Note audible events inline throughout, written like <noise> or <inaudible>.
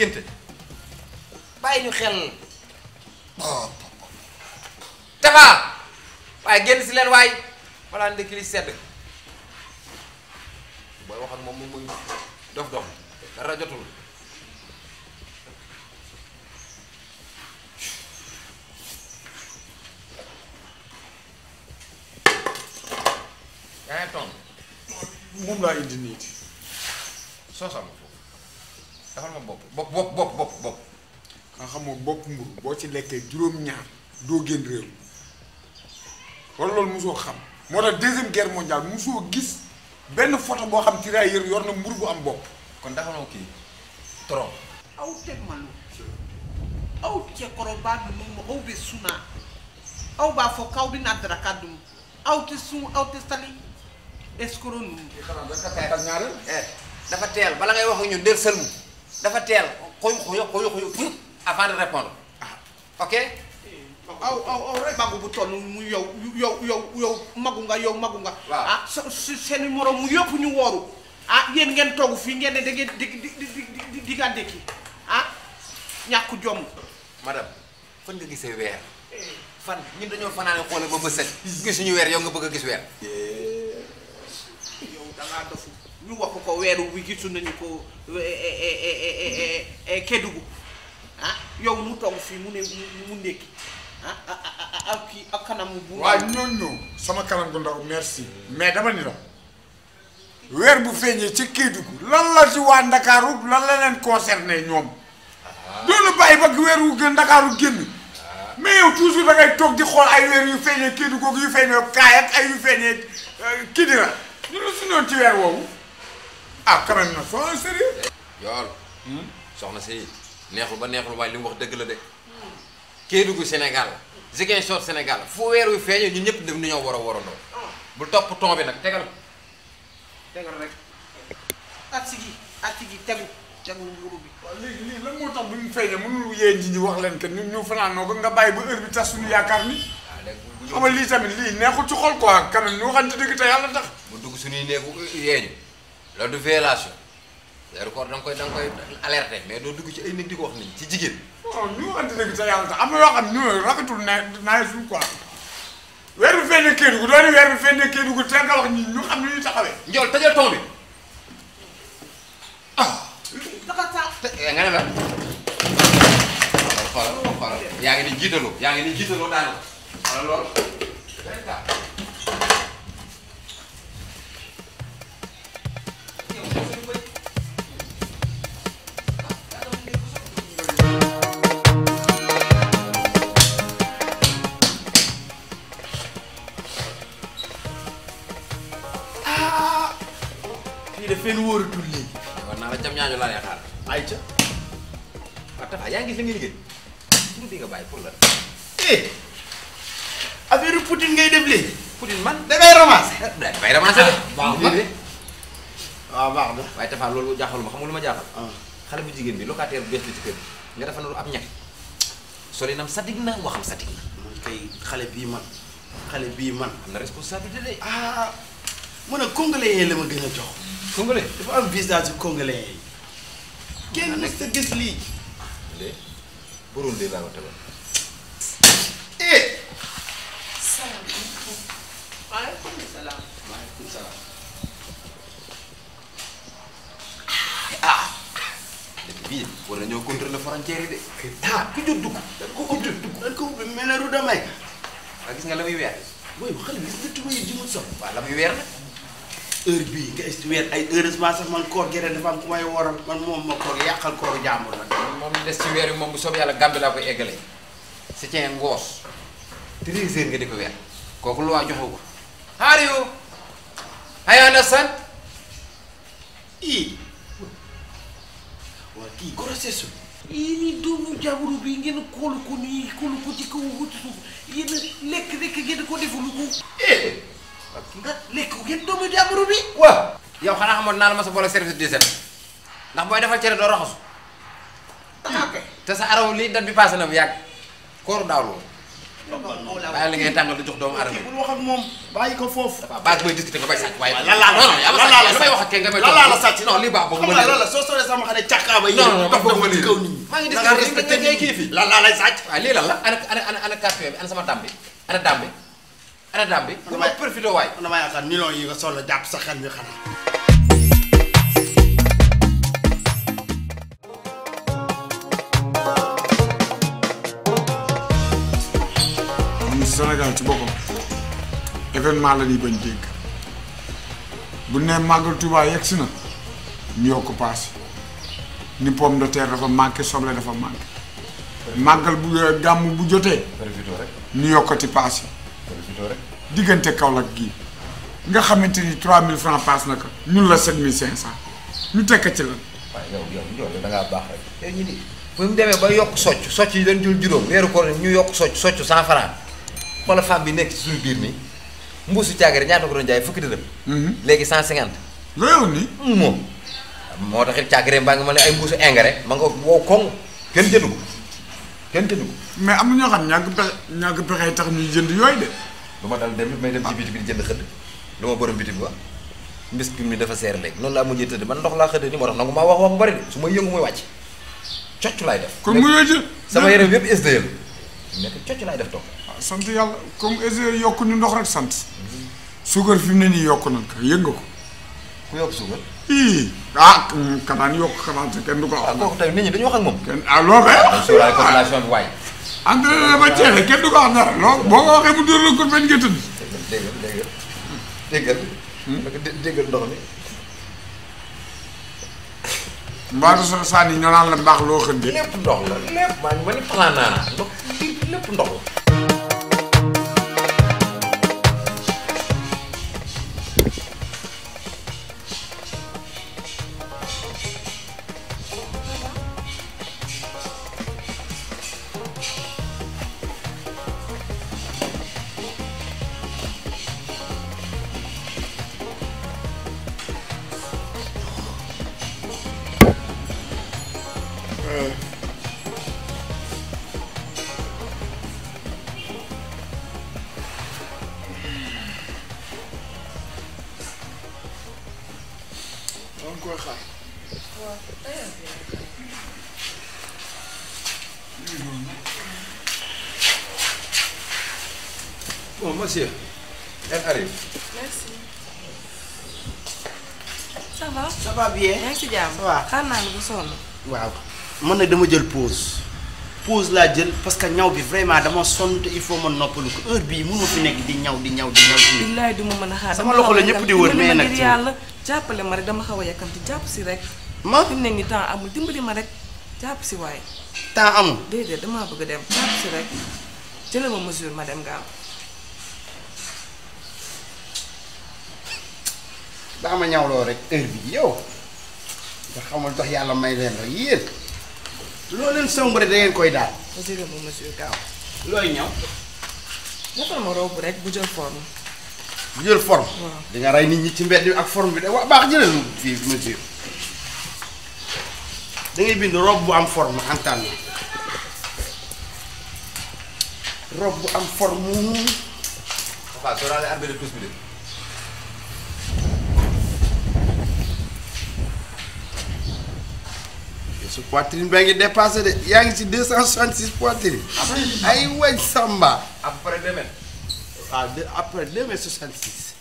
ngénte bàyyi ñu xel oh. Tapha waaye génn leen waay balaa ndekki li sedd génn réew mi wala loolu mosoo xam moo tax deuxième guerre mondiale mosoo gis benn photo boo xam tirailleur yor na mbur bu am bopp. kon dafa noo kii trop. aw teg ma lu aw cekoro baadu numu aw be sun aw tɛ sali escoro numu. Eh, eh, dafa teel bala ngay wax ak sëlmu dafa teel xoy xoy xoy xoy avant de répondre ah, ok. aw aw aw rek bu toll mu yow yow yow yow magu nga yow magu nga se ah, su seen morom mu yëpp ñu wooru ah yéen ngeen togg fii ngeen ne da ngeen di di di di nga dékki ah ñàkku jomm madame fan nga gisee weer eh. dañoo fanaane xoole ba set gisuñu weer yow nga bëgg a gis weer eh. yow dangaa dofu ñu wax ko weeru bi gisu nañu ko eh, Kédougou ah yow mu togg fii mu ne mu nekki ak kii ak kanam sama kanam gu ndaw merci mais dama ni la weer bu feeñee ci Kédougou lan la ci waa Ndakaaru lan la leen concerné ñoom. doonu bàyyi ba weer wu gën Ndakaaru génn. mais yow toujours da ngay toog di xool ay weer yu feeñee Kédougou yu feeñee Kaay ak ay yu feeñee euh, Kidira ñu la su ñoon ci weer woowu ah quand na soo sérieux. yool hmm? soxna si neexul ba neexul waaye li mu wax dëgg la de. Kédougou Sénégal Ziguinchor Sénégal fu weer wi feeñoo ñun ñëpp dañu ñoo war a warandoo bu topp ton bi nag tegal ko tegal rek at si gi at si gi tegu tegu nguuru bi. lii lan moo tax bu ñu feeñee mënul yéen ji ñu wax leen que ñun ñu fanaanoo ko nga bàyyi ba heure bi tax suñu yaakaar ni. waaw ah, lii tamit lii neexul ci xol quoi quand même ñu waxante dëgg te yàlla tax. mu dugg suñuy néegu yeeñu loolu du violation. weeru koor da koy da nga koy doo dugg ci ay nit ci jigéen. am na yoo xam ne rafetul na naa suñ quoi weer bi fenn kër gu doon weer bi fenn wax ñi ñu xam ni ñuy taxawee. Ndiol tëjal ton bi ah. Eh, oh, la. Oh, yaa ngi ni jiitaloo yaa ngi ni jiitaloo daanaka xoolal loolu. kenn waaw Tafa yaa bi nga bàyyi pour eh, eh, ah, baax na ah, waaw baax na. waaye Tafa loolu jaaxaluma xam ma jaaxal. Ah. xale bu jigéen bi locataire bu bees la ci kër nga defa lu am ñax. solinam sadig na waxam sadig na. kay xale bii man. xale bii man. am na responsabilité de. ah mën a congolais la ma gën a jox. congolais dafa am visage congolais yi. kenn mës a gis lii. léegi Burundi laa ko tegal. eh. salaamaaleykum. maaleykum salaam. maaleykum salaam. ah. dëkk bii war nañoo contrôler frontière yi de. ah ku jot dugg. dañ ko ubbi dugg dañ ko ubbi mel ne Rouda May. waa ah, gis nga la muy weer. mooy xale gis nga tubaab yi ji mu soxla. waaw la muy weer nag. heure bii nga est weer ay heureusement sax man koor gere dafa may waral man moom ma koor yàqal kooru jàmbur la. moom des ci weer yi moom bu soob yàlla gàmbi laa koy eggalee. si cee ngoos. treize nga di weer. kooku lu waa joxe ko. xaar yoo. xëy na sant. ii. waa kii grossesse su. nii doomu jàmbur bi ngeen xool ko nii xool ko ci kaw ba ci suuf yéen lekk lekk ngeen ko deful ko. Eh! nga lekk ko ngeen doomu jàmbur bi. waaw. yow xanaa xamoon naa ma sa boole service d'hygiène ndax booy defal cere doo raxasu. te sa araw lii dat bi passé na bu yàgg kóoru daaw loolu. bàyyi la ngay nga laa la non non soo solee sama xale càkkaaba yi. non non dox la ana ana ana carte bi ana sama dam bi ana aradaam bi. yi nga soxla jàpp sa xel ci boppam événement la ñuy bañ dégg bu ne màggal Touba yegg na ñoo ko paase ni pomme de terre dafa manqué soble dafa màggal bu gàmm bu jotee. ni yokkati paase. profité rek. diggante Kaolack gii nga xamante ni 3000 francs paas na ko ñun la 7500 ñu tekk ci lan. waaw yow yow yow da ngaa baax rek. yow ñu ni bu mu demee ba yokk socc socc yi dañ jul juróom weeru koor ñu yokk socc socc 100 francs wala femme bi nekk ci suñu biir nii mbuusu caagare ñaata ko doon jaay fukki dërëm. Mhm. léegi 150. loolu nii. moom moo taxit caagare mbaa nga ma ne ay mbuusu engrais ma nga wow koŋ kenn jëndu ko kenn jëndu ko. mais am na ñoo xam ñàkk pexe ñàkk pexe tax ñuy jënd yooyu de. lu ma dal dem may dem ci bi di jënd xëdd lu ma borom bitig bi wax mbis bi mi dafa seer léegi noonu laa mujjee tëdd man ndox laa xëdd ni moo tax nangu maa wax wax bu bari de su may yëngu muy wàcc cocc laay def comme sama yaram yëpp SDL nekk cocc laay def toog ah, sant yàlla comme SDL yokku ndox rek sant suukar fi mu ne nii yokk nañ ko yëngu ko ku yokk suukar ii ah kanaan yokk kanaan sa kenn du ko wax ah, kooku tamit nit ñi dañu wax ak moom kenn ah loo koy wax suraay population bi waaye entraîné ba ceele kenn du ko am dara loolu boo ko waxee mu dóor la kon bañ nga tëdd. déggal déggal déggal. déggal ndox mi. mbaatu sa saan yi ñoo naan la mbaax loo xën de. lépp ndox la lépp. maa ngi mën a plan naa ndox lépp ndox la. va. xaar naa la bu sonn. waaw mën nag dama jël pause pause laa jël parce que ñaw bi vraiment dama sonn te il faut ma noppalu ko heure bii mënu fi nekk di ñaw di ñaw di ñaw. billaay du ma mën a xaar sama loxo la ñëpp di wër mais nag yàlla jàppale ma rek dama xaw a yàkkamti jàpp si rek. ma fi mu ne nii temps amul dimbali ma rek jàpp si waaye. temps amul. damaa bëgg dem jàpp si ma mesure ma ñawloo rek heure bi yow. nga xamul tax yàlla may leen rek yéen loo leen sëmb rek da ngeen koy daal. monsieur le monsieur Gaaw. looy ñaw. defal ma robe rek bu jël forme. bu jël forme. waaw di nit ñi ci mbedd bi ak forme bi day waa baax jëlal fii monsieur. da ngay bind robe bu am form antan robe bu am forme. waaw soo daal di armé de tous bi de. su poitrine baa ngi dépassé de yaa ngi ci deux cent soixante six poitrine. ay waj samba. après ah, deux mètres. de après deux mètres soixante six.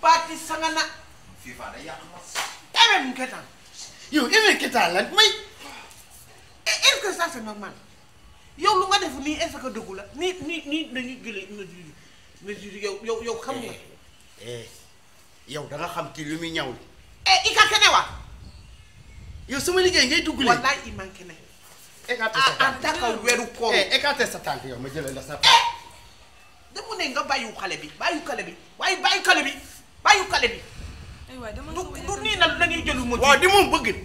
parti sanga na. FIFA day yàq mas. tamit mu ketaan yow émi ketaan lan may. E, est-ce que yow lu nga def nii est-ce que dëggu la nii nii nii dañuy jëlee na jëli na jëli yow yow xam nga. Eh, eh, yow da xam ci lu muy ñaw. eh i ka kene wa. yow sama liggéey ngay dugg léegi wallaay i manqué na. écarté ah, sa tànk eh, sa tànk yow ma jëlee la sa tànk. Eh! dama ne nga bàyyiwu xale bi bàyyiwu xale bi waaye bàyyi xale bi bàyyiwu xale bi. aywa dama la ko du nii nag la jëlu ma. waaw di moom bëgg.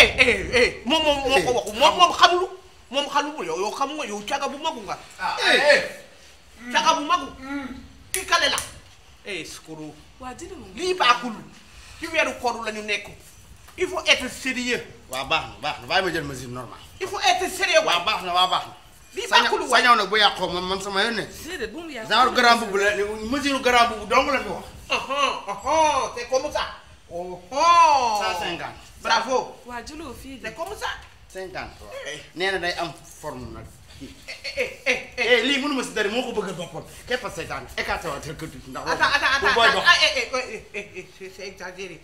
Eh, moom moom moo ko waxu moom moom xamulu moom yow yow xamu nga yow caga bu magu nga. ah hmm. caga bu magu. Hmm. kii kale la. eh sukuru. waa lii baaxul ci weeru koor lañu nekku il faut être sérieux. waaw baax na baax na bàyyi ma jël mesure normale. il faut être sérieux. waaw baax na waaw baax na. lii baaxul woon sa ñaw nag bu yàqoo moom man sama yoon ne. déedéet bu mu yàqoo genre grand boubou la mesure grand boubou dong la fi wax. c'est comme ça. oh oh. 150. bravo. waa jëloo fii de. c'est comme ça. 50 eh. nee na day am forme nag. eh, eh, eh lii mënuma si dara moo ko bëgg a boppam képp a seetaan écarté waa tel que tuuti ndax. attends attends attends bu booy dox. Ah, c'est exagéré.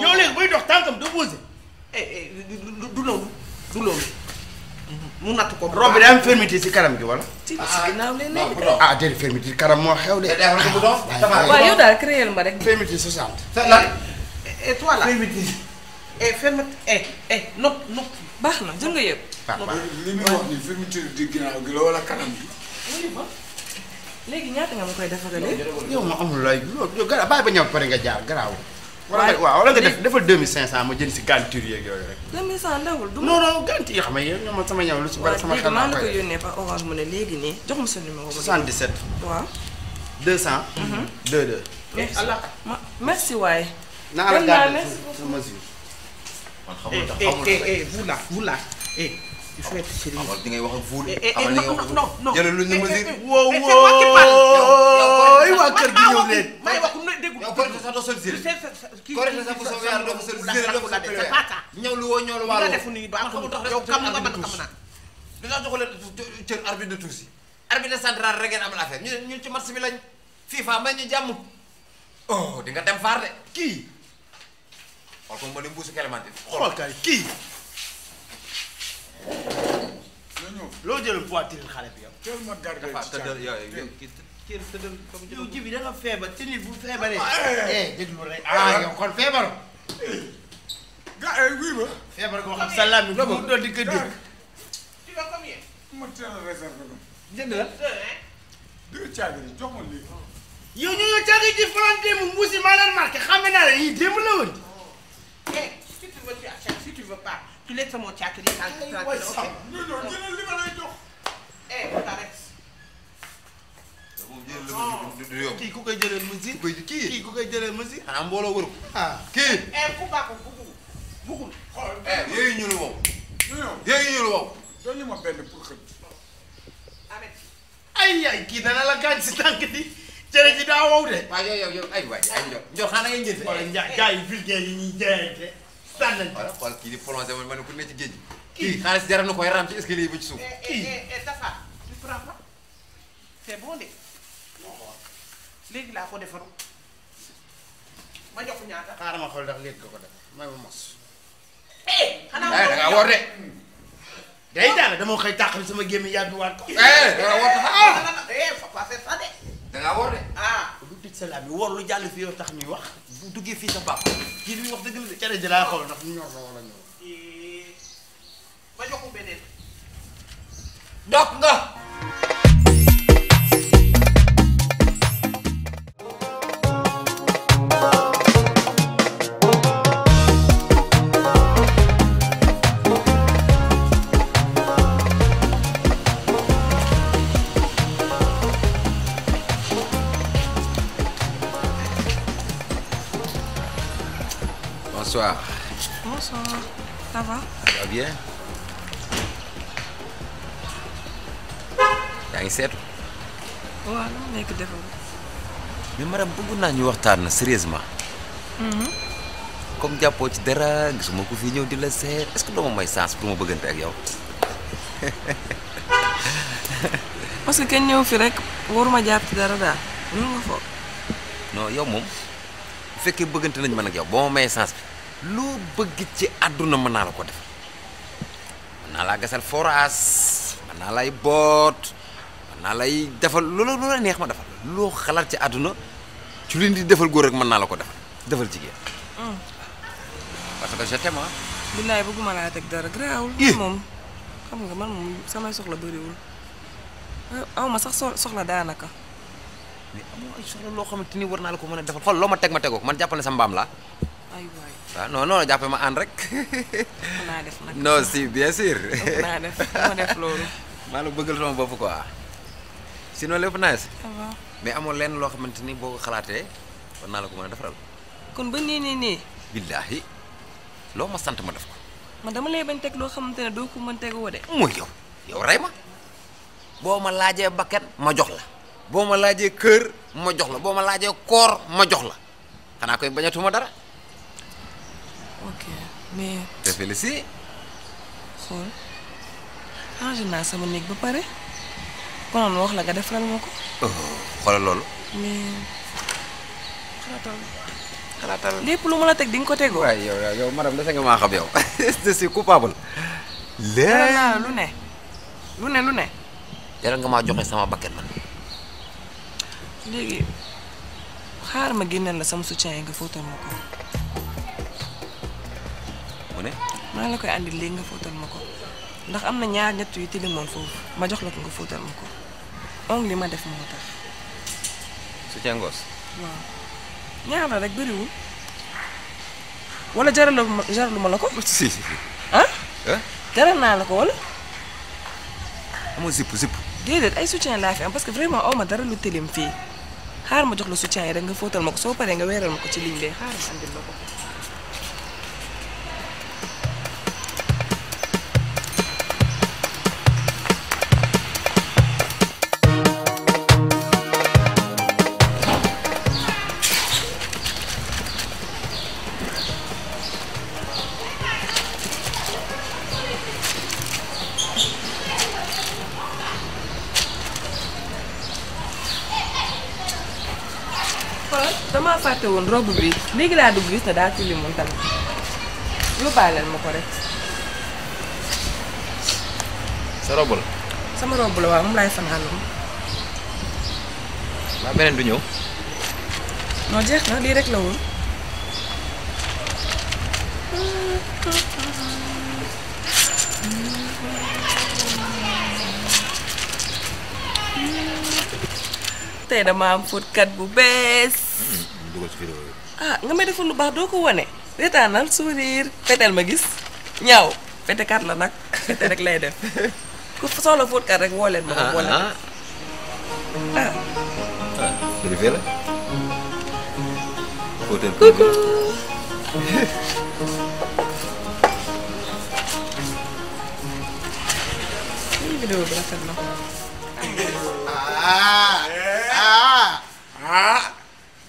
yow léegi buy dox tànkam du bougé. Eh, eh, du loolu du loolu. Mhm. mu natt ko. robe bi day am fermeté ci kanam gi wala. ci ginnaaw lay nekk ah déedéet de. Ah, waaw yow daal léegi ñaata nga ma koy defaralee. yow ma amul lay loolu garab bàyyi ba ñëw pare nga jaar garaaw. waaye waaw wala nga def defal 2500 ma jënd si garniture yeeg yooyu rek. 2500 ndawul du ma. non non garniture yi xam nga yow man sama ñaw lu ci bari sama xel maa ngi koy yónnee orange mu ne léegi nii jox ma sa numéro. 77. waaw. 200. 22. Mhm. merci waay. naa la gàllankoor sur mesure. man xamul tax eh eh eh vous là vous eh, amal di ngay wax ak fuul. amal di ngay wax non non jëlal lu ñu ma si. wow wow yow waa kër gi ñëw leen. may wax ku ne déggu. yow Korité sax doo sol si. Korité sax bu soobee yàlla doo ko sol si doo ko sol si. ñëw lu woo ñëw lu wàllu. nga def nii ba xam tax yow kam nga man xam naa. dinaa jox leen cër arbitre de tuuti. arbitre central rek ngeen amal affaire ñu ñun ci match bi lañ. FIFA may ñu jàmm. oh di nga dem faar de kii. xool ko ma ne mbuusu Clémentine. xool kay kii. loo jël voiture xale bi yow. jël ma garde ci tëddal yow kii feebar te nit bu feebaree. Ah, eh, eh. eh déglu rek ah yow eh, feebar salaam yi mu doon di ko dégg. tu vas combien. ma teel a réservé ko. ma lii. xam naa ne yii démb Tu laisses mon chat, tu laisses un chat. Non, non, non, kii ku koy jëlee mesure. kii ku koy jëlee mesure. xanaa mbooloo wër ko. ah kii. Eh, ku baaxul lu wow. yooyu ñu lu wow. doon ma benn pour xëy. ay ay kii dana la gaañ si tànk di cere ji daa wow de. waaw yow yow ay waay ay njox njox eh. yi vulgaire yi ñuy daan nañ ko xool kii di prolongé ma ne ku ne ci géej kii xaalis jaral na koy ram ci escalier ba ci eh, eh, kii eh, laa ko defaru xaaral ma xool ndax léegi nga ko def may ma mos. xanaa da de. Hmm. day daal dama xëy tàqal sama gémmi yàgg waat ko. da ngaa war ah! de. da ah. lu tëj sa laaj bi lu jàll fii yow tax ñuy wax. bu duggee fii sa baax kii li mu wax la de. cere ji xool ndax ñor na wala ñor. ba jox ko beneen. donc nga. ça va. ça ngi seetu. waaw lu mu nekk defal. mais madame bëgg naa ñu waxtaan sérieusement. Mm-hmm. comme jàppoo ci dara gisuma ko fii ñëw di la seet est-ce que ma may sens pour ma bëggante ak yow. <laughs> parce que kenn ñëw fi rek waruma jàpp ci dara daal lu nga foog. non yow moom bu fekkee bëggante nañ man ak yow boo ma may sens bi. loo bëgg ci àdduna mën naa la ko defal mën naa laa gasal forage mën naa lay boot mën naa lay defal loola loola neex ma defal loo xalaat ci àdduna ci li di defal góor rek mën naa la ko defal defal jigéen. Mm. parce que je t'aime ah. billaay bëgguma laa teg dara garaawul. moom xam nga man moom samay soxla bëriwul eh, aw ma sax soxla daanaka. mais ay soxla loo xamante ni war naa la ko mën a defal xool loo ma teg ma tegoo man jàppale sa mbaam laa. waaw ah, non non jàppe ma ànd rek. naa def nag non si bien sûr. naa ma def loolu. maa la bëggal sama bopp quoi sinon lépp naa si. mais amoo leen loo xamante ni boo xalaatee war naa la ko mën a defaral. kon ba nii nii nii. billaahi loo ma sant ma def ko. man dama lay bañ teg loo xamante ne doo ko mën tegoo de. mooy yow yow rey ma boo ma laajee bakkan ma jox la boo ma laajee kër ma jox la boo ma laajee koor ma jox la xanaa koy bañatuma dara. ok mais. defee la xool arrangé ah, naa sama néeg ba pare konoon wax la nga defaral ma ko. Oh, xoolal loolu. mais xalaatal lépp lu ma la teg di nga ko tegoo. waaye yow yow madame dese nga <laughs> ne lu ne nga maa joxe sama bakkan man. léegi xaar ma génneel la sama soutien nga fóotal ma ko. mu ne. maa la koy andi léegi nga fóotal ma ko ndax am na ñaar ñett yu tilimoon foofu ma jox la ko nga fóotal ma ko ongli ma def moo tax. su ca ngoos. waaw ma jaralu ma la ko. <laughs> si si ah? eh? naa la ko wala. amoo zipp zipp. déedéet ay soutien laa fi am parce ma dara lu tilim fii rek nga fóotal ma ko soo paree nga weeral ma ko ci ligne bi xaar ma andil ko. fàtte woon robe bi léegi laa dugg gis ne daa ci tamit lu baaleel ma ko rek. sa robe la. sama robe la waaw moom laay fanaanoon. waaw beneen du ñëw. non jeex na lii rek la woon. tey dama am fóotkat bu bees. dugal ci vidéo yi. Ah, nga may defal lu baax doo ko wane. reetaanal sourire feteel ma gis ñaaw fetekat la nag <laughs> fete rek lay def <laughs> ku soxla fóotkat rek woo leen. ma ko woo leen ah. ah ah. ah <laughs>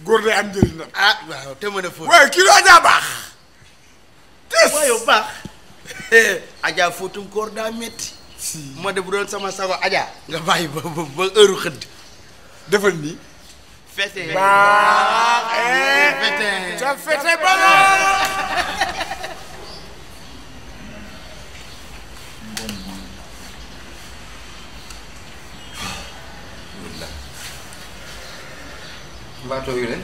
góor day am njëriñ la. ah waaw te mën a fóot. waaye kii la baax. tes waaye bu baax. <laughs> Adja fóotum koor daa metti moo bu doon sama sago Adja. nga bàyyi ba ba ba xëdd. defal nii. fete baax fete fete ba mbaatoo yu leen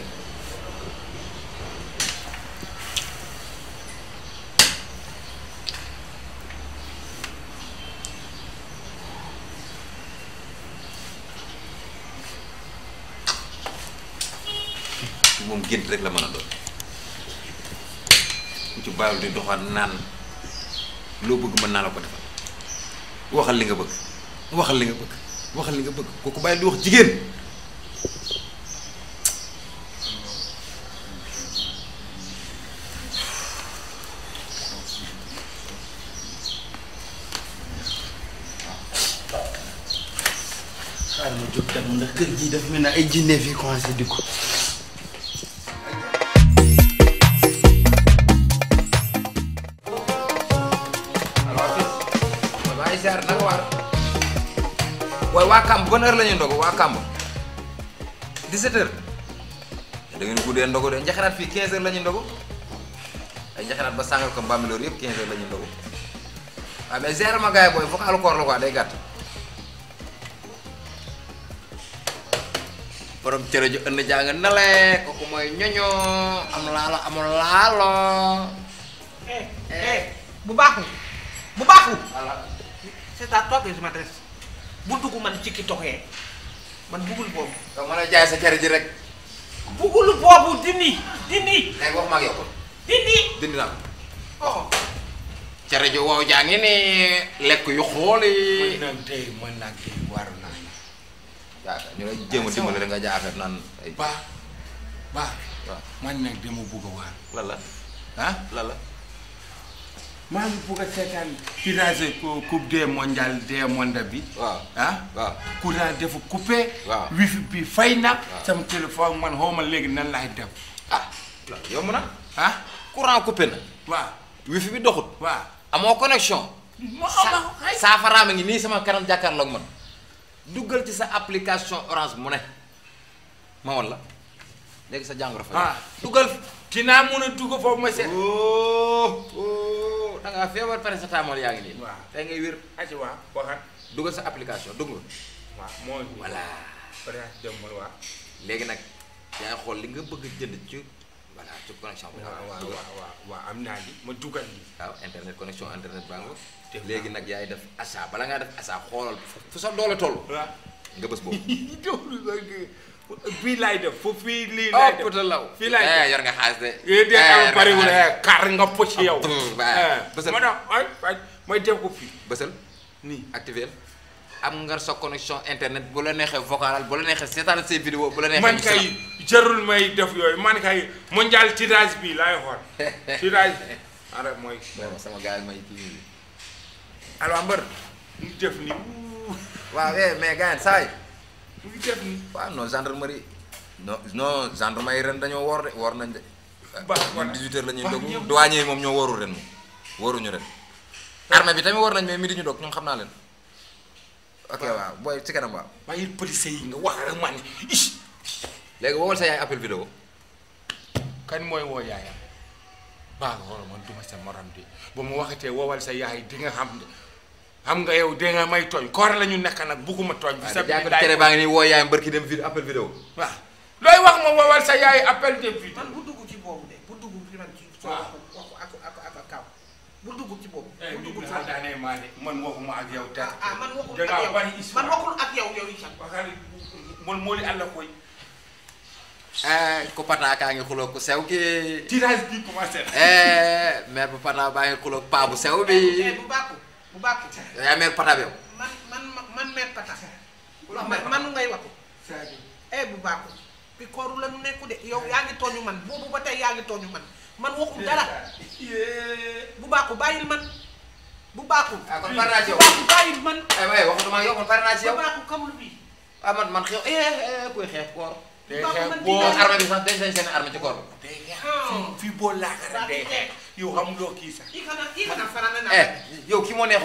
moom gént rek la mën a doon ku ci baalu di doxaan naan loo bëgg mën naa la ko defal waxal li nga bëgg waxal li nga bëgg waxal li nga bëgg kooku bàyyi di wax jigéen jóg dem ndax kër gi dafa mel ne ay jinne fi commencé di ko waaye waa Kamb ban heure la ñuy ndogu waa Kamb 17 heures da ngeen guddee ndogu de njaxanaat fii 15 heures la ndogu ay njaxanaat ba sàngal ko Bambilor yëpp 15 heures la ndogu waaw ah, mais gérer ma gars yi booy foog àll koor la quoi day gàtt. borom cere ju ënd jàng nale kooku mooy ñoño am laalo amul laalo eh, eh bu baaxul bu baaxul c'est à toi que je m'adresse dugg man ci ki toxee man buggul boobu donc mën sa cere ji rek buggul boobu dindi dindi léegi wax ma dindi dindi naa cere ju wow jaa ngi ni lekk yu xool yi war jaakaar ñu a ah, man nag dama bugg a waar. lan la ah lan la. maa ngi bugg a seetaan tirage coupe des mondial des bi. waaw ah. waaw coupé. wifi bi fay na. sama téléphone man xaw ma léegi nan laay def. ah yomb na. ah courant coupé na. waaw wifi bi doxut. waaw amoo connexion. moo amoo ngi nii sama kanam jàkkaarloog man. duggal ci sa application orange mu ne ma woon la léegi sa jàngoro fa ah duggal ki naa mën a dugg foofu ma seet oh, oh. da ngaa feebar pare sa taamool yaa ngi nii waaw tey ngay wér aci waa waxat duggal sa application dugg nga waaw mooy voilà léegi nag yaay xool li nga bëgg jënd ci voilà ci connexion waaw am naa li ma dugal li waaw internet connexion internet baa nga léegi nag yaay def achat bala ngaa def achat xoolal fu sa doole toll. waaw nga bës boobu. <laughs> fii laay def foofu fii lii laay oh, def fii laay eh, def yor nga xaalis de. Eh, eh, yor nga xaalis kar nga po ci yow. Ah, bësal ma def ko fii. bësal nii activé am nga sa connexion internet bu la neexee vocal bu la neexee seetaan say vidéo bu la neexee. man kay jarul may def yooyu man kay mondial tirage bi laay xool <laughs> tirage bi. ara mooy. sama gars mooy kii alors mbër. mu def ni waaw eh, mais gars saa yi. mu def ni waaw non gendarmerie. ren dañoo woor de woor nañ de. baax na 18h la ñuy dogu douanier moom ñoo wooru ren moom. wooruñu ren. Ah. armée bi tamit woor nañ mais midi ñu dog ñoom xam naa leen. ok waaw booy ci kanam waaw. bàyyi policier yi nga wax rek man léegi woowal sa yaay appel vidéo. kan mooy woo yaayam. baax na man duma sa morom di ba mu waxatee woowal sa yaay di nga xam ne xam nga yow di nga may tooñ koor ñu nekk nag bugguma tooñ. sa biir daay tere ngi nii woo yaayam barki dem vidéo appel vidéo. waaw looy wax ma woowal sa yaay appel dem vidéo. man bu dugg ci boobu de bu dugg ci man. waaw ak ak ak tey eh, bii ñu waxtaanee maa de man waxuma ak yow tey. Ah, ah, man waxul ak yow man waxul ak yow yow itam. man moo di àll koy. Eh, ku Pata kaa ngi xuloog ku sew kii. tirage bi commencé na. Eh, mère bu Pata baa ngi xuloog paa bu sew bi. bu bàkku bu bàkku. yaa mère Pata bi yow. man man man mère Pata. man ngay wax. eh bu yow yaa ngi tooñu man boobu man man waxul dara. bu bàkku bàyyil man. bu baaxul. ah kon pare naa ci yow bu man. Eh, aywa waxatuma yow kon pare naa ci yow. bu bi. ah man man eh, eh,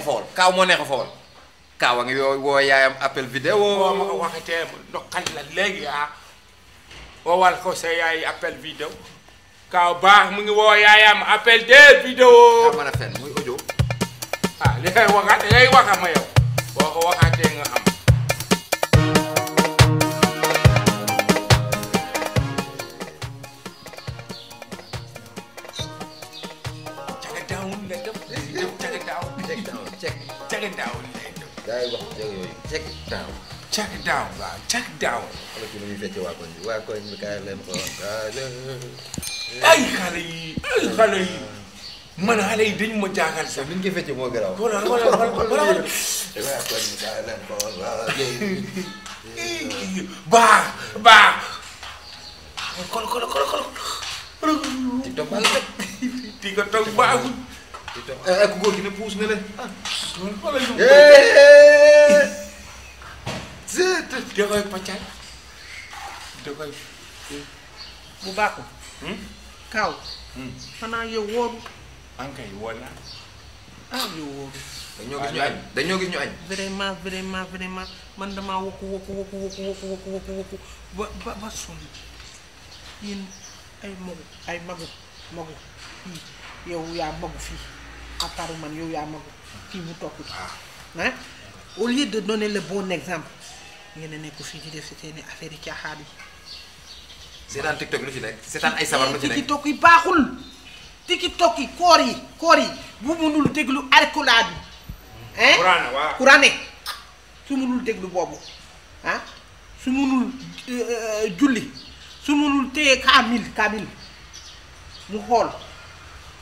fawol kaaw moo neexu fawol kaaw a ngi woo woo yaayam appel vidéo. waaw ma ko waxatee ndokkal la léegi ah. woowal mu ngi woo yaayam appel de vidéo. daa a fen muy audio. li ngay waxaat yay waxa ma yow boo ko waxaatee nga xam check down waaw check down. xale ci nu muy fecc waa koñ bi waa koñ bi kaay leen ko ay xale yi ay xale yi. man xale yi dañu ma jaaxal sax. liñ ko feccee moo gën a wax. voilà voilà voilà. baax baax. kon kon kon kon. TikTok baax la. TikTok baaxul. TikTok ah eh, ku góor gi ne puus na leen. ah loolu fan la ñu. c'est. da koy pàccal. da koy. bu baaxul. Hmm? kaaw. Hmm. xanaa yow wóorul. ankay woo naa. ah yow woo dañoo gis ñu añ dañoo gis ñu añ. vraiment vraiment vraiment man damaa wokku wokku wokku wokku wokku wokku ba ba ba sonn yéen ay magu ay magu magu fii yow yaa magu fii à part man yow yaa magu fii mu topp ah au lieu de donner la bon exemple ngeen a nekk fii di def si seen affaire yi caaxaan yi. seetaan TikTok lu ci nekk seetaan ay sabar lu ci nekk TikTok yi baaxul. tiki tokki koor yi koor yi bu munul déglu alxuraan bi hein xuraan su munul déglu boobu ah su munul euh, euh, julli su munul téye kaamil kaamil mu xool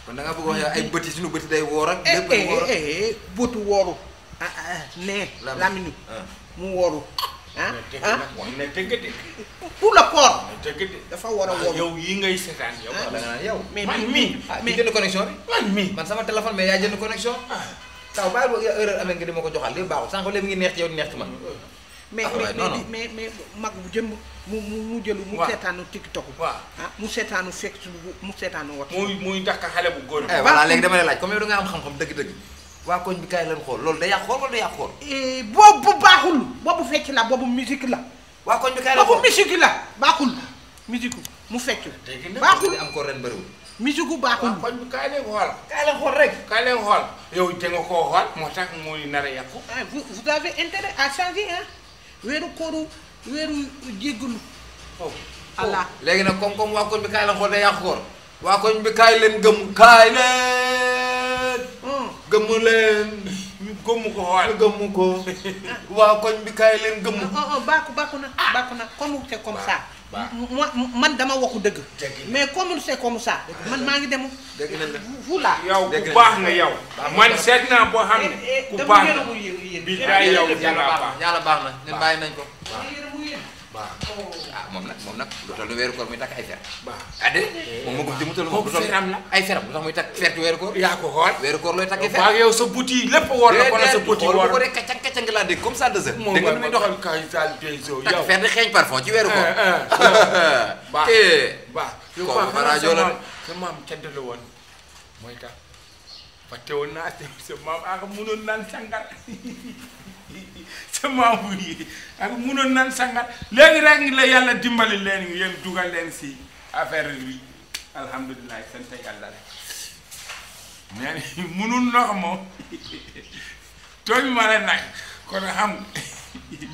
kon da nga bëgg wax ay bëti suñu bëti day woor eh, eh, eh, bëtu wooru ah, ah, nee laminu ah. mu wooru ah ah na tëgg de. tout le corps. na tëgg de dafa war a ah, woo. yow yi ngay seetaan yow. da ah, nga naan yow. mais man mii ah, mais jënd connexion bi. man mii man sama téléphone mais yaa jënd connexion. taw bàyyi boo erreur amee nga di ma ko joxal li baaxul sànq léegi ngi neex ci yow neex ci man. mais mais mais mag bu jëm mu mu mu jëlu mu seetaanu tiktok waaw ah mu seetaanu Facebook mu seetaanu wat muy muy ndax xale bu góor. Eh, voilà léegi dama lay laaj comme yow da nga am xam-xam dëgg-dëgg waa koñ bi kaay leen xool loolu day yàq xool wala day yàq xool. Eh, boobu baaxul boobu fecc la boobu musique la. waa koñ bi kaay leen xool boobu mu fecc la. baaxul baaxul koñ bi kaay leen xool. rek. kaay leen xool yow te koo xool moo tax muy nar yàqu. Ah, vous vous avez à changer ah. weeru kooru weeru jéggulu. Oh. oh léegi nag comme comme waa koñ bi kaay leen xool day yàq koor. waa koñ bi kaay leen gëm kaay leen. Hmm. gëm leen. ñu gëmm ko waaye gëmm ko. waa koñ bi kaay leen gëmm. Oh, oh, oh, bàkku bàkku na ah! bàkku na comme c'est comme ça. man dama waxu dëgg. mais comme c'est comme ça. man maa ngi dem. dëgg la voilà. yow ku baax nga yow. man seet naa boo xam ne. Eh, eh, ku baax nga bi daay yow yàlla baax na yàlla baax na ñun bàyyi nañ ko. ah moom nag moom nag lu tax lu weeru muy takk ay fer ah dé moom ma gum di mu tal moom feram la ay feram lu tax muy takk fer ci weeru koor yaa ko xool weeru koor looy takk fer waaw yow sa buti lépp woor la ko rek kacang kacang laa dégg comme ça de se dégg sa maam naa <laughs> sa maam ak ah, mënoon naan sangar <laughs> ca maamu yi ak munoon nan sangat léegi rek la yàlla dimbali leen yéen dugal leen si affaire bi alhamdulilah sant yàlla rek mais munul ndox moom tooñ ma la nag kon xam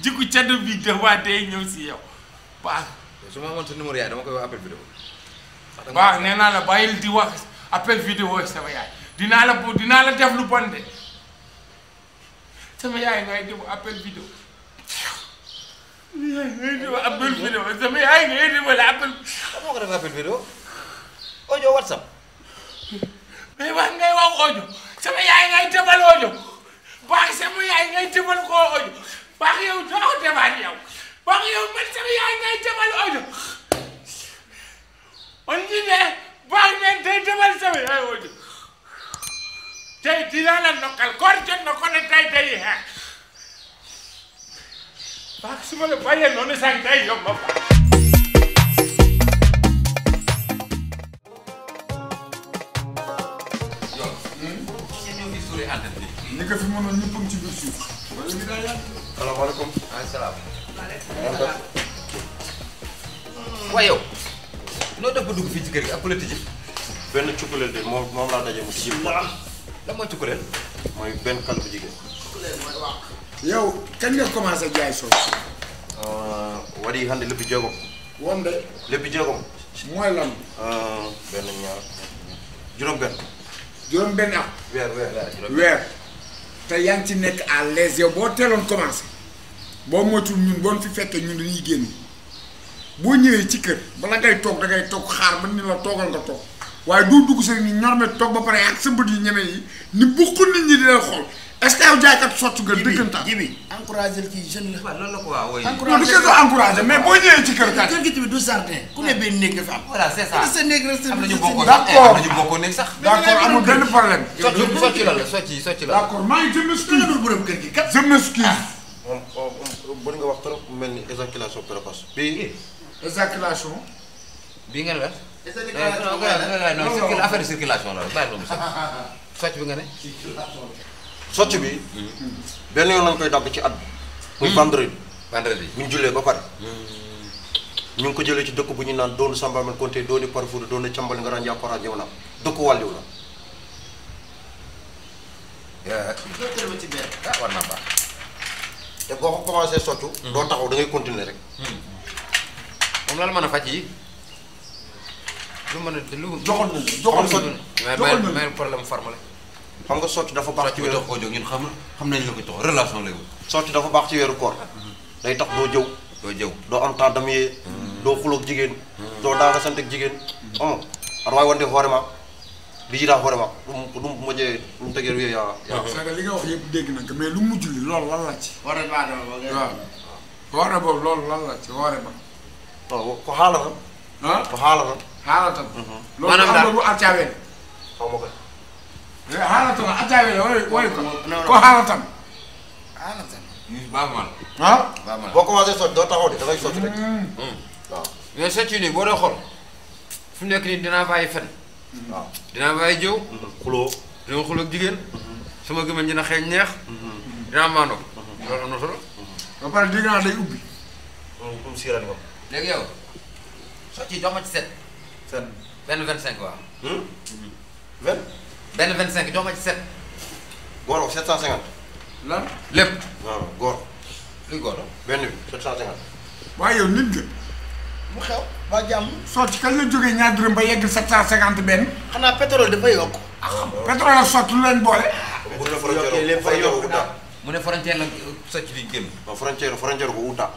jikko caddu bi dafaa dee ñëw si yow baax. su ma amoon sa numéro yaay dama koy wax appel vidéo. baax naa la bàyyil di wax appel sama yaay dinaa la dinaa la def lu bon sama yaay ngay def appel vidéo yaay sama yaay ngay def wala appel. moo ko def whatsapp. mais wax ngay wax audio sama yaay ngay tebal audio baax sama yaay ngay tebal ko audio baax yow doo ko defaat yow man sama yaay ngay tebal audio on dit ne baax ngeen tey tebal sama yaay audio. tey dinaa la nokkal koor jot na ko ne tey day baax su ma la bàyyee noonu sax day yomb ba ni fi mënoon ñëpp ci biir suuf. wala li daal yàgg. salaamaaleykum. waaye yow. noo def ba dugg fii ci kër ak la tijji. benn cukkuleel de moom moom laa daje mu tijji. lan mooy tukkuleel. mooy benn xale bu jigéen. yow kañ nga commencé jaay soow. Euh, wari yi xam ne lépp jéego. woon de. lépp jéego. mooy lan. Euh, benn ñaar juróom-benn. juróom-benn am. weer weer weer. te yaa ngi ci nekk à l'aise yow boo teeloon commencé boo moytuwul ñun boo fi fekkee ñun dañuy génn boo ñëwee ci kër bala ngay toog da ngay toog xaar ba ni la toogal nga toog. waaye doo dugg seen ni ñor na toog ba pare ak sa bët yu ñeme yi ni bokkul nit ñi di leen xool est-ce que yow nga dëggantaan ji bi encouragé ñëwee ci kër kat kër gi tamit du jardin ku ne ah. benn néeg nga fi am voilà c'est eh, la la socc socc la d'accord maa ngi je m'excuse borom kër est ce que affaire circulation la bàyyi loolu bi nga ne. socc bi. benn yoon lañ koy dagg ci at bi. muy hmm. vendredi. vendredi bu ñu jullee ba pare. Hmm. ñu ngi ko jëlee ci dëkk bu ñu naan doonu Sambamel Konte dooni Parfour dooni Cambal nga daan yàqoraat ñëw na dëkk wàlliw la. Eh. ci benn ah te boo ko commencé soccu. Hmm. doo taxaw da ngay continuer rek. moom la mën a faj yi. lu mën a lu. joxoon nañu joxoon nañu mais problème forme la. xam nga sotti dafa baax ci weeru koo jóg ñun xam na ko jox relation lay dafa baax ci weeru day tax doo jëw. doo jëw doo am temps dam yee. Hmm. doo xuloog jigéen. doo daanga sant ak jigéen. xam oh, nga waaye wante xoorema daa xoorema du mu du mujjee lu mu yaa. yaa li nga wax dégg na mais lu mujj li loolu lan la ci. xoore baa waaw xoore boobu loolu lan la ci xoore ba. waaw oh, ko xaaral. ah ko xaaral. haalatan mhm. maanaam daal loolu am caaween xaw ma ko haalatan eh, am ko ko haalatan haalatan baax man ah, ah? de dafay sotti rek mm. Mm. waaw mais socc nii boo dee xool fu mu nekk nii dinaa bàyyi fen mm-hmm. waaw dinaa bàyyi jëw mm-hmm. xuloo jigéen mm-hmm. sama gëmën dina xeeñ neex dinaa maandoo loolu am na naa day ubbi comme siiran nga léegi yow socc ci set sept benn vingt cinq waaw. vingt. benn hmm? Hmm. vingt cinq jox ma cinquante. lan lépp. waaw yow nit nga. mu xew waa jàmm. sotti kañ la jógee ñaar dërëm ba yegg sept cent cinquante benn. xanaa pétrole dafa yokk. ah xam pétrole la sotti lu leen boole. mu ne frontière la socc di génn. waaw frontière ko wuta.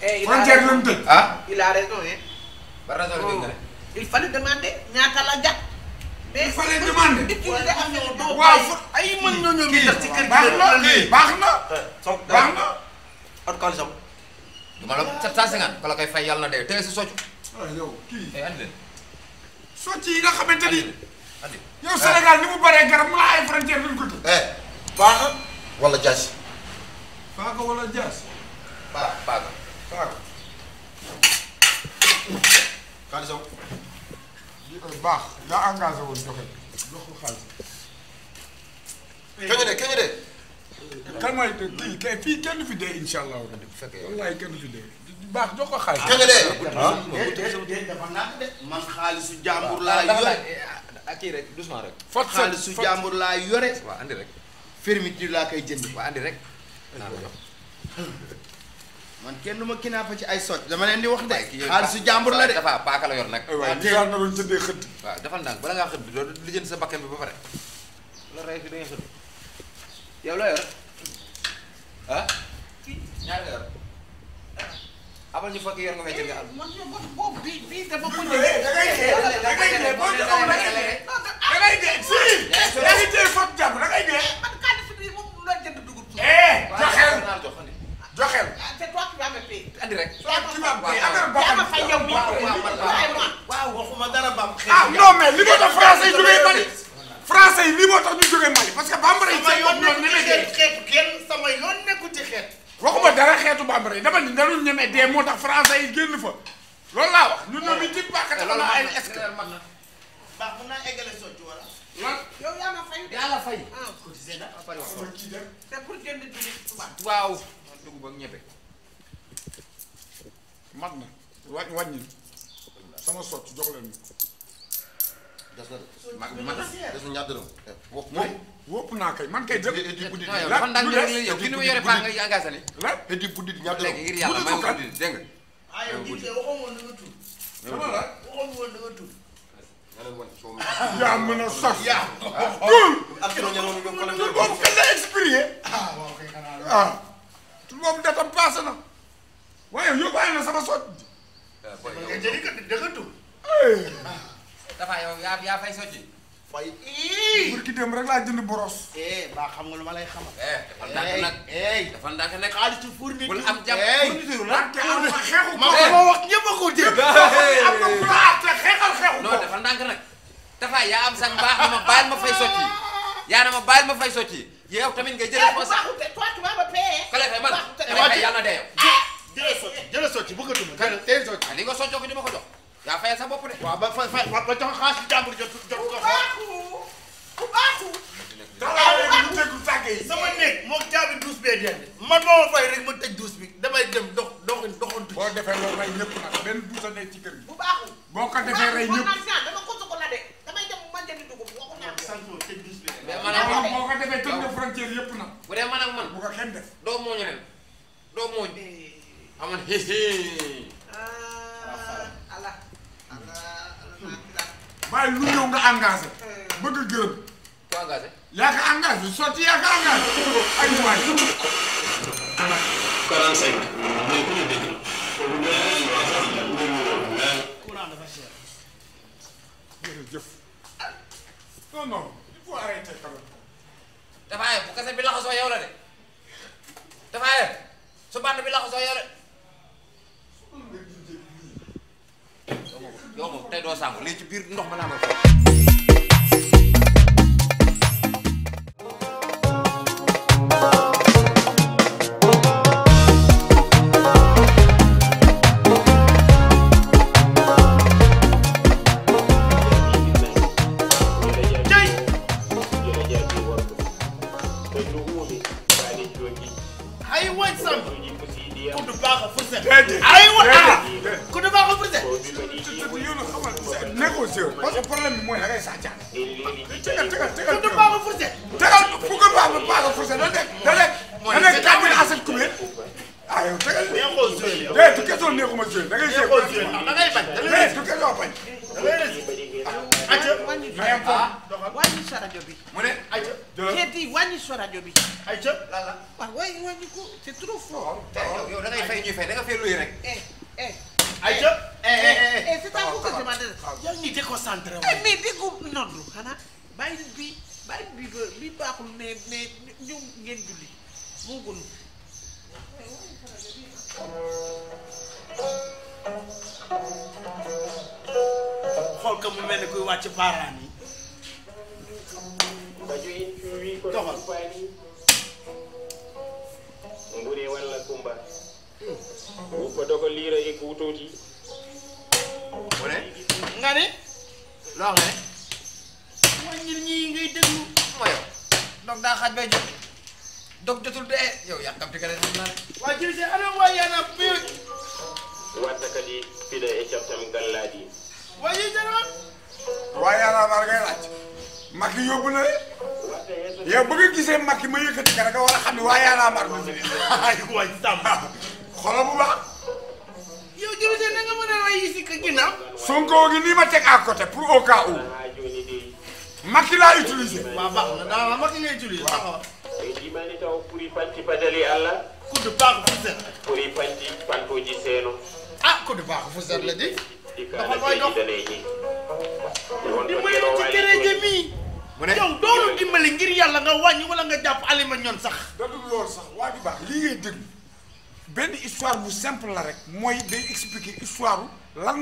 Eh, frontière la mu tëj. Ah? a raison eh. ba raison il fallait demander ñaata la jàpp. mais ay mën ñoo ñoo ngi def ci baax na baax na baax na. at kan sam. du ma la 750 bala koy fay yàlla na dee tey si soccu. waaw ah, yow eh, leen. socc yi nga xamante ni. andi yow Sénégal ni mu baree garab mu la ay frontière duñ ko tëj. Paaga eh. wala Jaas. Paaga wala Jaas. Paaga Paaga. Paaga. kan sam. baax daa engagé woon joxe jox ko xaalis. de kañu de. fii kenn fi dee incha allah rabi. fekkee fi dee. baax jox ko xaalis. kañu de ah déedéet ah, dafa naan laa ah, yore eh, ak ah, kii rek doucement rek. fot xaalisu jàmbur laa yore. waaw andi rek. fermeture laa koy jënd. waaw andi rek. naa la man kenn du ma kinaafa ci ay socc dama leen di wax de. xaalisu jàmbur la de dafa paaka la yor nag. waaw ah, tey waaw na doon tëddee xëdd. waaw defal naa bala ngaa xëdd loolu lijjanti sa bakkan bi ba pare. la rey fi da yor abal ñu fokk yor nga may jël nga am. Eh, man ñu boobu boobu a. Eh, da ngay dee la ah, jënd dugub. Eh, joxeel joxel c'est toi qui vas me payer. andi ah non mais li moo tax ñu jógee Mali parce que bambara yi. sama yoon nekku xeet waxuma dara xeetu bambara yi dama ni dañu ñeme dee moo tax français yi génn fa loolu laa wax ñun ñoo ngi ci bàqate xam naa ay ma fay. yaa ah. na. waaw. dugub ak ñebe mat na wàñ wàññil sama socc jox leen des na de man des na ñaar dërëm. Eh, wopp mooy wopp naa kay man kay. dëgg la man daal ñu yow ngir yàlla may nga. ah, ah. yaa mën a saf. yaa mën a saf. ak ñoom ñoo ah tu boobu datam passé na waaye yóbbaale na sama sotti. Eh, booy eh, yow nga jëli kat dëggantu. Eh. dafa yow yaa yaa fay sotti. waaye ii. pour ki dem rek laa jënd boros. ba xam nga lu ma lay xamal. dafa ndànk nag dafa ndànk nag. xaalisu fourniture bul am jàmm fourniture la. xeexu ma ma wax ñëpp a ko jël. am na ku la àtte xeexal xeexu. non dafa ndànk nag. dafa yaa am sax baax na ma bàyyil ma fay sotti yaa na ma bàyyil ma fay sotti. yow tamit nga jëlee fa sax te toi tu vas me payer. kale kay man dama kay yàlla dee yow. jëlee sotti jëlee sotti bëggatuma. kale tey sotti li nga sotti ko di ma ko jox. yaa fayal sa bopp de. waaw ba fay fay ba jox xaalis bi jàmbur jot jot ko. baaxu ku baaxu. mu tëggu sàkk yi. sama néeg moom caabi douze bee dee. man moo fay rek defee loolu rey ñëpp benn douze a nekk ci kër gi. bu baaxu boo ko defee rey ñëpp. dama ko soxla de. ma jënd dugub waxu naa ko. sant tëj bis bi de. maanaam boo ko defee tëj na frontière yëpp nag. bu dee man ak man bu ko kenn def. doo mooñ ren doo mooñ. amoon hihi. allah waaye lu ñëw nga engagé. bëgg a gërëm. ku engagé. yaa ko engagé sotti yaa ko engagé. ay waay. 45. non non il faut arrêter quand même. bi laxasoo la de Tapha Yer su bànn bi laxasoo yow la. yow moom tey doo sàngu lii ci biir ndox ma laa may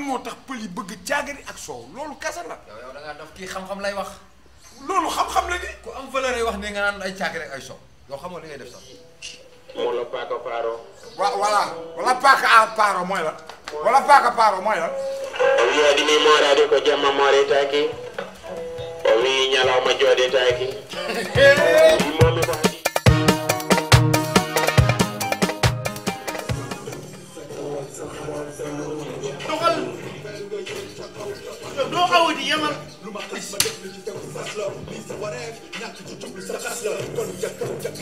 moo tax pël yi bëgg caagari ak soow loolu kasa la. yow yow da ngaa def kii xam-xam lay wax. loolu xam-xam la ni. ku am valeur yi wax ne nga naan ay caagari ak ay soow yow xam nga li ngay def sax. wala paaka paaro. wa voilà wala paaka a paaro mooy la. wala paaka paaro mooy la. o jooɗini moorade ko jamma moore taki o wi ñalawma jooɗetaki momi ko loo awa di yemal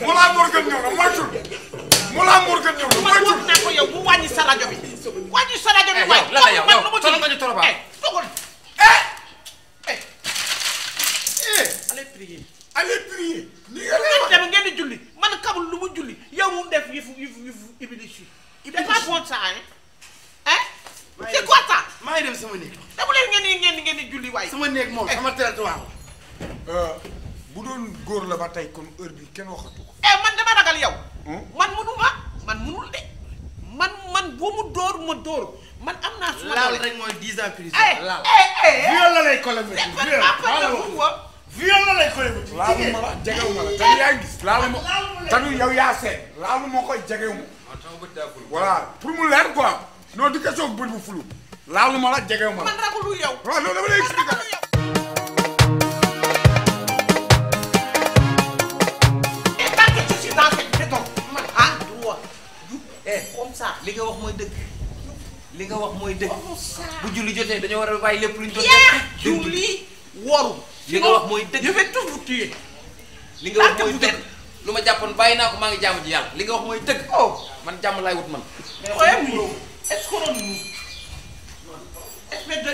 Mollah Morgun ñëw na moytul Mollah Morgun ñëw na moytul man naa ko yow bu wàññi sa rajo bi wàññi sa rajo bi waay eh, lan la yow tolo nga ñu toroba eh togol eh eh, eh! allez prier allez prier ni nga lay wax dem ngeen di julli man kabul lu mu julli yow mu def yëfu yëfu yëfu iblis yi dafa bon ça hein eh c'est quoi ça. maa ngi dem sama néeg. dama leen ngeen di ngeen ngeen di julli sama néeg moom eh. sama territoire. Euh, bu doon góor la ba tey kon heure bi kenn waxatu ko. eh man dama ragal yow. Hmm? man munu ma man munul de. man man bu mu dóor ma dóor man am naa. su ma laal rek mooy dix a prison. Eh, laal eh, viol la lay collé ma ci. gis. laalu ma tamit yaa seet. koy jegewu ma. voilà pour mu leer quoi. non du question bët bu fulu laalu ma la jegew ma la. man eh, eh, li nga wax mooy dëgg nga wax mooy dëgg bu julli jotee dañoo war a bàyyi lépp lu ñu doon woru li nga wax mooy dëgg li nga wax mooy dëgg lu ma jàppoon bàyyi naa ko maa ngi jaamu ji yàlla li nga wax mooy dëgg oh. man jàmm laay wut man escoronunu espèce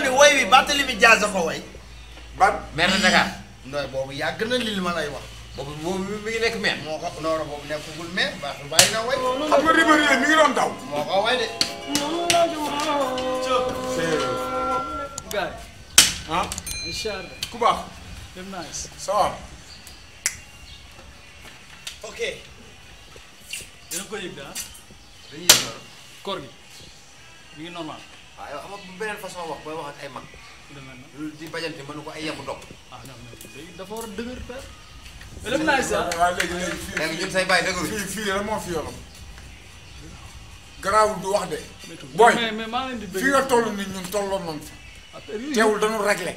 ne woy wi Barthélémy Dias a ko woy ban maire de ndooy boobu yàgg na li li ma lay boobu moom mi ngi nekk meer. moo ko noora boobu nekkul meer baax na bàyyi na way. xam nga ribeer yooyu mi ngi doon taw. moo ko way de. gaay. ah. incha allah. ku baax. dem naa si. ça va. ok. dina ko yëg daal. Ah? dañuy yëg loolu. koor gi mi ngi normal. waaw ah, yow xam nga beneen façon wax booy wax ak ay mag. lu di bajante mënu ko ay yàqu ndox. ah dafa war a dëgër lépp naaj sax waaw léegi léegi fii ñun say bàyyi dëgg fii fii la moo fi yorom garaawul du wax de booy fii nga toll ni ñun tolloon nañ fa teewul dañu réglé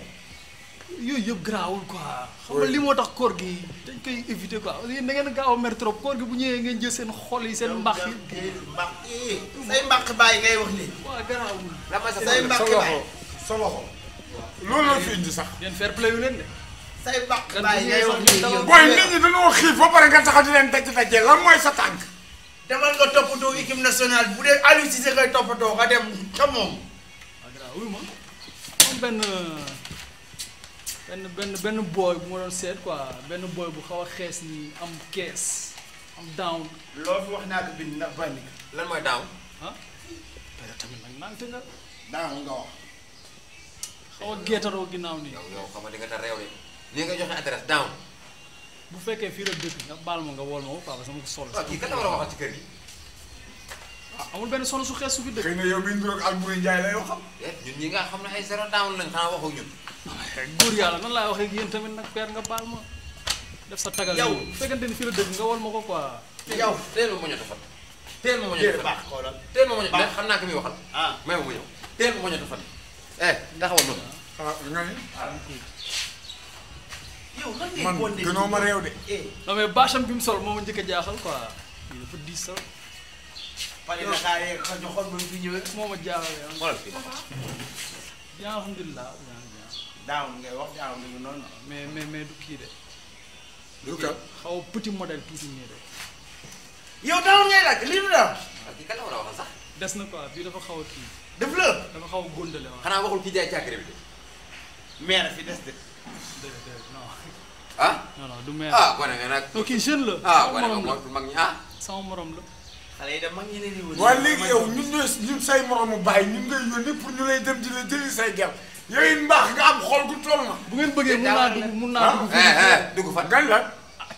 yooyu yëpp garaawul quoi xam nga li moo tax koor gi dañ koy éviter quoi yéen da ngeen gaaw a mer trop koor gi bu ñëwee ngeen jël seen xol yi seen mbaq yi mbaq say mbaq bàyyi ngay wax nii waaw garaawul say mbaq bàyyi sa loxo sa loxo loolu la fi indi sax yéen fair play yu leen de say bàq bàyyi ngay wax nii yow. booy nit ñi dañoo xiif ba pare nga taxaw di leen daj dajee lan mooy sa tànk. demal nga toppatoo équipe nationale bu dee Aliou Cissé ngay toppatoo nga dem ca moom. Ah, waaw ma moom benn benn benn benn booy bu ma doon seet ko benn booy bu xaw a xees nii am kees am down. lool fi wax naa ko bind ndax bàyyi lan mooy down. ah peut tamit nag naa ngi tënk. down a géetaroo ginnaaw nii. yow yow xam nga li nga joxe adresse daaw. bu fekkee fii la dëkk nga baal ma nga wool ma ko quoi parce que ma ko solo. a waxal ci ah, benn solo su xees su fi dëkk. xëy na yow mi ngi ak Albouri eh, ñi nga xam ne ay zéro daaw lañ xanaa eh, góor yàlla nan laay waxee ak tamit nag père nga baal ma. def tagal yow bu fekkente ni fii la dëkk ma ko quoi. yow teel ma moño defal. teel ma moño defal teel ma moño defal eh, xam naa ko muy waxal. ah may ma mu ñëw teel ma moño defal. eh noonu. Ah, nga ni. Ah, yow lan man ma réew de. Eh. non mais bâcham bi mu sol moom njëkk a jaaxal quoi. dafa diis sol. pare na kaa yeeg xaj xool ba ma jaaxal yow. xoolal fii bien daaw ngay wax daaw nga ñu noonu. mais mais mais du kii de. du kii xaw petit modèle tuuti de. yow daaw ngay laaj lii du daaw. parce ah, que la war a wax sax. des na quoi bii dafa xaw a kii. def la dafa xaw a góndale waaw. xanaa waxul ki jaay càkkiri bi de. meer fi des de. ah non non du meer ah gone kii jeune la. ah gone nga mag ñi ah. sama morom la. xale yi de mag ñi leen di wër. waaye léegi yow ñun ñooy ñun say moromu bàyyi ñun ngay yónni pour ñu lay dem di la jëli say gel yooyu mbaax nga am xol gu toll na. bu ngeen bëggee mun naa dugg mun naa ah. dugg. Eh, eh, dugg fan gan ah,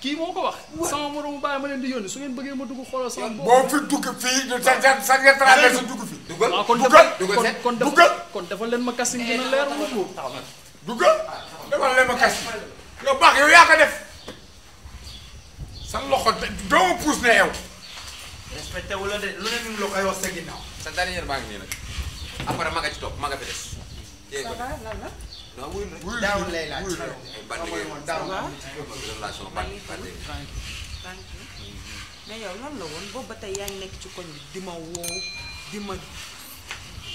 kii moo ko wax. sama moromu bàyyi ma leen di yónni su ngeen bëggee ma dugg xoolal sama bopp. boo fi dugg fii sa sa sa nga traversé dugg fi. duggal duggal duggal kon kon defal leen ma casting dina leer mu dugg. duggal defal leen ma casting yow baax yow yaa def sa loxo doo ma puus ne yow. la de lu ne ni mu sa ginnaaw. sa dernière nii nag après ma nga ci topp ma nga fi des. dégg nga non lan la woon boobu ba tey yaa ngi nekk ci koñ bi di ma woo di ma.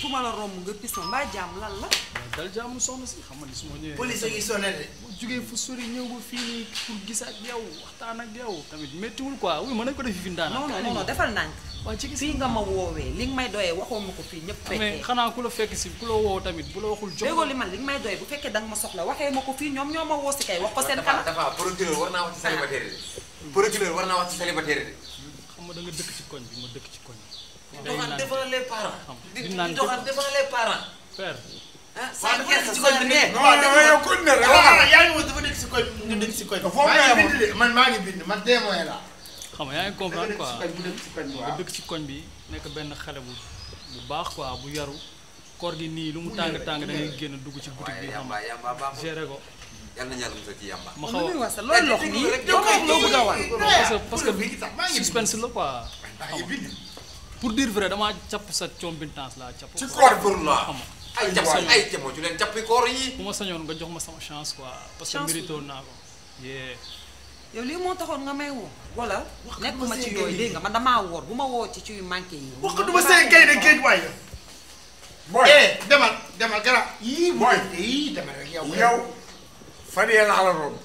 fu ma la romb nga pis ma mbaa jàmm lan la. dal jàmm soxna si xam nga ni su ma ñëwee. police yi sonné de. bu jugee fu sori ñëw ba fii nii pour gis ak yow waxtaan ak yow tamit méttiwul quoi oui mën nañu ko def fi ndaanaan. non non non defal ndànk. waaw ci fii nga ma woowee li nga may doyee waxoo ma ko fii ñëpp. fekkee mais xanaa ku la fekk si ku la woo tamit bu la waxul. jox may doyee bu fekkee danga ma soxla waxee ma ko fii ñoom ñoo ma woo si kay wax ko seen kanam. dafa procureur ah. da nga dëkk ci bi ma doxal devant les parents. di doxal devant les parents. père. ah saa gerte ci koñ bi nekk man maa ngi bind man témoin la. xam nga yaa ngi comprendre quoi nga dëkk si koñ bi nekk benn xale bu bu baax quoi bu yaru koor gi nii lu mu tàng tàng da génn dugg ci boutique bi xam nga géré ko. yàlla a a sa parce que parce que suspense la quoi. pour dire vrai damaa jàpp sa combinance laa jàpp. ci koor góor laa xam ay jàpp sañoon ay jàpp ju leen ma sañoon nga jox ma sama chance quoi. parce que mérité woon naa ko. yow lii moo taxoon nga may woo. wala nekkuma ci yooyu dégg nga man damaa woor bu ma woo ci ci yu manqué yi. wax ko du ma seen gaynde géej waay. booy eh, demal demal gara. yii booy yii demal yow. yow fan yee la xalaatoon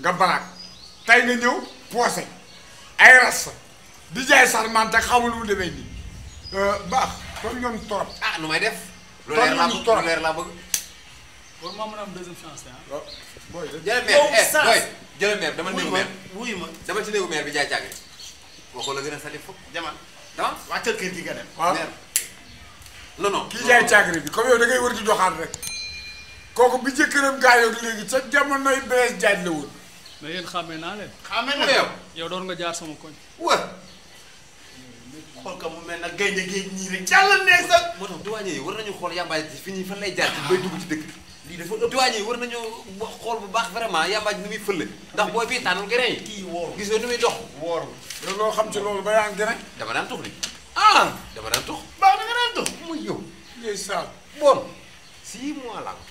nga baraak. tey nga ñëw poosé ay ras. di jaay sarmante xamul lu mu demee nii euh, baax tooñ ñoom torop ah nu may def lu leer laa bëgg lu leer laa bëgg war a am deuxième oh, eh. meer eh, booy jëlal meer dama ma dama ci néegu bi jaay càgg waxoo la gën a sali foofu jaman nga dem ah. meer non non kii jaay càggari bi comme yow da ngay wër di doxaan rek kooku bi jëkkëram gaayoog léegi ca jamonoy bees jaaj la woon mais yéen xàmmee naa leen xàmmee na yow yow doon nga jaar sama koñ wa xool ko mu mel nag gaynde gi ñii rek jàll nekk sax. moo tax douanier yi war nañu xool yàmbaaj ci fi ñuy fan lay jaar ci bay dugg ci dëkk bi. lii dafa ëpp douanier yi war nañu xool bu baax vraiment yàmbaaj ni muy fële. ndax booy bii tànnul gën a yi. kii wóorul gis nga ni muy loo xam ci loolu ba yaa dama daan tux li ah dama daan tux. baax na nga daan tux. muy yow. yooyu saa bon six mois laa ko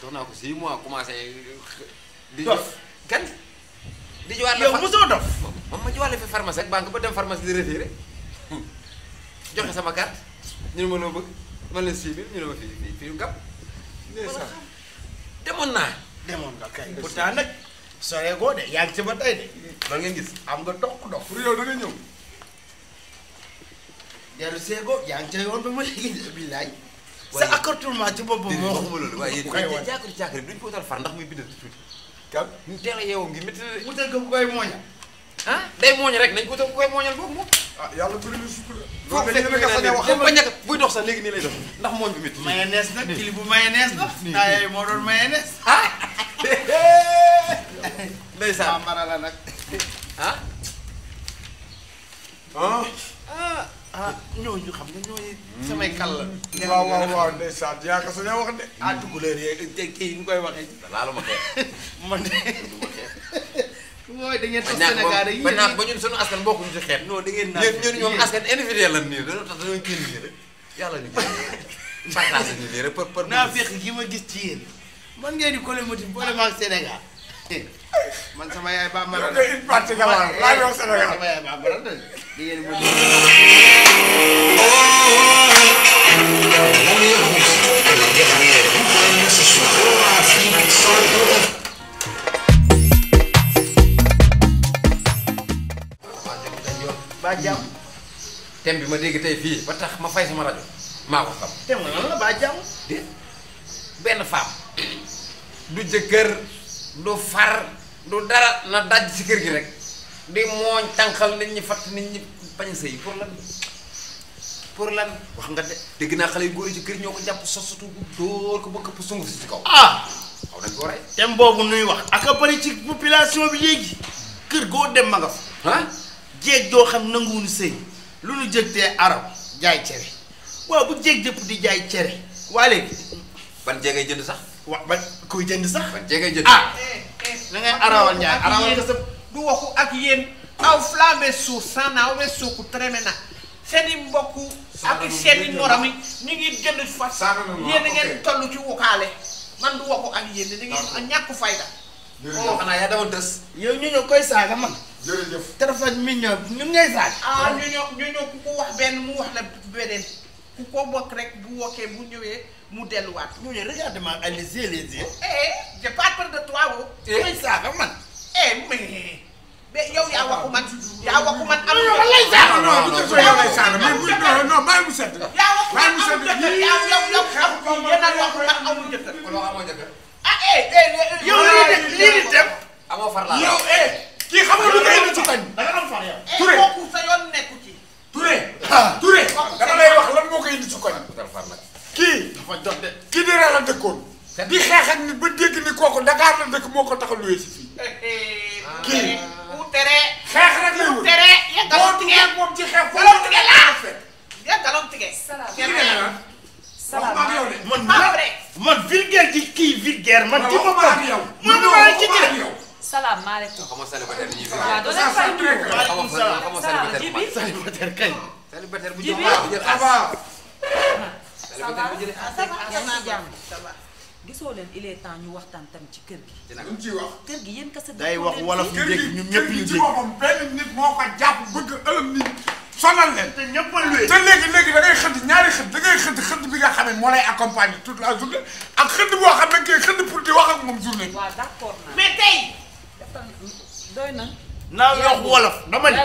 dox naa ko six mois commencé. Euh, di dof kan. di jiwaat la yow mosoo dof. moom ma jiwaat la fi pharmacie ak banque ba dem pharmacie di retiré joxe sama carte ñu ne ma noo bëgg man la six ñu ne ma fii fii fii gàpp. demoon naa. demoon nga kay pourtant nag sore goo de yaa ngi ci ba tey de. man nga gis am nga dox dox. pour yow da nga ñëw. dellu seego yoon ba ma léegi de billaay. ci boppam moo xamul loolu waaye yéen jàkkari duñ ko utal far ndax muy bindal ci tuuti. kam ñu teel a yeewoo ngi métti wutal ko koy mooña ah day mooñ rek nañ ko def koy mooñal boobu moom. Ah, yàlla bëri na sutura. ba ñàkk buy dox sax léegi nii lay dox ndax mooñ bi métti. mayonnaise nag kili bu mayonnaise la. taa yooyu moo doon mayonnaise. <laughs> ah. <laughs> ndeysaan bambara la nag. ah. ah. ah, ah. xam nga ñooy. samay kàll la. Hmm. ñooñu waaw waaw waaw ndeysaan yaa ko wax de. ah tukulóor yeeg kii yi ñu koy waxee. laaluma xeex <laughs> man wooy da ngeen toog Sénégal yi ba ñaan ba ñun suñu askan bokkuñu ci xeet non da ngeen naan ñun ñoom askan nii dañoo tax dañoo génn lii rek yàlla <laughs> ñu génn partage ñu par par naa fekk ma gis ci yéen man ngeen di collé boole ma ak Sénégal <laughs> man sama ma da une partie la la yow Sénégal sama yaay baa jàmm thème bi ma dégg tey fii ba tax ma fay sama rajo maa ko xam thème baa jàmm déet benn femme du jëkkër du far du dara na daj si kër gi rek di mooñ tànqal nit ñi fatt nit ñi bañ sëy pour lan pour lan wax nga de dégg naa xale yu góor yi ci kër ñoo ko jàpp sosatu bu dóor ko ba këpp sungu si ci kaw ah xaw boobu nuy wax aka bari ci population bi léegi kër goo dem ma nga jéeg joo xam nanguwuñu sëy lu nu jëgtee arab jaay cere waaw bu jéeg jëpp di jaay cere waa léegi ban jéegay jënd sax wa ba kuy jënd sax ban jéegay jënd ah da ngay arawal njaay arawal nga sa du waxu ak yéen aw suuf sanaaw be suuku treme na seen i mbokk ak seen i morom ñu ngi jënd fas yéen a ngeen toll ci wukaale man du waxu ak yéen da ngeen ñàkk fayda jërëjëf xanaa yaa dama des. yow ñu ñëw koy saaga man. jërëjëf Tapha Mbine ñun ngay saaga. ah ñu ñëw ñu ñëw ku ko wax benn mu wax la beneen ku ko bokk rek bu wokkee bu ñëwee mu delluwaat. mu ne regarde-moi à les yeux les yeux. eh j'ai pas peur de toi woo. eh koy saaga man. eh mais. mais yow waxu man. yaa waxu man am na lay saaga. non non bu yow lay saaga mais mu set. yaa waxu man amul jëkkër yaa ah eh eh, eh eh yow lii di eh, lii di dem. amoo far laa yow eh. kii xam nga lu ngay indi ci kañ. da nga am far yow. Touré eh kooku sa yoon nekku ci. Touré. ah Touré. dama lay wax lan moo koy indi ci kañ. kii dafa jot de. kii di reer la dëkkoon. di xeex ak nit ba dégg ni kooku Dakar la dëkk moo ko tax a luwee si fii. Ah. kii ku tere. xeex rek lay wut ku tere. ya galon tigé moom ci xeex. galon tigé laa. ya galon tigé. salaam ah. salaamaaleykum man man vulgaire ji kii vulgaire man. ci boppam man maa ci kii rek. salaamaaleykum. waaw doo leen fay nuyu. waaleykum salaam jibi célibataire kay. célibataire bu jóg waaw jël aba. ça va ça va gisoo leen il est temps ñu waxtaan tam ci kër gi. dina ci wax. kër gi yéen kese. day wax wolof ñu dégg ñun ñëpp ñu dégg kër gi ci boppam benn nit moo ko jàpp bëgg ëlëm nit. sonal leen te ñëpp a luy te léegi léegi da ngay xëdd ñaari xëdd da ngay xëdd bi nga xam ne moo lay accompagner toute la journée ak xëdd boo xam ne kay xëdd pour di wax ak moom journée. waaw d'accord naa mais tey. doy na. naa wax wolof dama ni.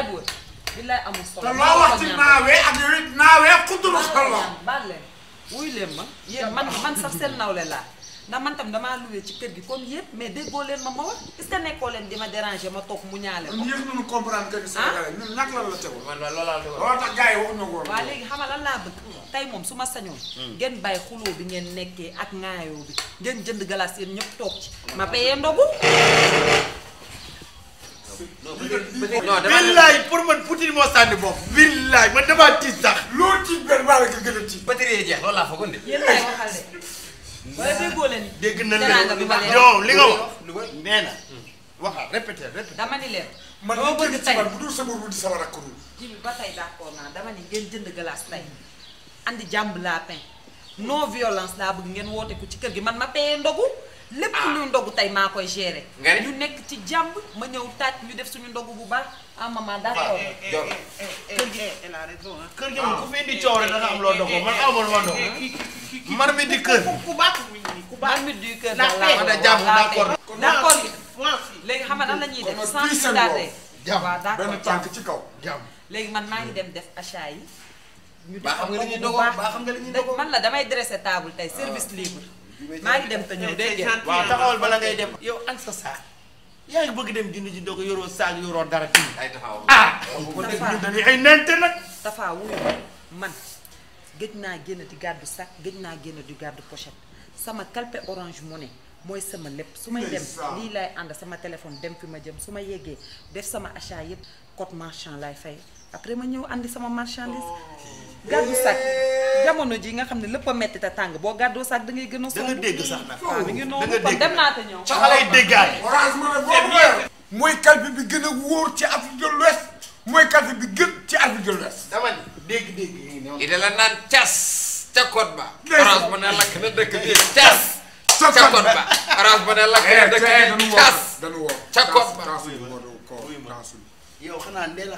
billaay amul solo a loo wax ci naawee ak yooyu naawee xuddu la solo. baal leen wuy leen ma yéen man man sax seen nawle laa. ndax man tam damaa loué ci kër gi comme yépp mais déggoo leen ma ma wax est-ce nekkoo leen di ma déranger ma toog mu ñaale ko. yéen ñun comprendre que la tegul. man loolu laa tegul waaw tax gars yi ko. léegi xamal lan laa bëgg. tey moom su ma sañoon. ngeen bàyyi xuloo bi ngeen nekkee ak ŋaayoo bi ngeen jënd galas yéen ñëpp toog ci ma payee ndogu. non a tiit. batterie jeex loolu laa wala déggoo ni. dégg na li nga wax nee na. Hmm. waxaat répété répété. dama ni leen. man bëgg tey bu dul sama wut sama rakk ji ba tey d'accord naa dama ni ngeen jënd galaas tey andi jàmb lapin non violence laa bëgg ngeen woote ko ci kër gi man ma payee ndogu. lépp ah. luy ndogu tey maa koy gérer. ñu nekk ci jàmb ma ñëw taaj ñu def suñu ndogu bu baax. ah maman d'accord. kër gi a raison kër gi ku fi indi coow rek da nga am loo doxoo man amul ma dox. marmite du kër. ku baax ku baax marmite du kër daal laa wax d'accord d'accord léegi xam nga nan la ñuy def sensibiliser. waaw ci kaw jàmm. léegi man maa ngi dem def achat yi. ñu xam nga li ñuy dogoo xam nga li ñuy dogoo man la damay dresser table tey service ah. libre. maa ngi dem te ñëw dégg ngeen. taxawal bala ngay dem yow ak sa saa yaa ngi bëgg dem jënd ji doog yoroo saag yoroo dara ci ay taxaw ah ñun tafaa wuyu man gëj naa génn di gàddu sac gëj naa génn di gàddu pochette sama kalpe orange mu mooy sama lépp su may dem lii laay ànd sama téléphone dem fi ma jëm su ma yéegee def sama achat yëpp code marchand laay fay après ma ñëw andi sama marchandise gàddu sac jamono ji nga xam ne lépp a te tàng boo gàddoo sac da ngay gën a sonn da dégg sax nag waaw mi ngi dem naa te ñëw ci xale yi déggaay mooy calpe bi gën a wóor ci Afrique de mooy calpe bi ci Afrique de l'Ouest dama ni dégg dégg li da la naan cas ca code ba orange ba ne lakk na dëkk bi cas ca ba yow xanaa ndee la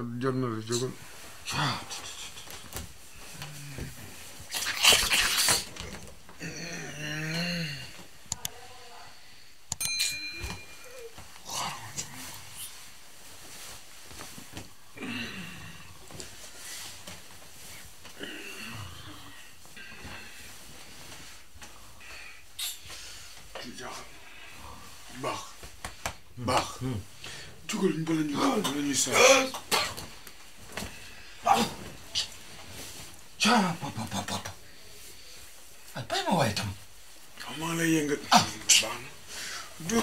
kon jot na la jógal waaw baax baax. Hmm. jugal bala ñuy bala ñuy ah papa papa papa ah bàyyi ma waaye tam. ah maa lay yëngal. ah baax na du.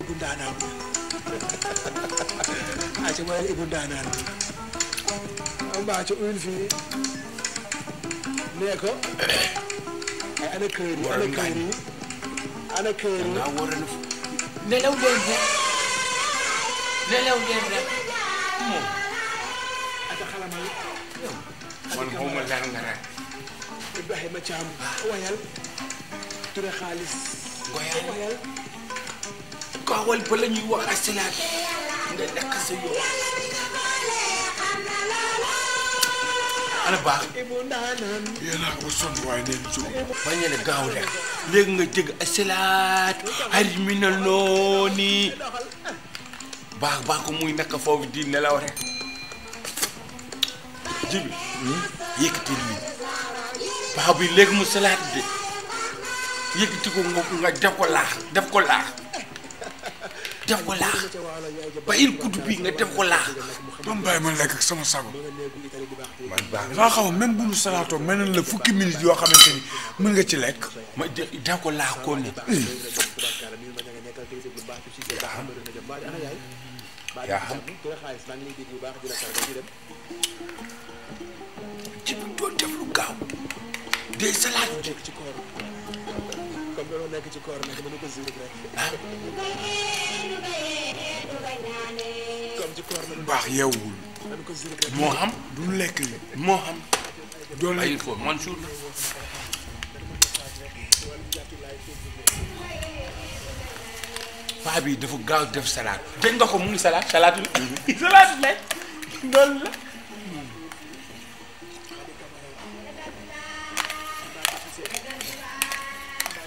Ibou Ndaanaan ah ci mooy Ibou Ndaanaan am baa ci uyul fii nee ko ay ana kër ana kër ana kër yi da ngaa war a ne. nelaw leen rek nelaw leen rek moom. ak xalamal yow. man xaw ma lan nga rek. Ibrahima Thiam wayal. Touré xaalis. Ngoyal wayal. Kawal ba la ñuy wax asalaat. nga nekk sa yoon. ana baax nga jëg asalaat baax baax ko muy naka foofu di nelaw rek yëkkati li baax bi léegi mu salaat de yëkkati ko nga def ko laax def ko laax def ko laax bàyyil kuddu bi nga def ko laax. ba mu bàyyi ma lekk ak sama sago man baax na xaw même bu nu salaatoo mel na la fukki minutes yoo xamante ni mën nga ci lekk. ma def ko laax koo ne. yaa xam ci bi doon def lu gaaw day salaat. comme dañoo nekk ci koor nag dama ko ziir rek. comme ci koor nag. baax yeewul. dama ko ziir rek moo xam du lekk yi moo xam. doo lekk ay fo Mansour la. paa bi dafa gaaw def salaat. dañ nga ko mu ngi salaat salaatu. Mhm. <laughs> salaatu lekk loolu la.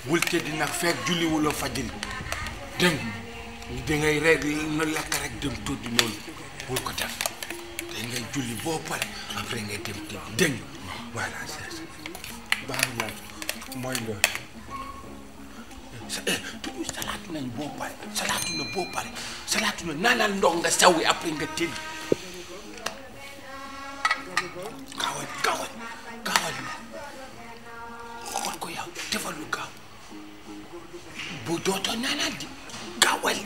wul ca dina fekk julliwuloo fajiri dégg dangay rek na lekk rek dem tëdd noonu bul ko def te ngay julli boo pare après ngay dem tëdd dégg voilà eh, salaatu nañ boo pare salaatu na boo pare salaatu na naanal ndox nga sawi après nga tëdd gaawal gaawal gaawal bu dootoo naanaat ji gaawal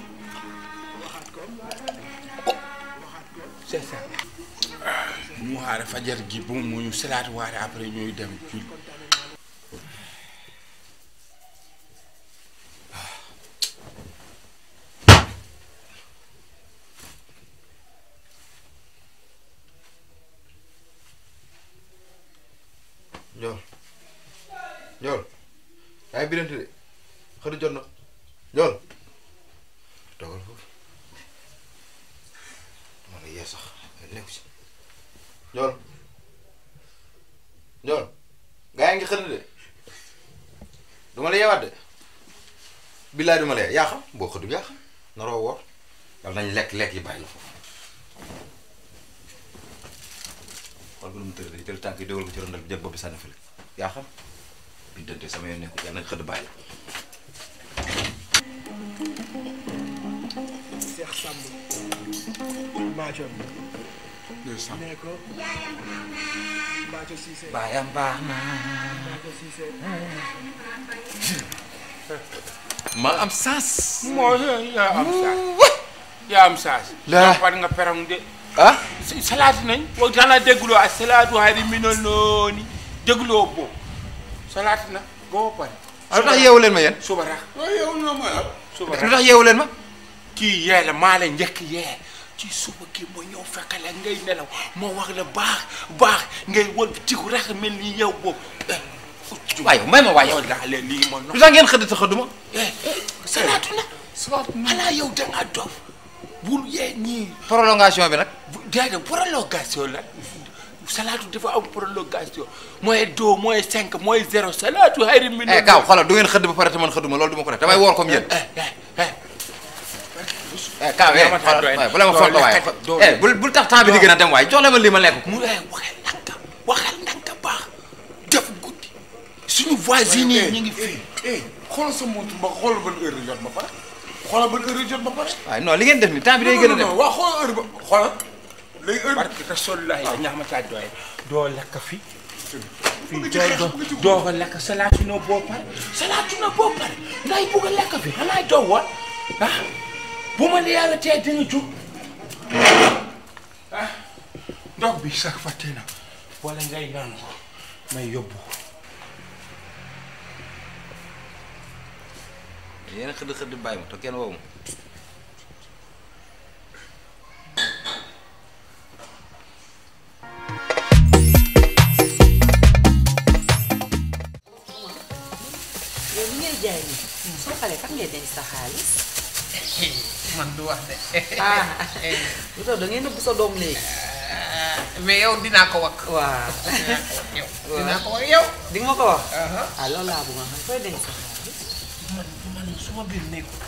c'est mu xaar fajar gi bu mu ñu salaat waare après ñuy dem jul Njool Njool ay birante de xëy jot na ñool toogal foofu man a yee sax nekku ci ñool ñool gaa yi ngi xëdd de du ma la yeewaat de billaay du ma la yee yaa xam boo xëddu yaa xam naroo woor yàlla nañ lekk lekk yi bàyyi la foofu xool ko nu mu de jël tànk yi déwal ko ci rëndal bi jël bopp bi sànni fële yaa xam bindante sama yoon nekku yàlla nañ xëdd bàyyi la sàmm Mbaaco ne ko Mbaaco Cissé ma am moo yaa am saas yaa am saas laa nga perong de ah salaatu nañ waaw daanaa dégloo ak salaatu hari mi noonu noonu dégloo boobu salaatu na boo pare lu tax yeewu leen ma yéen suba rax waaw yeewu ma suba rax lu tax yeewu ma kii yee la maa la njëkk yee ci suba kii ma ñëw fekk la ngay nelaw moo wax la baax baax ngay wër tiku rek mel ni yow boobu. Eh, waaye may ma waaye yow laa leen lii ma. lu tax ngeen xëdd te xëdduma. Eh, eh, salaatu la. salaatu la ala yow da ngaa dof bul yee ñii. prolongation bi nag. bu déedéet prolongation la. salaatu dafa am prolongation mooy deux mooy cinq mooy zéro salaatu. xayri min. eh gaaw xoolal du ngeen xëdd ba pare te man xëdduma loolu du ma ko def damay woor comme yéen. Eh, Kaawe waaye bala ma fort waaye eh bul tax temps bi di gën a dem waaye jox la ma li ma lekk. mu lay waxee ndànk waxal ndànk baax def guddi suñu voisine ñu ngi fii. Eh, eh, xoolal sa montre ba xoolal ban heure jot ba pare xoolal ban heure jot ba pare. waaw li ngeen def ni temps bi day gën a dem waaw xoolal heure ba xoolal. léegi heure parce ah. ma caa doye doo lekk fi. fii doo doo ko salaatu na boo pare salaatu na boo pare ndax bëgg a fi xanaa doo woon ah? bu ma la yàlla tee dina jur ah ndox bi sax fàtte na wala ngay naan ko may yóbbu yéen xëdd xëdd bàyyi ma te kenn ngay jaay nii soo xale tax ngay denc sa xaalis man du wax de. ah lu tax da ngay nëbb sa doom léegi. mais yow dinaa ko wax. waaw dinaa ko wax yow. di ma ko wax. ah loolu laa bëgg a xam fooy suma biir nekkul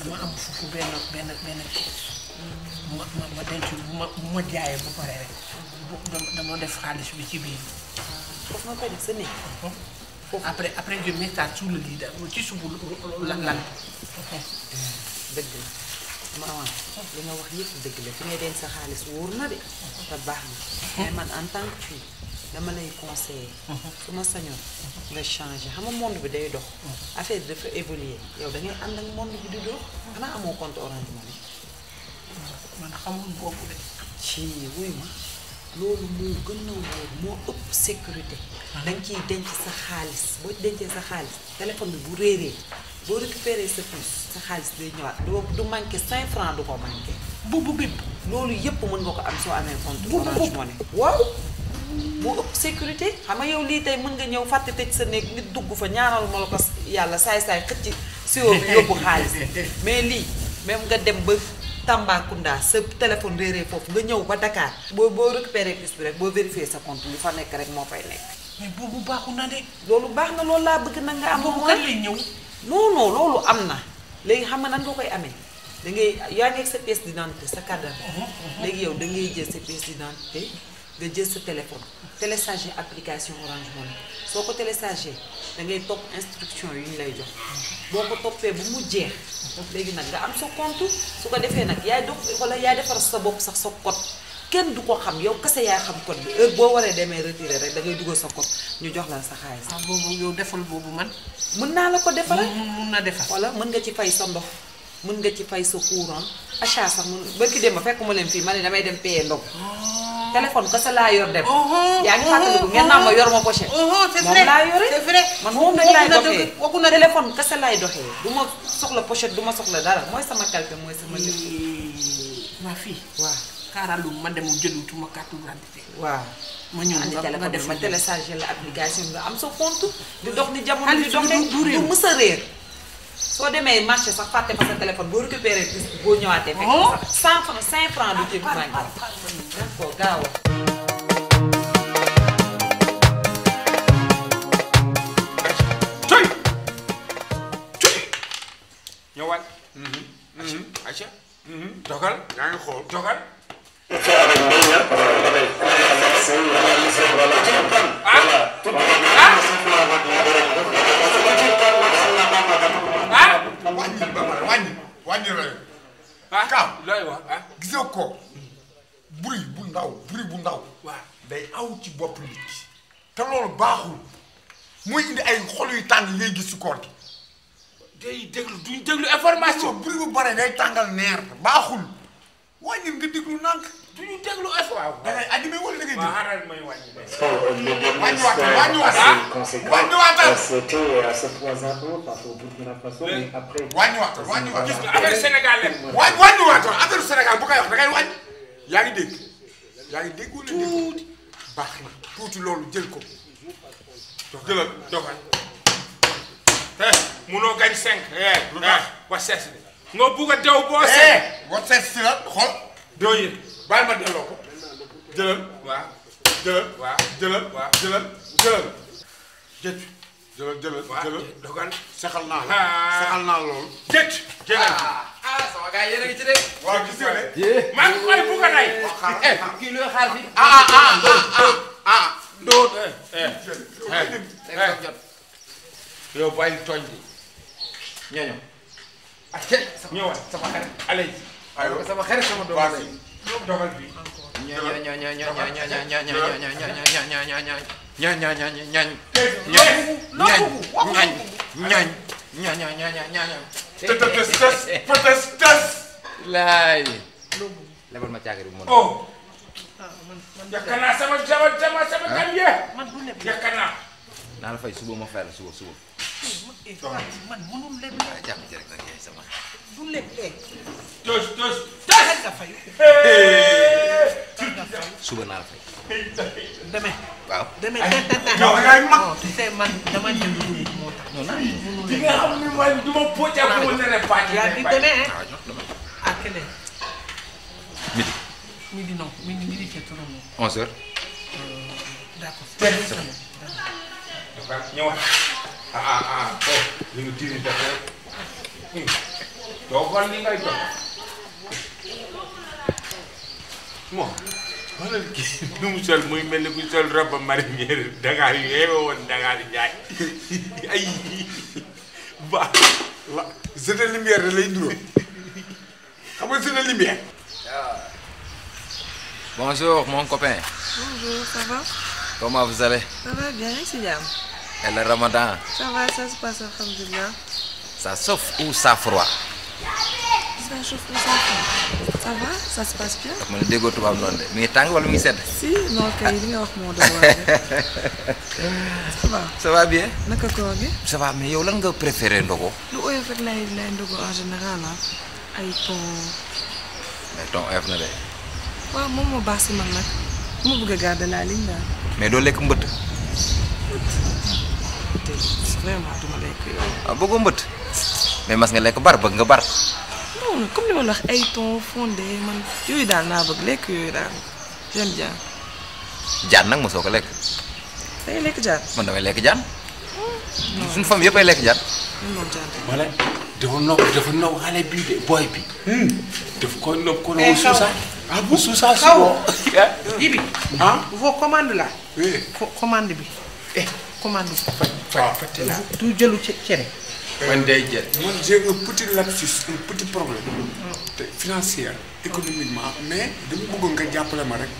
dama am fufu benn benn hmm. ma ma denc bu ma bu ma jaayee bu pare rek. dama def xaalis bi ci biir. foofu ma koy def sa néeg. après après je mets ça sous le lit ci subu lan lan. Hmm. dëgg la maman li nga wax yëpp dëgg la fi ngay denc sa xaalis wóor na de te baax na mais man en tant que fille dama lay conseiller su ma sañoon nga changé xam nga monde bi day dox affaire dafa évoluer yow da ngay ànd monde bi di dox xanaa amoo compte orange money man xamul boobu de ci wuy loolu moo gën a wóor moo ëpp sécurité ah. da ciy denc sa xaalis boo dencee sa xaalis téléphone bi bu réer boo récupéré sa puce sa xaalis day ñëwaat du manqué 5 francs du ko manqué. bu bu loolu yëpp mën nga ko am soo amee compte Orange Money waaw moo ëpp sécurité xam nga yow lii mën nga ñëw fàtte sa néeg nit dugg fa ñaanal ma ko yàlla saay-saay xëcc si woo bi yóbbu xaalis <laughs> mais lii même nga dem ba Tambacounda sa téléphone réeree foofu nga ñëw ba dakaar boo boo récupéré puce bi rek boo vérifié sa compte li fa nekk rek moo fay nekk mais boobu baaxu na de loolu baax na loolu laa bëgg na nga am boobu kan lay ñëw non loolu am na léegi xam nga nan nga koy amee da ngay yaa ngi ak sa pièce d'identité sa carte mhm, mhm. léegi yow da ngay jël sa pièce d'identité nga jël sa téléphone téléchargé application Orange Money soo ko téléchargé da ngay topp instruction yu ñu lay jox boo ko toppee bu mu jeex léegi nag nga am sa compte su ko defee nag yaay dox wala yaay defar sa bokk sax sa code kenn du ko xam yow kase yaa xam ko bi heure boo waree demee retiré rek dangay ngay sa code ñu jox la sa xaalis. ah boobu yow defal man. mën naa la ko defal mun mun na defal. wala mën nga ci fay sa ndox mën nga ci fay sa courant achat sax mun ba ki dem ba fekk ma leen fii ma ne damay dem payer ndox. Ah. téléphone kese laa yor dem. Uh-huh, uh-huh. yaa ngi fàttaliku ngeen naa ma yor ma poche. Uh-huh, c'est vrai moom laa yore man moom rek laay doxee. na téléphone kese laay doxee. du soxla pochette du ma soxla dara mooy sama calpe mooy sama lépp. fii waaw. xaaral ma dem jëlutuma carte d'identité. waaw ma ñëw nga def ma télécharger la application nga am sa compte. di dox ni jamono di dox du mës a réer. soo demee marché sax fàtte fa sa téléphone boo récupéré boo ñëwaatee. fekk oh. cent franc mhm. Mhm. ngi xool dogal. day déglu duñ déglu information. bu bu bare day tàngal neer baaxul wàññil nga déglu nànk du ñu déglu as. waaw da ngay animé wala da ngay déglu. waaw arrête may wàññi. wàññiwaat c'était ah, à ce point zéro face au Burkina Faso mais après. wàññiwaat wàññiwaat gis nga affaire Sénégal lañ. wàññi wàññiwaat affaire Sénégal bu koy wax baax na tuuti loolu jël ko. jëlal doxal. te munoo gañ cinq. lu tax wa sees nga bugg dew boo seet. wa sees si bàyyi ma delloo ko jëlal waaw jëlal waaw jëlal waaw jëlal jëlal jëcc jëlal jëlal jëlal dogal sexal naa la ah. sexal naa loolu jëcc jëlal ah, ah sama gars yéen a ngi ci de waaw gis nga de maa ngi koy bugg a day eh, kii luy xaar fi ah, ah ah ah ah ndóot eh, eh, yow bàyyi tooñ bi ñooñu ak ñëwal sama xarit allez sama xarit sama doom doxal bi laay lebal ma caagari bu oh yàkka naa sama sama sama sama gan ye yàkka naa naa la fay suba ma fayal suba suba man mënul leb jàpp ci rek nag yaay sama du lépp léegi. tos tos tos. kan nga fay. kan nga fay. suba naa fay. demee. waaw demee tey tey tey. non tey man dama jënd moo tax. non non non ma poche di ah, ah, non midi midi c'est trop long. 11h. Euh, d'accord. tey c'est bon. dafa ñëwaat ah ah ah oh li nga diir dafa. doo xool li ngay moom xoolal muy mel ni ku sol robe marinière Dakar yu yeewe woon Dakar jaay ay ba la c'est lumière da lay duróo xam nga Bonjour mon copain. Bonjour, ça va? Comment vous allez? Ça va ramadan? Ça va, ça se passe, alhamdulillah. Ça chauffe ça chauffe ça ça va ça se passe bien. ma ne déggoo tubaab noonu de mi ngi tàng wala mi ngi sedd. si non kay li nga wax moo doon waay <laughs> ça va. ça va bien. naka koor gi. ça va mais yow lan nga préféré ndogo. lu oyof rek lay lay ndogo en général ah ay ton. mais ton oyof na de. waaw moom moo baax si man nag mu bëgg a garder la ligne daal. Ah. mais doo lekk mbëtt. mbëtt. te vraiment duma lekk mas nga lekk bar bëgg nga bar. non comme li la wax man yooyu daal naa bëgg lekk yooyu daal j'aime bien. jaan nag mosoo ko lekk. day lekk jaan. man damay lekk jaan. Hmm, suñu fam yëpp ay lekk jaan. moom bii de booy bi. Hmm. daf ko nopp ko eh, nopp suusa. ah bu suusa si <laughs> boo. ah. vos commande eh. bi. Eh. commande fàtte naa ah. du man jël man j'ai un petit lapsus un petit problème mm. te financier économiquement dama bëggoon nga jàppale ma rek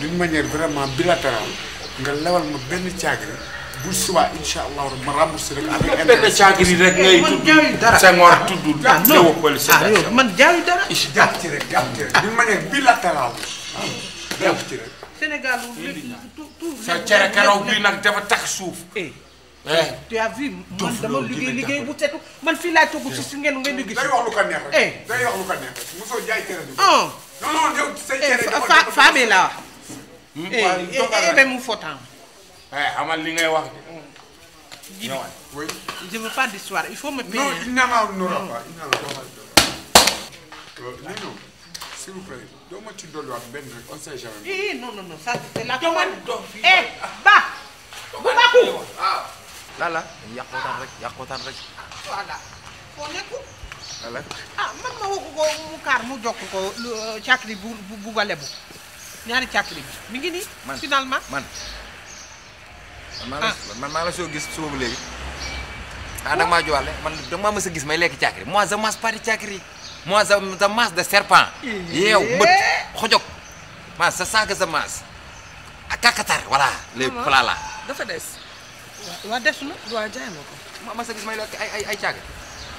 d'une manière vraiment bilatérale nga lewal ma benn caagri bu subaa incha allah ma remboursé rek avec benn caagri rek ngay eh, tudd dara Senghor ah, tudd lewopal ah, jàpp ci rek jàpp ci rek d'une manière bilatérale jàpp ci rek sa cere karaw bii nag dafa tax suuf. eh, eh. tu as vu man dama liggéey liggéey bu setu man fii laay togg si su ngeen ngeen di gis. day wax lu ko neex rek. Eh. day wax lu ko neex rek mosoo jaay cere bi. li ngay wax de. Djibi hmm. je veux pas d'histoire il faut me payer. non il n'en aura pas il n'en doo ma ci dolliwaat benn rek on sait jamais. non non non ça c'est la. doo ma doon fii eh, ba bu baaxul. waaw. lala yàqootaan rek yàqootaan rek. voilà foo nekku. lala. ah man ma woo ko mu kaar mu jokk ko euh, càkkiri bu bu bu ba lebu ñaari càkkiri bi mi ngi nii. man finalement man. man ah. man maa la soo gis suba ba léegi. ah da nga maa jowaale man da nga maa mës a gis may lekk càkkiri moi je mange pas de càkkiri. moi sa sa masse de serpent. yeew mbët xojog masse sa saaga sa masse ak kakatar voilà. les plats là dafa des. waaw def na waaw jaay ma ma sa gis may lekk ay ay ay caaga.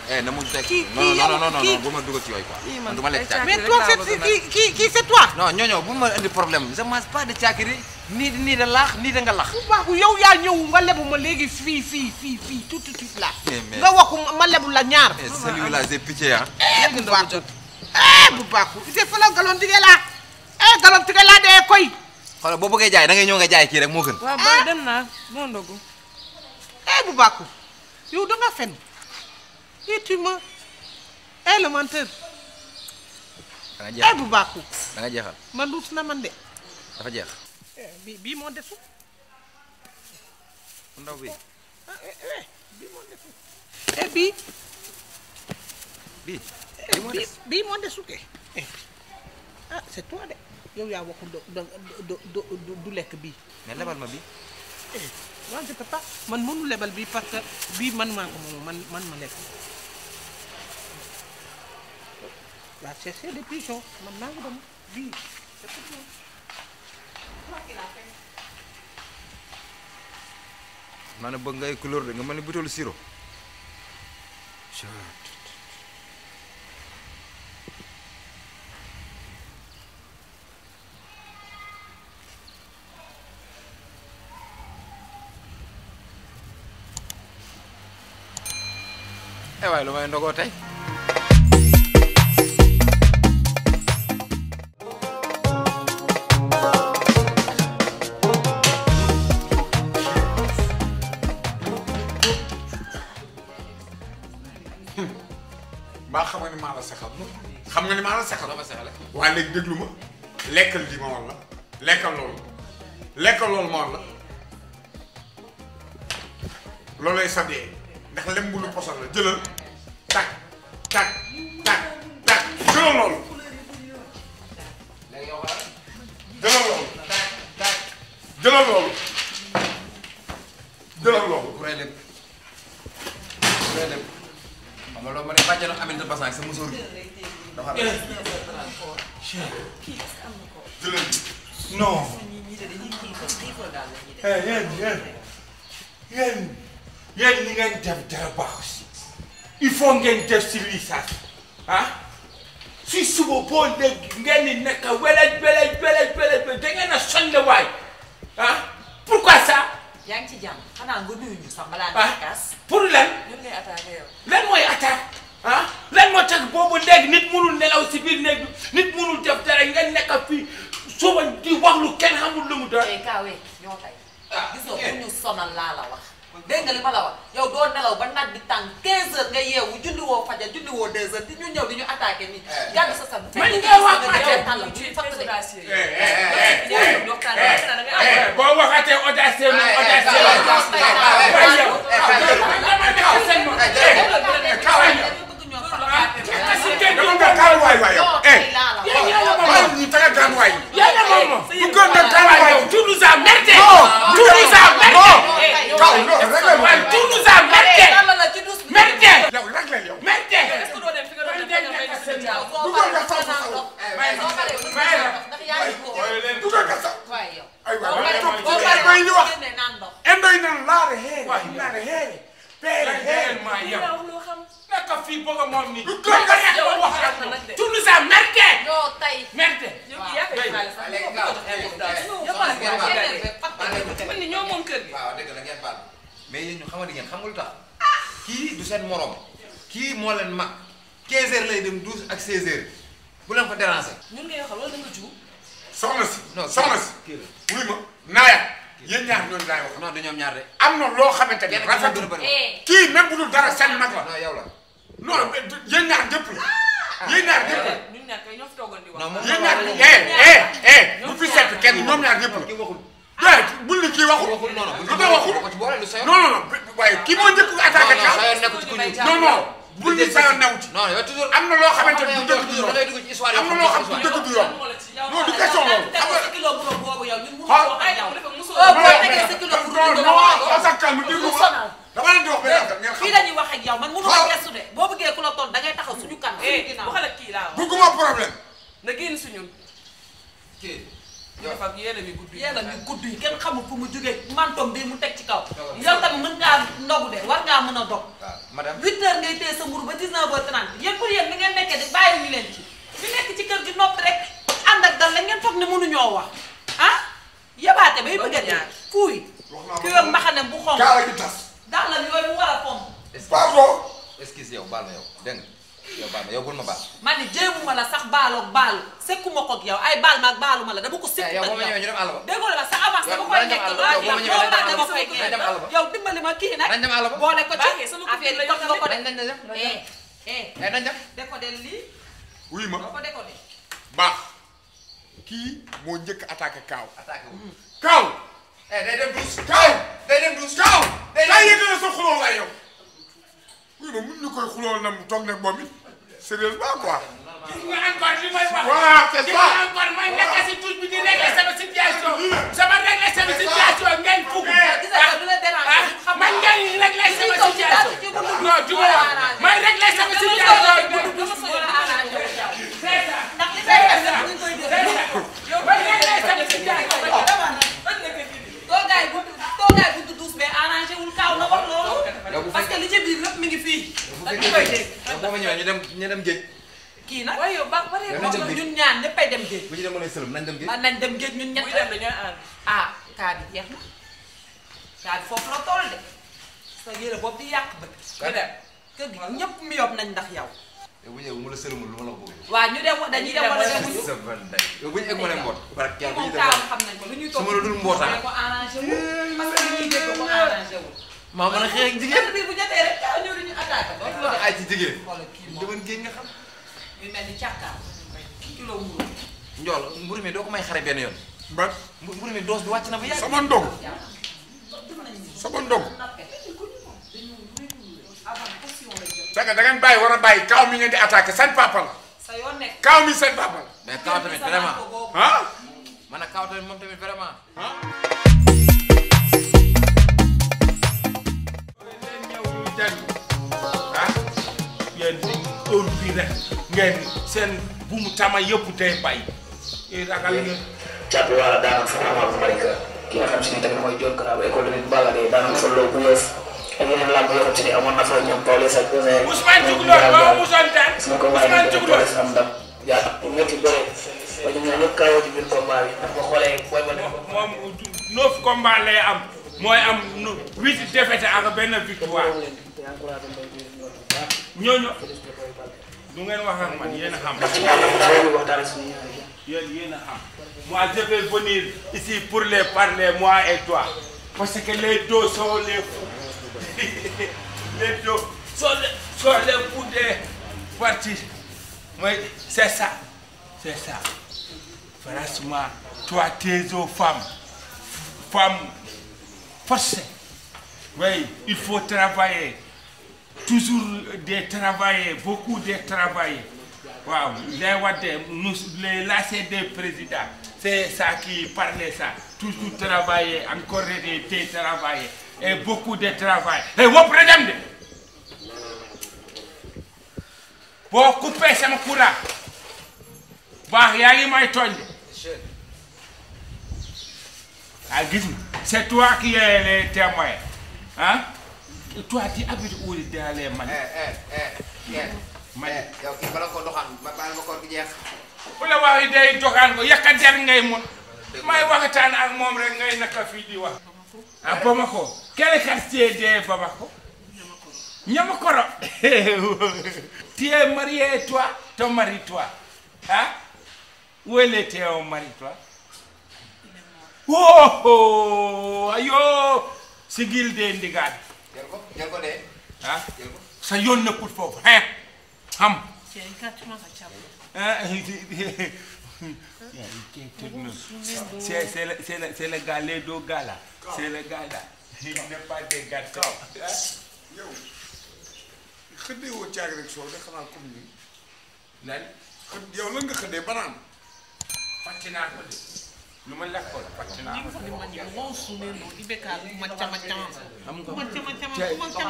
eh na mu teg non non non non bu ma dugg ci yooyu quoi. man du ma lekk caakiri mais toi c'est kii kii c'est toi. non ñooñu bu ma indi problème je mange pas de caakiri nii nii da laax nii da nga lax. bu baax yow yaa ñëw nga lebu ma léegi fii fii fii fii tout tout tout là. Eh, nga wax ma lebu la ñaar. mais eh, celui-là j'ai pitié ah. bu baax bu baax c'est fa la galon tigé laa eh galon tigé laa dee koy. xoolal boo bëggee jaay da ngay ñëw nga jaay kii rek moo gën. waaw ba dem naa moo ndogu. eh bu baax yow da nga fen. et tu me eh le menteur. bu baaxu. da nga jeexal man luut na man de. dafa jeex. Eh, bii moo defu. ndaw bi ah bii bii. bii bii moo desu c'est toi de yow yaa waxul do du lekk bii. mais lebal ma bii. Eh. moi je peux man mënu lebal bi parce que bii man maa ko moom man man ma lekk la chercher des pigeons man maa ngi dem bii maanaam bëgg ngay couleur de nga mel ni butéelu sirop waaye lu may ndogoo tey. mbaa xam nga ni maa la sexal xam nga ni maa la sexal waaye léegi déglu ma lekkal ji ma war la lekkal loolu lekkal loolu ma war la loolay sadee ndax lem bu lu posal la jëlal def si lii sax ah si suba boo dégg ngeen rafetlu eh. kii même bu dul dara seen mag la. nañ dem àll ba yow dimbali ma kii nag. nañ dem àll ba boo ko ci sunu affaire yi jox nga ko de. nañ dem eh, eh. eh def ko dem. lii. wuy ma baax kii moo njëkk attaqué Kaaw. dañuy dem a dem wuñu yow ko lu ñuy toog su ma la dul mbootaan maa mën a xeex ak jigéen bi nga xam. yu mel ni njool mburu mi doo ko may xare benn yoon. ba mburu mi doos bi wàcc na bu yàgg. sama ndog sama ndog. da bàyyi war a bàyyi kaw mi ngeen di attaqué seen papa Kaaw mi seen papa la. mais Kaaw tamit vraiment ah. ma ne Kaaw tamit moom tamit vraiment ah. yéen heure bii rek ngeen seen buumu tama yëpp day bay. ragal ngeen. Thiatou Walo daanaka fa amal Malika ki nga xam si ne tamit mooy John Karaaba école de Balla Gaye daanaka fa loo bu yees ak yeneen làmb yoo xam si ne amoon na fa ñoom Pawlish ak Ousmane Ousmane Diouf loolu moo musoon daan Ousmane Diouf loolu am ndam yaa ngi métti bëre ba ñu ñëw bi ndax boo xoolee booy ba moom neuf combat lay am mooy am huit défaite ak benn victoire ñooñu du ngeen wax ak man yéen a xam. yéen yéen a xam. moi je vais venir ici pour les parler moi et toi parce que les deux sont les fous <laughs> les deux sont les mooy c'est ça c'est ça franchement toi tes femmes femmes forcées oui il faut travailler toujours des travailler beaucoup de travailler waaw les Wade nous les lâcher des présidents c'est ça qui parlait ça toujours travailler encore des travailler et beaucoup de travail et wop dem de boo coupé sama courant baax yaa ngi may tooñ ah gis nga c'est toi qui es le témoin ah toi tu habites où dans les Mali. Eh, eh, eh, bala ko doxaan ba baal ma ko jeex. bu la wax day may waxtaan ak moom rek ngay naka fii di wax. ah Bamako quel quartier de Bamako. Niamakoro Niamakoro. <laughs> Tu es marié et toi, ton mari, toi. Hein? Où elle mari, toi? Il est mort. Oh, oh, ayo, sa yoon nekkul foofu hein xam. ah c'est c'est le c'est le c'est le gars les deux gars là. c'est le gars xëddee woo caag rek soow de xanaa comme ñun. lan xëdd yow lan nga xëddee banaan. fàcce naa ko de lu ma lekk ko la fàcce naa ko de. man yow moo suunee noonu di bekkaat ma cama cama. xam nga ma cama cama ma cama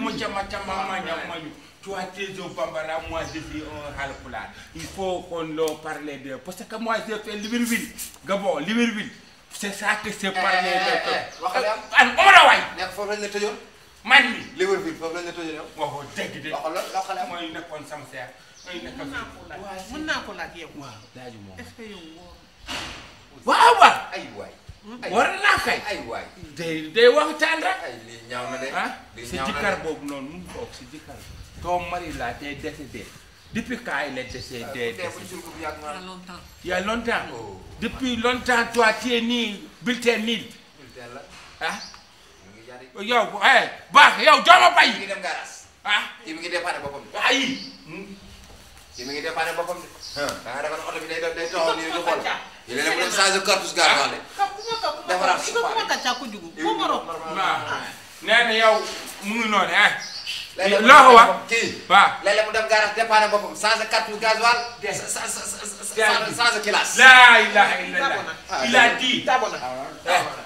ma ñu. ma cama cama ma ñam ma ñu. tu as tes eaux bambara moi je suis un halpulaar. il faut qu'on leur parle de parce que moi j'ai fait Libreville Gabon Libreville c'est ça que c'est parler de. waxal yaa am Omar waay. nekk foofu lañ la tëjoon. man bi Libreville ay waay. Hmm? war naa kay. ay waay. day day waxtaan rek. ay si ah, jëkkër boobu noonu mu ngi si jëkkër. ton mari là est décédé. depuis quand il est décédé. Ah, il y a longtemps. Oh. depuis longtemps toi nii bulletin nii. la ah, yow eh baax yow jooma bay. mi ngi dem garas ah kii ngi dépanné boppam de waaw yii kii mi ngi dépanné boppam de. Hmm. da nga defoon oto bi day doon day taxaw nii di xool. yéen a ah. de. defaraat su ma ah. nee na yow mu ngi noonu ah. loo ko wax kii waaw léeg-léeg mu dem garas dépanné boppam changé cartouche gaz waal. changé classe. laa ilaha illallah ah, il a dit eh.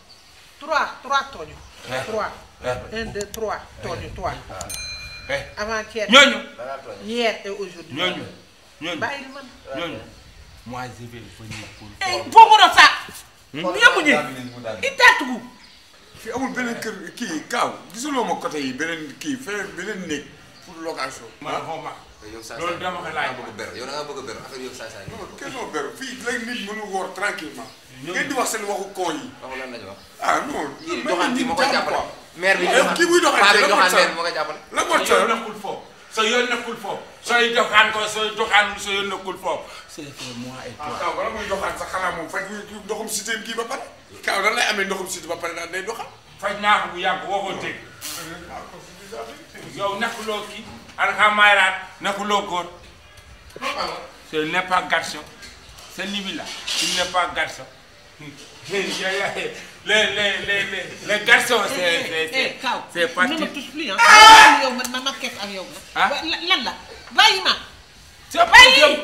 trois trois tooñu. Eh, trois eh, eh. un deux trois tooñu trois. avant-hier e hier et aujourd'hui ñooñu ñooñu bàyyi man ñooñu. moi je vais venir pour. Pomodou Sarr. yemuñu i tàttugu. fi amul beneen kër kii Kaaw gisuloo ma côté yi beneen kii feneen beneen néeg pour location. man ah? xaw ma loolu dama ko laaj. yow da ngaa bëgg a ber affaire yow saa saa yi. non kenn doo ber fii léegi nit mënu woor tranquillement ngeen di wax seen waxu koo yi. waxu lan lañu wax. ah non. kii doxaan kii moo koy jàppale maire bi eh, doxaan kii buy doxaan la doxaan maire bi moo koy jàppale. la ko ca yoon nekkul foofu sa yoon nekkul foofu sooy doxaan ko sooy doxaan sa yoon nekkul foofu. c'est moi et toi. ah wala muy doxaan sa xanaa moom faj muy ndoxum cité kii ba pare. kaw nan lay amee ndoxum cité ba pare daan day doxaan. faj naa ko bu yàgg woo ko dégg. yow nekkuloo kii. alhamdulilah nekkuloo góor. ce n'est pas garçon ce niveau là il n'est pas garçon les les les les garçons c'est c'est parti. ne me touche plus ah yow man ma kees ak yow. ah lan la bàyyi ma. bàyyi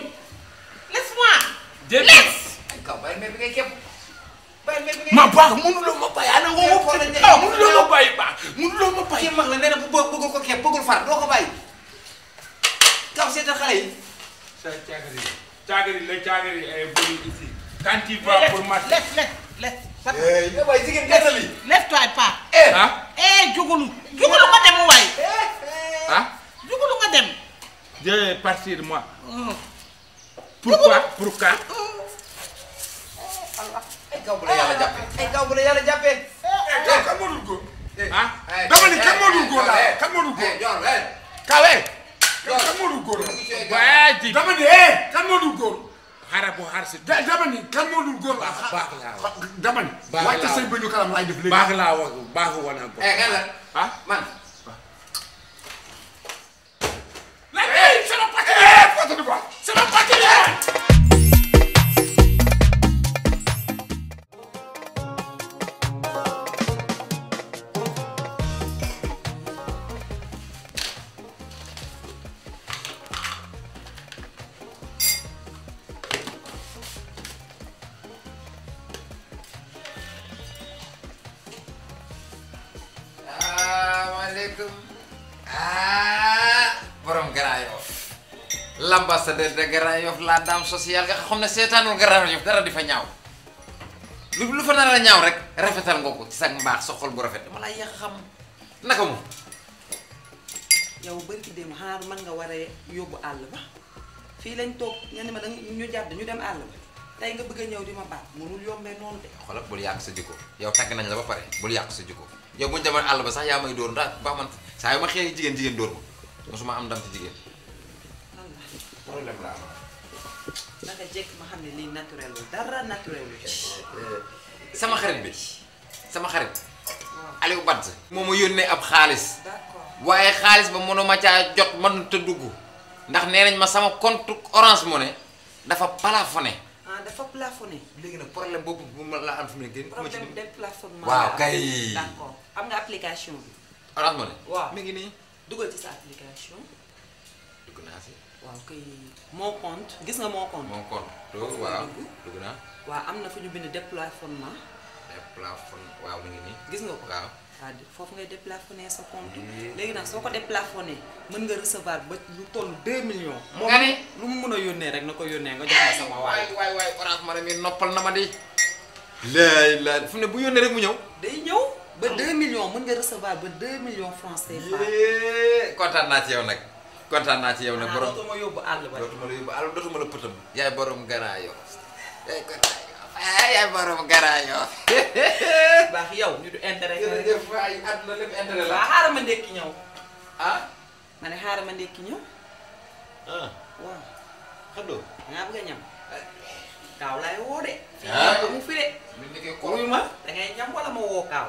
laisse-moi. laisse. ma baax mënuloo ma bàyyi ana woo ma ah mënuloo ma bàyyi baax mënuloo ma bàyyi. kii mag na bu bëggul ko képp bëggul far doo ko bàyyi. kaw seetal xale yi. caagari la caagari ay bëri ici. Quand il va laisse, pour marcher. Laisse, laisse, laisse. Eh, yow eh, eh, waay jigéen eh. Ah. nga dem ah. nga dem. Je vais partir moi. Oh. Pourquoi? Pourquoi? Oh. Allah. Ay gaw bu la yàlla jàppee. Ay gaw bu la yàlla jàppee. Eh, kan moo dul xara boo xar si. dama ni kan moo dul góor la. baax laa wax dama ni. baax laa wax wàcc sëñ bi ñu kalam laay def léegi. baax laa wax baaxul woon ak bopp. Eh, ambassadeur de Grand Yoff la dame sociale nga xam ne seetaanul Grand Yoff dara di fa ñaaw lu lu fa nar a ñaaw rek rafetal nga ko ci sa mbaax sa xol bu rafet dama laa yàq xam naka moom. yow bari ki dem xanaa mën nga war a àll ba fii lañ toog nga ma da ñu jàdd ñu dem àll tey nga bëgg ñëw di ma baat mënul yombee noonu de. xoolal bul yàq sa jikko yow tàgg nañ la ba pare bul yàq sa jikko yow bu ñu demoon àll ba sax yaa may dóor ndax ba man saa yu ma xëyee jigéen jigéen dóor ma am ndam ci jigéen. problème la am. xam ne lii naturel la eh, eh, sama xarit bi sama xarit. Ah. Aliou Badji. moo ma yónnee ab xaalis. waaye xaalis ba mënuma caa jot man a dugg. ndax nee nañ ma sama compte Orange Money dafa plafonné. ah dafa plafonné. léegi nag problème boobu bu ma la am waaw kay. am nga application bi. Orange Money. waaw ngi nii. dugal ci sa application. waaw kay mon compte gis nga mon compte. mon compte loolu waaw dugg naa. waaw am na fu ñu bind déplafonnement. déplafonnement waaw mi ngi nii. gis nga ko waaw. waaw foofu ngay déplafonné sa compte. Mm-hmm. léegi nag soo ko déplafonné mën nga recevoir ba lu toll 2 millions. moom lu mu mën a yónnee rek na ko yónnee nga jox sama waay. waay waay waay orange ma mi noppal na ma di. laay laay fu ne bu yónnee rek mu ñëw. day ñëw ba 2 millions mën nga recevoir ba 2 millions francs CFA. kontaan nag. kontaan naa ci yow nag borom dootuma la yóbbu àll yaay borom garaa yoo yaay garaa yoo yoo baax yow ñu du intérêt la waaw xaaral ma ndékki ñëw ah xaaral ma ndékki ñëw ah waaw xado ñam kaaw laay woo de ah? mu fi de ñam wala ma woo kaaw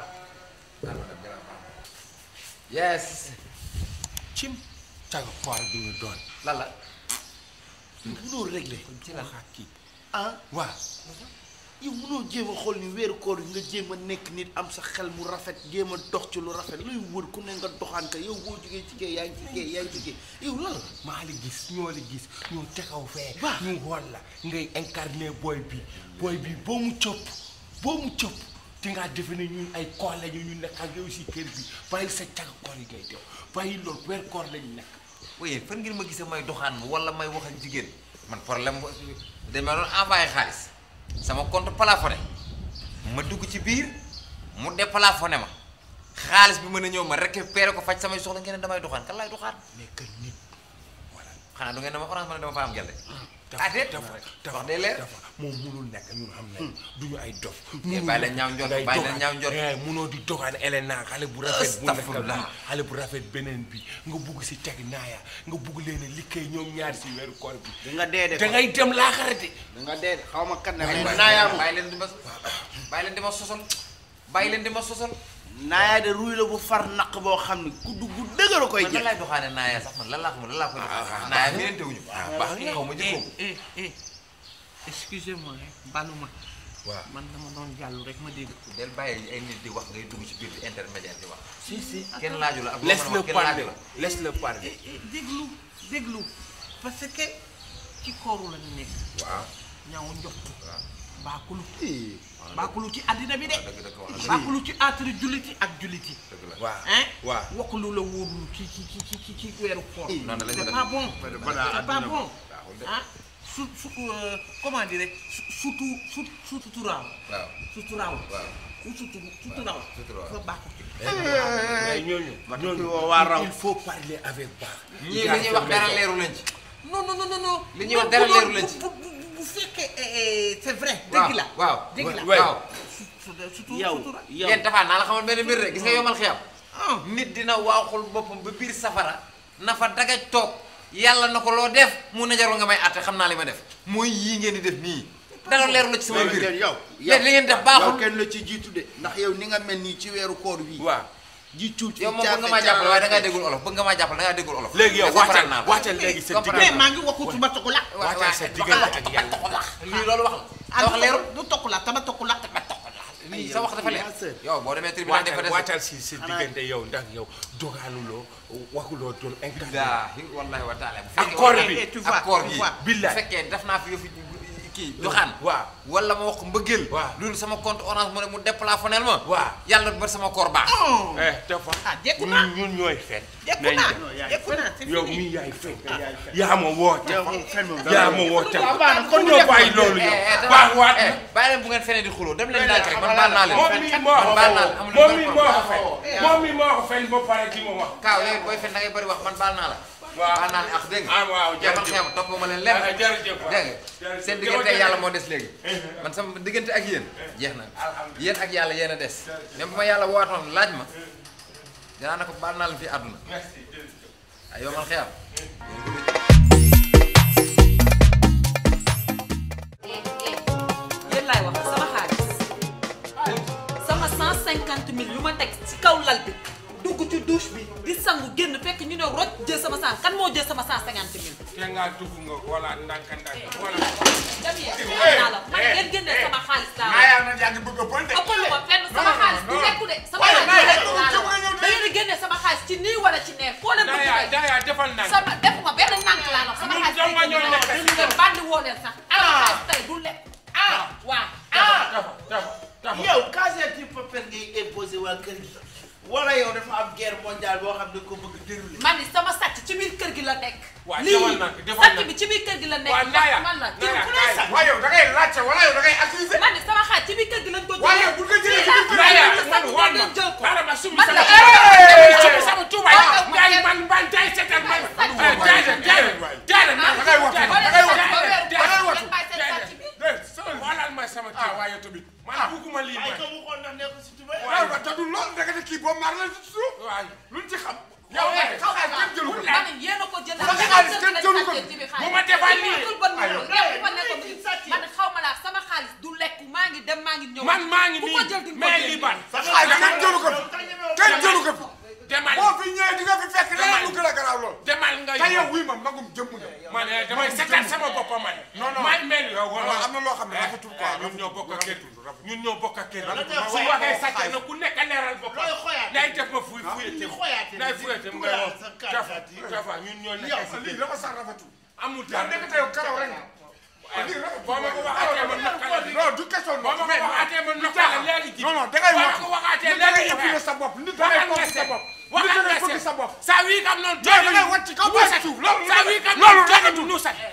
yes cim caga xool bi nga doon lan la. mënoo réglé. ci la xaar kii ah waaw. yow mënoo jéem a xool ni weeru koor yi nga jéem a nekk nit am sa xel mu rafet jéem a dox ci lu rafet luy wër ku ne nga doxaan ka yow boo jugee ci kii yaa ngi ci kii yaa ngi maa la gis ñoo la gis ñoo taxaw fee. waaw ñu la ngay incarné booy bi booy bi mu copp mu copp di ngaa defe ne ñun ay koor lañu ñu nekk yow si kër bi sa caga koor yi ngay def bàyyi loolu weer koor lañu nekk. oui fan ngeen ma gise may doxaan wala may wax ak jigéen man problème ba dañ ma doon envoyé xaalis sama compte plafonné ma dugg ci biir mu déplafonné ma xaalis bi mën a ñëw ma récupéré ko faj samay soxla ngeen damay doxaan kan laay doxaan. mais que nit voilà xanaa du ngeen dama orange ma ne dama fa am gerte. Ah. adeet wax dee leer moom munul nekk ñun xam nañ duñu ay dof eh, bàyyi la ñaaw njot bàyyi la ñaaw njot eh, munoo di dogaan Elena xale bu rafet bu nekk la xale bu rafet beneen bi nga bugg si teg naaya nga bugg leen a liggéey ñoom ñaar si weeru koor bi danga dee de dangay dem laa xarate danga dee de xaw ma kat ne naayaa bàyyi leen di ma bàyyi leen di ma sosol bàyyi leen di ma sosol naaya de ruy la bu far naq boo xam ne gudd gu dëgër a koy jeex. man lan laay doxaane naaya sax man lan laa ko lan laa ko doxaane. Ah, ah, ah, naaya mi leen teewuñu. waaw eh, baax na ma eh, jëkkoon. Eh, excusez-moi balu ma. man dama doon jàll rek ma dégg. del bàyyi ay nit di wax ngay dugg ci biir di intermédiaire di wax. si si kenn laaju la ak loo mën a wax kenn laaju la laisse le parler déglu déglu parce que ci kooru la ñu nekk. waaw ñaaw njott. waaw baaxul. bàkkulu ci àddina bi de ah, bàkkulu ci entre julliti ak julliti waaw waaw wakkulu la wóorul ci ci ci ci ci weeru koor c'est pas bon c'est pas bon ah su su euh, comment dire surtout su suturaaw suturaaw ku sutur suturaaw dafa bàkku ci eh, ñooñu eh, ñooñu waa raw il faut parler avec baax ñii li ñuy wax dara leeru lañ ci non non non non non li ñuy wax dara leeru lañ ci bu fekkee eh, eh, c'est vrai. dëgg la waaw dëgg la waaw. surtout yow yow yéen Tapha naa la xamal benn mbir rek gis nga mm. yomal xiyam. Oh. nit dina waaxul boppam ba biir safara na fa dagaj toog yàlla na ko loo def mu ne jarul nga may àtte xam naa li ma def mooy yii ngeen di def nii. dara leerul la ci sama mbir yow. yow li ngeen def baaxul yow kenn la ci jiitu de ndax yow ni nga mel nii ci weeru koor bii waa ji cuuc yow moom bëgg nga maa jàppale waaye da ngaa déggul olof bëgg nga maa jàppale da ngaa déggul olof léegi yow wàccal naa wàccal léegi sa diggante yow ndax yow dogaluloo waxuloo doon incarné wallahi wa taala encore bi encore bi billahi fekkee kii doxaan waaw wala ma wax mbëggeel waaw loolu sama compte orange mu ne mu déplafonel ma waaw yàlla ba sama koor baax oh. eh dafa ah jekku naa ñun ñooy fen jekku naa jekku naa yow mii ah. yaay fen yaa ma woote yaa ma woote ah, kon ñoo bàyyi loolu eh, yow eh, baax waat eh, bàyyi leen bu ngeen fenee di xuloo dem leen daal rek man baal naa leen oh. moom mii moo ko fen moom mii moo ko fen kaaw yooyu booy fen da ngay bëri wax man baal naa la waaw xanaa ne ak dégg nga. ah waaw topp ma leen lenn. Ah, dégg seen diggante yàlla moo des léegi. Eh, eh. man sama diggante ak yéen. Eh. jeex na yéen ak yàlla yéen a des. même bu ma yàlla wootoon laaj ma dinaa ne ko baal naa la fi àdduna. merci jërëjëf. ay xeer. yéen laay wax sama xaalis sama 150 yu ma teg ci kaw lal bi. dugg ci douche bi di sangu génn fekk ñu ne roj jël sama cent kan moo jël sama cent cinquante mille. te ngaa dugg nga voilà ndànk ndànk voilà. naa la man eh, ngeen génne eh. sama xaalis laa. naa yaa ngi a bon de. ëppal ma fenn eh, sama xaalis du nekku de. sama xaalis da ngeen di génne sama xaalis ci nii wala ci nee. foo leen a def daaya benn nànk laa sama xaalis tey jii ñu nekk ñu ngeen bandi woo leen sax. alors ah. xaalis tey du lekk. ah waa kër gi. wala yow dafa am guerre mondiale boo xam ne ko bëgg déroulé. man ni sama sàcc ci biir kër gi la nekk. waaw jawal naa ko sakk bi ci biir kër gi la nekk. waaw Ndaya Ndaya waaw yow da ngay laajte wala yow da ngay accusé. man de sama xaar ci biir kër gi lañ ko jëlee. waaw yow bu ko jëlee ci biir Ndaya man wan ma dara ma sumi sama. sumi sama tubaay Ndaya man man Ndaya seetal man. Ndaya Ndaya Ndaya man da ngay wax da ngay wax da ngay wax. xoolal ma sama kii waaye tamit. man bëgguma lii mooy. waaw waaw te du loolu ndekete kii boobu maar la ci suuf. waaw luñ ci xam. yow eh xaalis kenn jëlu ko. yéen a ko jënd ak xaalis kenn jëlu ko bu ma defal lii aywa man xaw ma laa sama xaalis du lekk maa ngi dem maa ngi ñëw. man maa ngi nii mais lii ban. xaalis kenn jëlu ko kenn jëlu ko. demal boo fi ñëwee di nga fi fekk leneen lu gën a garaaw lool. demal nga yow te yow wuy ma magum jëmm nga. man eh, damay seetaan sama boppam man. non non man mel wala am na loo xam ne eh, rafetul quoi eh, ñun ñoo bokk ak kenn ñun ñoo bokk ak kenn su waxee sàcc na ku nekk a leeral boppam. day def ma fuy fuyete day fuyete mu ngay wax tafa tafa ñun ñoo nekk si lii dafa sax rafetul. amul dara yow nekk yow karaw rek nga. boo ma ko waxaatee ma nokkal la non du question boo ma ko waxaatee ma nokkal la léegi non non da ngay wax da ngay sa bopp nit da ngay sa bopp wii kat loolu. jooju la wàcc kaw ba sa suuf loolu rafetul loolu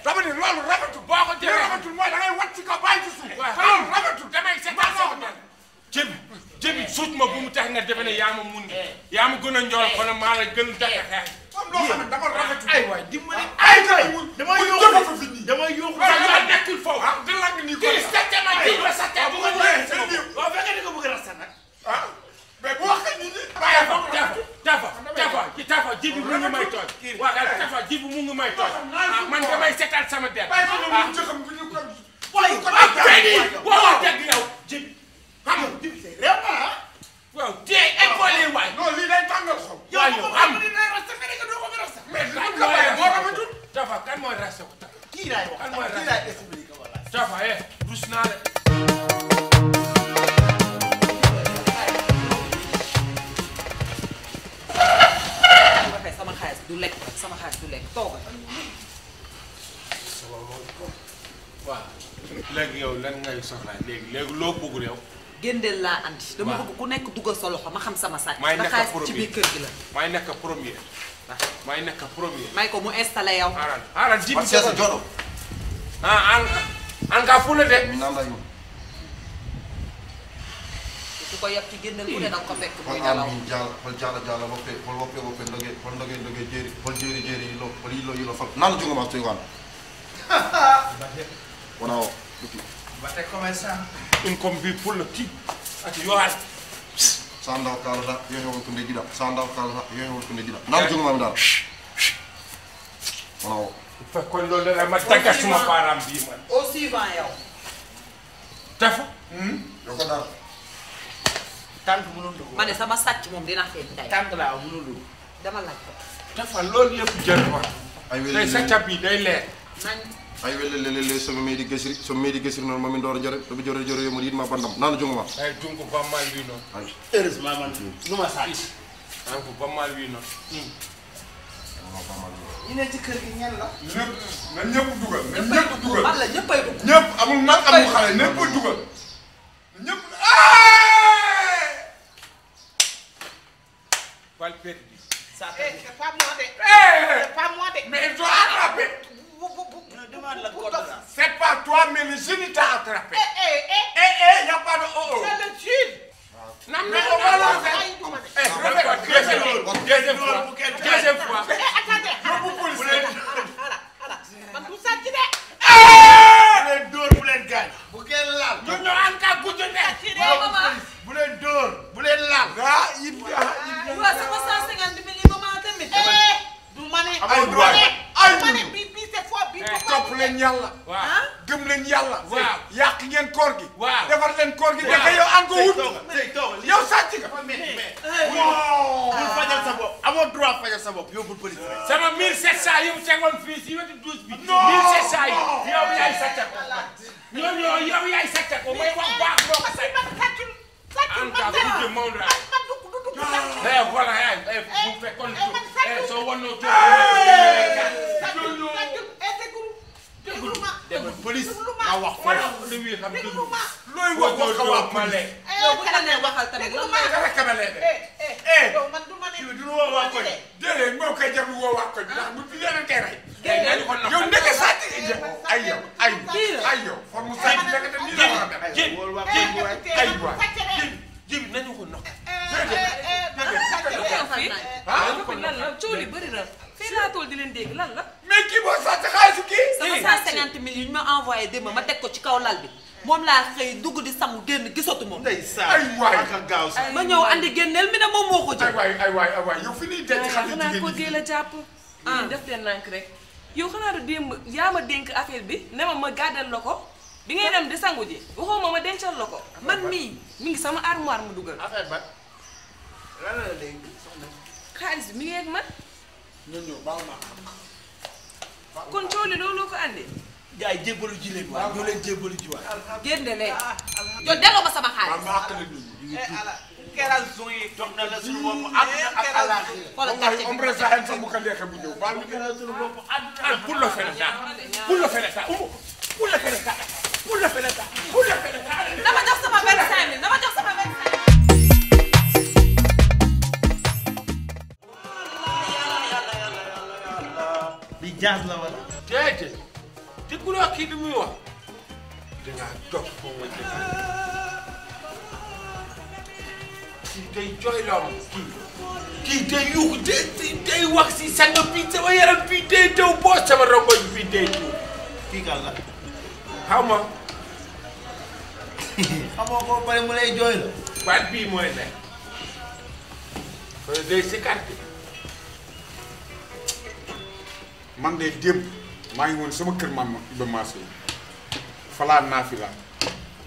dama ne loolu rafetul boo ko jëlee rafetul mooy da ngay wàcc kaw bàyyi ci suuf. waaw rafetul damay jëbi jëbi suut ma bu mu tax nga defe ne yaa ma mun. Eh. yaa ma gën a njool kon maa la gën a eh. sama der. bàyyi ko ñu ko sa loxo ma xam sama sàcc. maay nekk premier ci biir kër gi la. maay nekk premier. maay nekk premier. may ko mu installé yow. xaaral xaaral ji bi sa jono ah an an ka fule de. su ko yab ci génne ku ne da nga ko fekk. muy nelaw xool jaala xool jaala jaala woppe xool woppe woppe ndoge xool ndoge ndoge jéeri xool jéeri jéeri yi lo xool yi lo yi lo fal naan la junguma to yowan wona o ba te commerçant un comme bi pour le kii ak yohan sandawkalaha yehe wonko nde jiɗa sandawkalaha yehe wonko nde jiɗa ndaw jogomami dara wona o kollolerema dagasuma param mbima au suivant yaw dafa yo ko dara tànk mënul dugg ma ne sama sàcc moom dina feeñ tey tànk laa mënul dugg dama laaj ko dafa loolu yëpp jël wax ay tey sa cab yi leer ay welle le le somi meeɗi gasiri somi meeɗi gasiri noon mamin doora jore ɗoɓe jore jore yomo yitma bandam nana jungo ma ay jungo bammal wi noon ay heureusement man numa sa an ko bammal wi noon bammal wi ina ci kër gi ñen la ñëpp na ñëpp dugal na ñëpp dugal walla ñëpp ay dugg ñëpp amul mag amul xale ñëpp dugal ñëpp bal perdu ça c'est pas moi de eh! c'est pas moi de mais il doit attraper C'est pas toi, mais le génie t'a attrapé. Eh, eh, eh. Eh, eh, y a pas de oh. C'est le génie. Mais on va lancer. Deuxième fois. Deuxième fois. Deuxième fois. Attendez. Je vous pousse. Man du sàcc de. bu leen dóor bu leen gaañ. bu ngeen laal. ñun ñoo ànd ak ku ci nekk. bu leen dóor bu leen laal. ah it ah it. waaw sama 150 mille yi maman tamit. ma ne ay waay ay ma ne bi bi cette fois eh, topp leen yàlla waaw gëm leen yàlla waaw yàq ngeen koor gi waaw defar leen koor gi daka yow an ko wut yow sàcc nga eh, eh. bul fajal sa bopp amoo droit fajal sa bopp yow bul bëri sama 1700 yi mu tegoon fii si wetu douze bi 1700 yi yow yaay sàcc ko yow yow yow yaay sàcc ko may wax baax moo Eh voilà eh bu fekkoon eh soo wonoo coow déglu police ma wax foofu li muy xam déglu looy wax wax ko wax ma lee eh, yow bu tane waxal tamit lan lay dara kamale de eh yow man du ma ne du woo waa koñ déedéet moo koy jar woo waa koñ ah. ndax bu fi leen kay rey yow ndeke sàcc ay yow ay ay yow formu sàcc ndeke te nii la war a def ay waay jibi nañu ko nokk. lan la cooli bëri na. fii laa tool di leen dégg lan la. mais kii boo sàcc xaalisu kii. sama 150 mille yi ñu ma envoyé démb ma teg ko ci kaw lal bi moom laa xëy dugg di sangu génn gisatu moom. ndeysaan ay waay ak gaaw sax. ma ñëw andi génneel mi ne moom moo ko jël. ay waay ay waay ay waay yow fi ñuy denc xale jigéen ñi. ko géel a jàpp. ah def leen nànk rek yow xanaa du démb yaa ma dénk affaire bi ne ma ma gàddal la ko. bi ngay dem di sangu ji waxuma ma dencal la ko. man mii mi ngi sama armoire mu dugal. affaire ba lan mi ngi ak man. ñoo ñëw baax ma xam. kon coole looloo ko andi. gars jébbalu ji leen waaye ñoo jébbalu ji waaye. génne leen. Ah, yow delloo ma sama xaalis. waaw ma ñu eh, keral zone na la suñu bopp sa pour le peloton pour le peloton. dama jox sama vingt cinq mille dama jox sama vingt cinq mille. li jaas la wala. déedéet di guloo kii bi muy wax dangaa dox foo ma defal kii day jooy lool kii kii day yuuxu day day wax si sang bi sama yaram bi day daw boo sama rongoñ bi day daw kii kan la. xaw ma. xamoo ko bii mooy man de démb maa ngi woon sama kër maam Iba Mar falaa naafi la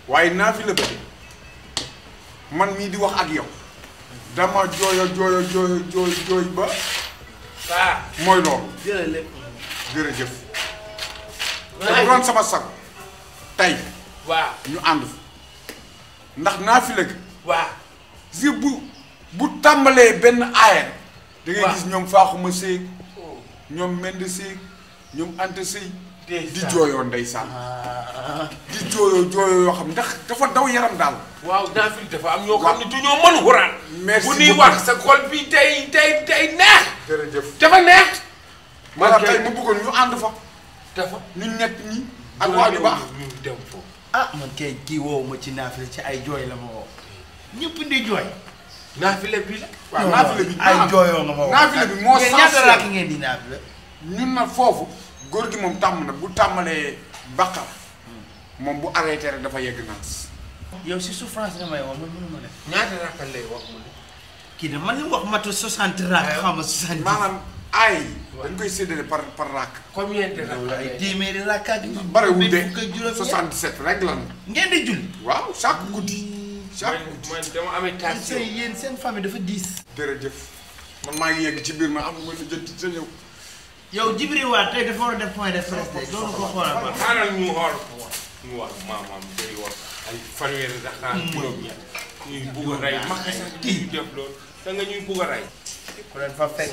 waaye naafi la ba man mii di wax ak yow dama jooyo jooyo jooyo jooy ba. waaw mooy loolu. jërëjëf jërëjëf. doon sama sago. tey. waaw ñu ànd fa ndax naa fi lëkk. waaw bu bu tàmbalee benn aaya. da ngay gis ñoom faaxuma séeg oh. ñoom mend séeg ñoom ant séeg. di jooyoo ndeysaan di jooyoo jooyoo yoo xam ndax dafa daw yaram daal. waaw naa fi dafa am ñoo xam ne du ñoo mën xuraan. merci bu nuy wax sa xol bi tey tey tey neex. jërëjëf dafa neex. man tey mu bëggoon ñu ànd fa. dafa ñu ñett ñi. ak waa ju baax dem foofu ah man kay kii woowu ma ci naafile ci ay jooy la moo woo ñëpp di jooy naafile bi la waaw bi ay jooyoo nga ma woo naafile bi moo ñaata raak ngeen di naafile ñun foofu góor gi moom tàmm na bu tàmmalee baqar moom bu arrêté rek dafa yegg naas yow si souffrance nga may wax man mënu ma def ñaata raakal lay wax mu ne kii de man li wax matu soixante raak eh, xaw ma soixante maanaam aay dañ koy séddale par par rakk. combien de rakk ay téeméeri rakk ak barewul de 77 rek lan. ngeen di julli. waaw chaque guddi. chaque guddi man dama amee tension yéen seen famille dafa diis. jërëjëf man maa ngi yegg ci biir ma am ma jënd sa ñëw. yow Djibril War tey dafa war a def point de presse de doon ko xoolal ak juróom ñuy bugg a nga ñuy bugg a rey. ku leen fa fekk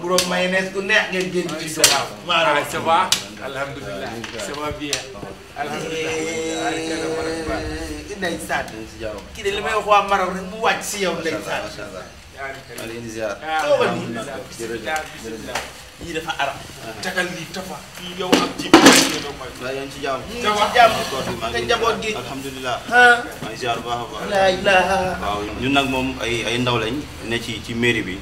mu doon mayonnaise bu neex ngeen génn ci dara. waaw ça va alhamdulilah ça va bien alhamdulilah. ndeysaan kii de li ma wax waa Maroc rek mu wàcc si yow ndeysaan. yaa ngi koy ziar yaa Ah. lii dafa aram. tegal lii tafa. kii yow ak ji bi nga doon mooy. waaw yaa ngi ci jàmm. yaa ngi ci jàmm te njaboot gi alhamdulilah. maa ngi ziar bu baax a baax. la ilaha. waaw ñun nag moom ay ay ndaw lañ ne ci ci mairie bi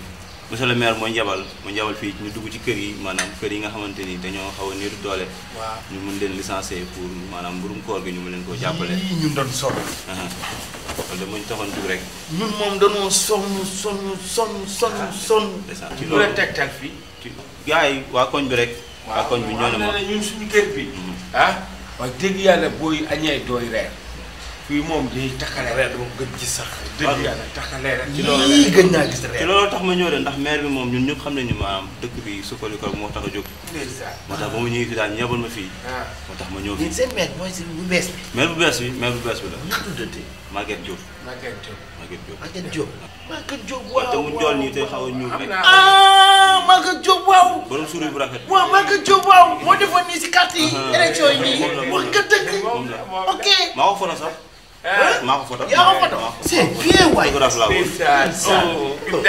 monsieur le maire moo njabal moo njabal fii ñu dugg ci kër yi maanaam kër yi nga xamante ni dañoo xaw a niir doole. waaw ñu mun leen licencier pour maanaam mburum koor gi ñu mun leen koo jàppale. yii ñun doon sonn. loolu de moo ñu taxoon dugg rek. ñun moom dañoo sonn sonn sonn sonn sonn. ci loolu bu la tegtal fii gars yi waa koñ bi rek. waa koñ bi ñoo ne ma ñun suñu kër bi. Mm-hmm. ah wax dëgg yàlla booy añee dooy reer. fii moom day taxale reer dama gën gis sax. dëgg yàlla taxale reer ci loolu yii gën naa gis reer. ci tax ma ñëw de ndax maire bi moom ñun ñëpp xam nañu maanaam dëkk bi su sukkandikoo moo tax a jóg. moo tax ba mu ñëwee fii daal ñeebal ma fii. Ah. moo tax ma ñëw fii. seen maire mooy bu bees bi. maire bu bees bi maire bu bees bi la. Maguette Diop. Maguette Maguette Diop Maguette Diop waaw te mu njool nii te xaw a ñuul rek ah Maguette Diop waaw borom suuri bu rafet waaw Maguette Diop waaw moo defoon nii si carte yi ah, élection yi nii wax nga dëgg ok maa ko foto sax maa ko foto yaa waay oh,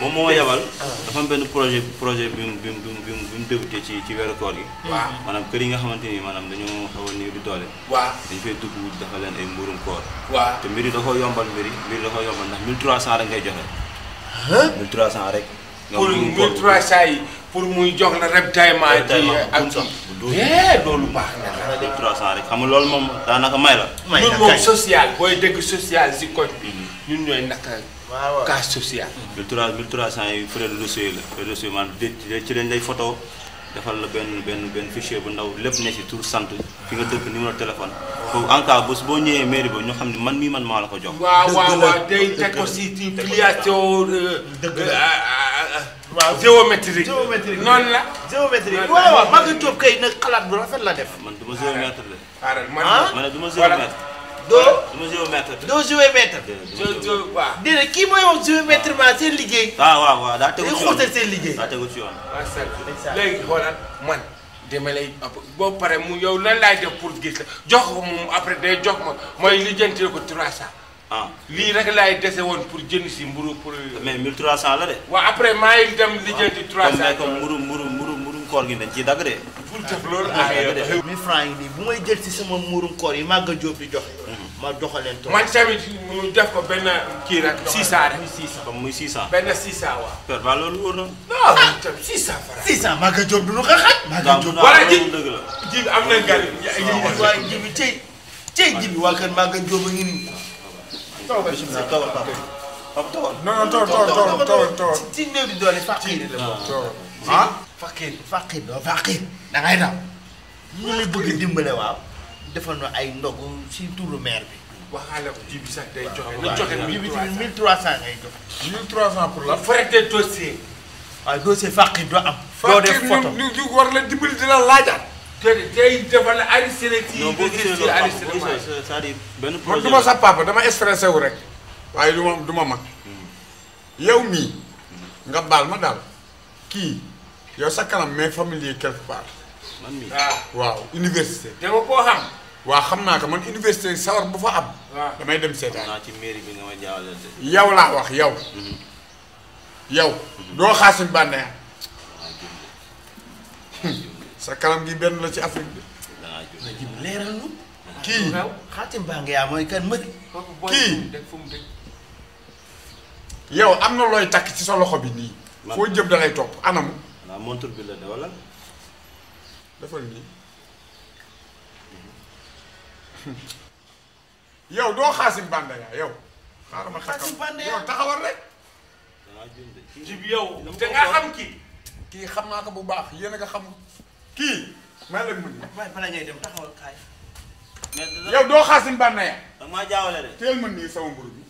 moom moo yabal dafa am benn projet projet bi mu bi ñu débutee ci ci weeru koor gi mm-hmm. waaw maanaam a yi nga xamante ni maanaam a néew di doole waaw dañ fay dugg dafa leen ay mburum koor te mbir yi da koo yombal mbir yi mbir yi da koo yombal ndax 1300 rek ngay joxe 1300 rek pour 1300 yi pour eh, baax na def 300 rek xam loolu moom daanaka may la may la social booy dégg social si koñ mm-hmm. ñun ñooy naka Ah, waaw cas social. 1300 1300 yi frais de dossier la. dossier maanaam ci lañ lay photo defal la benn benn benn fichier bu ndaw lépp ne si tur sant fi nga dëkk numéro téléphone. foofu en cas bés boo ñëwee mairie ba ñu xam ne man mii man maa la ko jox. waaw waaw waaw day teg ko si ci filiation. Euh, dëgg euh, euh, waaw géométrique. géométrique noonu la. géométrique waaw waaw maa ngi toog kay nag xalaat bu rafet la def. man du ma géomètre de. ah man man du ma géomètre. doo doo joué maître. doo joué maître. waaw déedéet kii mooy wax joué maître ma seen liggéey. waaw ah, waaw waaw daa tegu ci yoon day seen liggéey. daa tegu ci yoon. léegi xoolal man. boo pare mu yow nan laay def pour gis la jox ko moom après day jox ma mooy lijjantee ko 300. a li rek laay dese woon pour jënd si mburu pour. mais 1300 la de. waaw après maa ngi dem lijjanti 300. comme comme mburu mburu. koor gi dañ ciy dagg de. bul jëf loolu ak 1000 francs yi nii bu may jël si sama muurum koor a di joxe. Mhm. ma joxe leen tool. man tamit mu def ko benn kii rek. 600 rek 600 a jóob du lu ko xaj. màgg a i wala ji ji am na gan. waaye bi tey tey ji bi waa kër màgg a jóob a ngi nii. tawal tawal non la. ah. fakkiir fakkiir doo fakkiir da ngay daw ñu lay bëgg dimbale waaw defal ñu ay ndog si turu maire bi. waxaale ko ji bi sax day joxe. waaw joxe ji bi tamit 1300 ngay joxe. 1300 pour la. frais de dossier. waaw dossier fakkiir doo am. doo def photo fakkiir war la dimbali di la laajaat. déedéet day defal arrêté la ci. non boo gisee loolu c'est-à-dire benn projet man du ma sa papa dama stressé wu rek. waaye du ma du ma mag. Hmm. yow mii. nga baal ma daal kii. yow sa kanam mais familier quelque part. man mii ah, waaw université. waa xam. naa ko man université sawar bu fa am. Ah. damay dem seetaan. naa ci bi nga ma laa wax yow. Mm-hmm. yow. doo xaasim bànneex. Hmm. sa kanam gi benn la ci Afrique bi. leeral kii xaatim yow am na looy takk ci sa loxo bi nii. foo jëm da topp anamu. waaw ah, montre bi la de wala. defal nii. <laughs> yow doo xaasim Bandaga yow. xaaral ma xaasim Bandaga yow taxawal rek. jib yow te nga xam kii. kii xam naa ko bu baax yéen a nga xam kii. maa leen mën waaye bala ngay dem taxawal doo xaasim Bandaga. dama jaawale de. teel mën nii sama mburu bi.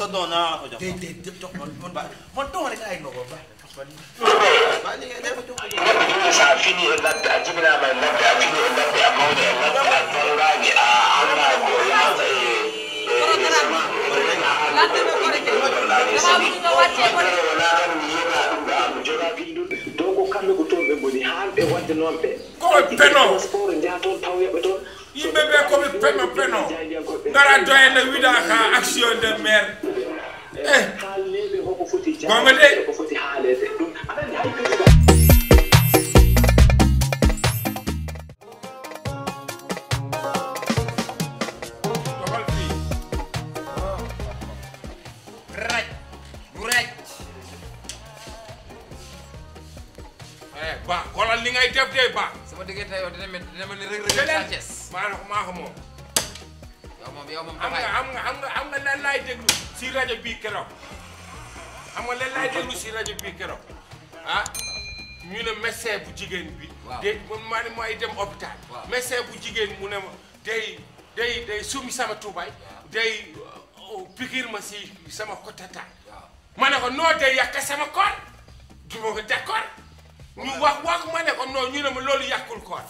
sa doon naa ko jox. déedéet déet jox man man man doon rek ay ndogo ba. maa ngi lay def jox ko. saa fi nii laaj a ji bi naa may laaj a fi nii laaj a Maodo laaj a Maodo a ngi ah am naa góor yi ma say. dogo kamɓe ko toon ɓe goni hanɓe wadde noon ɓe koɓe peno sport jaaton taweɓe toon yimɓe ɓe koɓe peno peno gara doyene wiɗa ka action de maire kalleɓe hoko foti jaɓe hoko foti haalede ba xoolal li ngay def de ba. sama diggante yow dina mel dina mel ni rëg rëg Sa Thiès. maa ko maa moom. yow moom yow am nga am nga si rajo bii keroog xam nga leen laay déglu si rajo bii keroog ah, ñu ne médecin bu jigéen bi. waaw de man maa dem hôpital. waaw médecin bu jigéen mu ne ma day day day sumi sama tuubaay. day uh, uh, pikir ma si sama côté taal. ne ko noo day yàq sama koor du ma ko d'accord ñu wax wax ma ne ko non ñu ne ma loolu yàqul koor.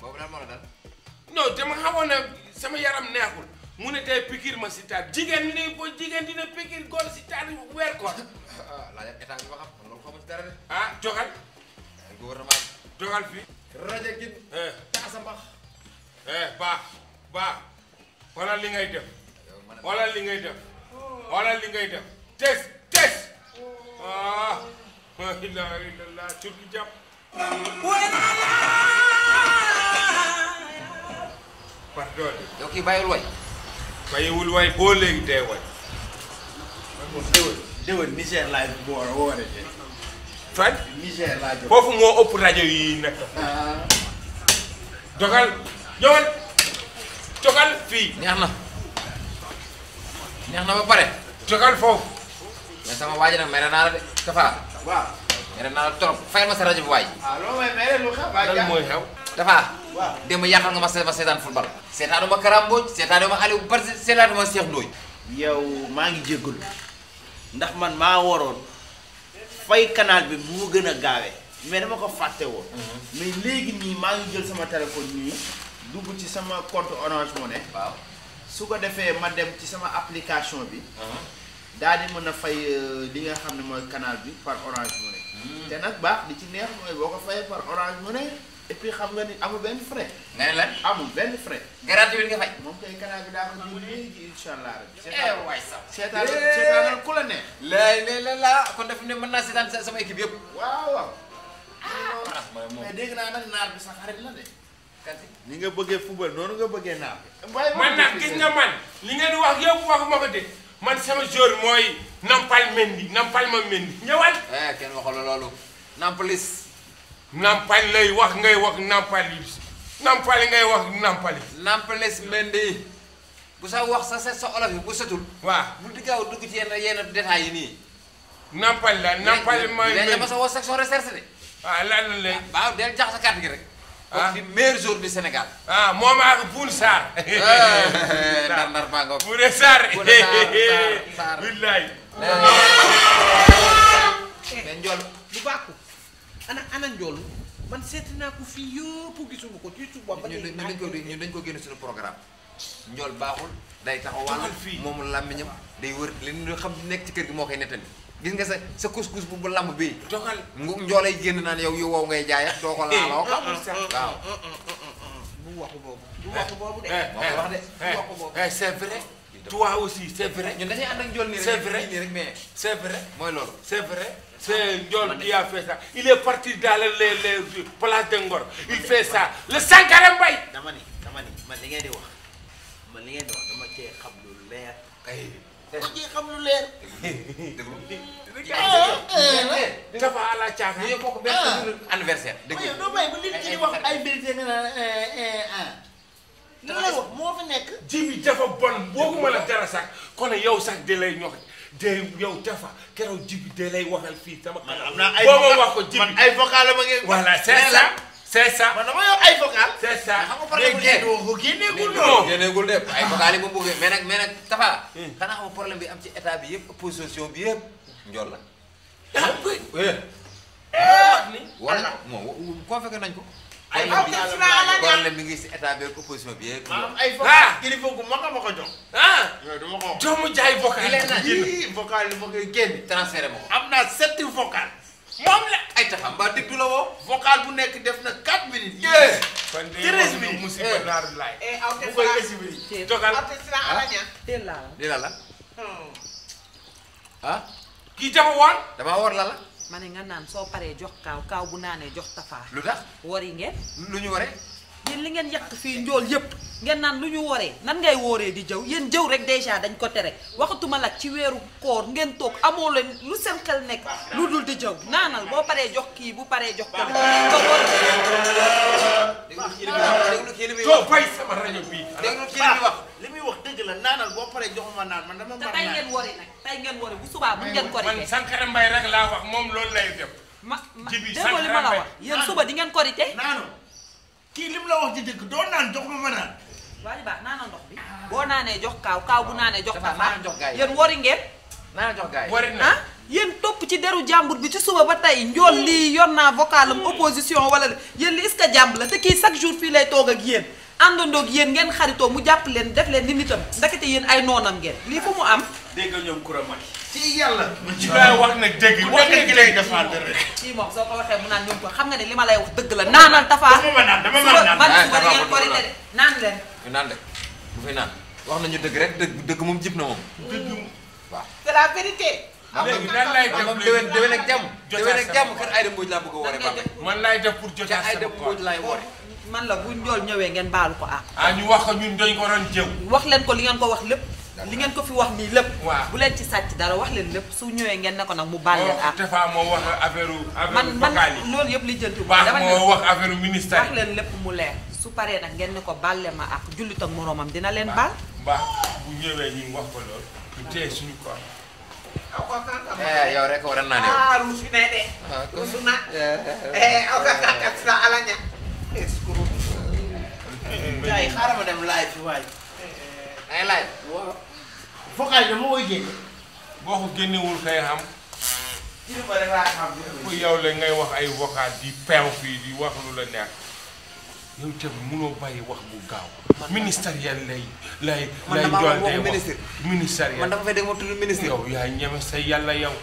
boobu daal moo la dal. dama xamoon ne sama yaram neexul. mu ne tey pikir ma si taat jigéen ñi ne boo jigéen pikir góor si taat weer ko. ah laajal état bi ba xam xam nga xamul si dara de. ah jogal. Eh, gouvernement bi. jogal fii. rajo gi. Eh. taasa eh, li ngay def. xoolal li ngay def. xoolal ah. la ilaha illallah tur bi jàpp. pardon. yow kii bàyyil way. bàyyiwul waay boo léegi dee waay. moom déwén déwén Niger laa boor woore de. fan. Niger laa jóg foofu moo ëpp rajo yi nekk. dogal ah. ñëwal dogal fii. neex na neex na ba pare. dogal foofu. mais sama waa ji nag mere naa la de Kafa. waaw mere naa ma sa rajo bi waay. ah loo may dafa dem yàqal nga ma ma seetaan football seetaanuma Kara Mbodj seetaanuma Aliou Barsi ma Cheikh Ndoye yow maa ngi jéggalu ndax man maa waroon fay kanaal bi bu mu gën a gaawee mais dama ko fàtte woon mhm. mais léegi nii maa ngi jël sama téléphone nii dugg ci sama compte Orange Money waaw su ko defee ma dem ci sama application bi mhm. daal di mën a fay euh, li nga xam ne mooy kanaal bi par Orange Money mhm. te nag baax di ci neex mooy boo ko fayee par Orange et puis xam nga ni amul benn frais. nee la amul benn frais. gratuit nga fay. moom kay canal bi daa ko eh, seetaan eh. ku la neex. lay la la kon def ne mën naa seetaan sama équipe yëpp. waaw waaw. Ah. Ah, mais dégg naa nag naar bi sax xarit la de. ni nga bëggee football noonu nga bëggee naar. man nag gis nga man li ngeen di wax yëpp ko de man sama joueur mooy Nampal Mendy Nampal ma Mendy ñëwal. eh kenn waxul loolu Nampalis. nampal lay wax ngay wax nampalis nampali ngay wax nampali. nampalis mendi bu sa wax sa set sa olof yi bu setul. waaw bul di gaaw dugg ci yenn yenn détails yi nii. nampal la nampali mooy. léegi dama sa woo section recherche de. ah, ah waaw del jax sa gi rek. ah di meilleur jour Sénégal. Ah, moom ak Boun Sarr. Ah, <laughs> ndar <laughs> bu bàkku. ana ana njool man seet naa ko fii yëpp gisuma ko ci suba ba léegi. dañ ko ñun dañ ko génne suñu programme. njool baaxul day taxawal fii moom làmmiñam day wër li xam nekk ci kër moo koy nettali. gis nga sa sa kus-kus bu bu lamb bii. doxal ngu njoolay génn naan yow yu wow ngay jaayat doo ko laaloo. Eh, eh, eh, waaw. wax de bu waxu boobu. c'est vrai. toi aussi c'est vrai. ñun dañuy ànd ak njool nii rek. c'est vrai mais mooy loolu c'est C'est Ndiol qui a fait ça. Il est parti dans les, les, les places d'Engor. Il fait ça. Le Sankarem Bay. Damani, Damani, wax man li dama cee xam lu leer. dama cee la doo bàyyi bu nit ay vérité nee lay wax moo fi nekk. ji bi dafa bon bokkuma la dara sax kon yow sax di lay ñox. de yow Tafa keroog jibi de lay waxal fii sama. man am naa ay vocal wax ko jibi ay vocal la ma ngeen. voilà c' est ça c' est ça. man dama yor ay vocal. c' est ça mais génn génneegul noonu. ay vocal yi ma bëggee mais nag mais nag Tafa. Hmm. xanaa xam problème bi am ci état bi yëpp opposition bi yëpp njool la. ah oui. koo eh. fekk nañ ko. ay problème mi ngi si état bi ak opposition bi yeeg. maanaam ay vocal ah! kilifa gu a ah! ma ko jox. ah du moom la ay taxam mbaa déglu la woo. vocal bu nekk def na 4 minutes. Eh! kon de eh! yow eh, ah? Hmm. ah. kii dafa woon. damaa woor la ma ne nga naan soo paree jox kaaw kaaw bu naanee jox tafaa. lu tax wari ngeen. lu ñu waree. yéen li ngeen yàq fii njool yëpp ngeen naan lu ñu woree nan ngay wooree di jëw yéen jëw rek déjà dañ ko tere waxatuma la ci weeru koor ngeen toog amoo leen lu seen xel nekk lu dul di jëw naanal boo paree jox kii bu paree jox ko doo bay sama rajo bi déglu kii li muy wax li wax dëgg la naanal boo paree joxuma naan man dama mar tay ngeen wori nag tay ngeen wori bu subaa bu ngeen ko man Sankara laa wax moom loolu lay def ma déggoo li ma la wax yéen suba di ngeen korité naanu kii lim la wax ji dëgg doo naan jox ma ma naan. naa na ndox bi. boo naanee jox kaaw kaaw bu naanee jox. dafa naa jox gaay yéen wori ngeen. naa jox gaay ah, yéen topp ci deru jàmbur bi ci suba ba tey njool li yor naa vocal am hmm. opposition wala yéen li est-ce que jàmb la te kii chaque jour fii lay toog ak yéen àndandoo ak yéen ngeen xaritoo mu jàpp leen def leen ni nitam ndakete yéen ay noonam ngeen lii fu mu am. dégg nga ci yàlla. ci waaw wax nag dëgg wax dëgg lay défendre rek. kii moom soo ko naan ñoom ko xam nga ne li ma lay wax dëgg la naanal tafaa. dama mën naan dama mën naan man suba eh, naan leen. naan de bu fi naan wax nañu dëgg rek dëgg dëgg moom jib na moom. dëgg waaw. c'est la vérité. léegi nan laay def léegi déwén déwén ak jàmm. déwén ak jàmm kër Aïda Mbodj laa bëgg a man laay def pour jotaat ay Aïda Mbodj laay woore man la bu njool ñëwee ngeen baalu ko ah. ah ñu wax ko ñu dañ ko doon jëw. wax leen ko li ngeen ko wax lépp li ngeen ko fi wax nii lépp. waaw bu leen ci sàcc dara wax leen lépp su ñëwee ngeen ne ko nag mu baal leen oh, ak. Tafa moo wax affaire affaire man man loolu yëpp li jëntu. dama moo wax affaire ministère wax leen lépp mu leer. su paree nag ngeen ne ko baal ma ak jullit ak moroomam dina leen baal. mbaa bu ñëwee ñu wax ko loolu. du tee suñu eh, yow rek ah, de. ah kon ruus foqal dama koy génne. boo ko génnewul kay xam. ku yow la ngay wax ay vocal di peew fii di wax lu la neex. yow itam munoo bàyyi wax bu gaaw. ministériel lay lay lay doon tey wax ministériel man dama fay dégg ma yaa ñeme sa yàlla yow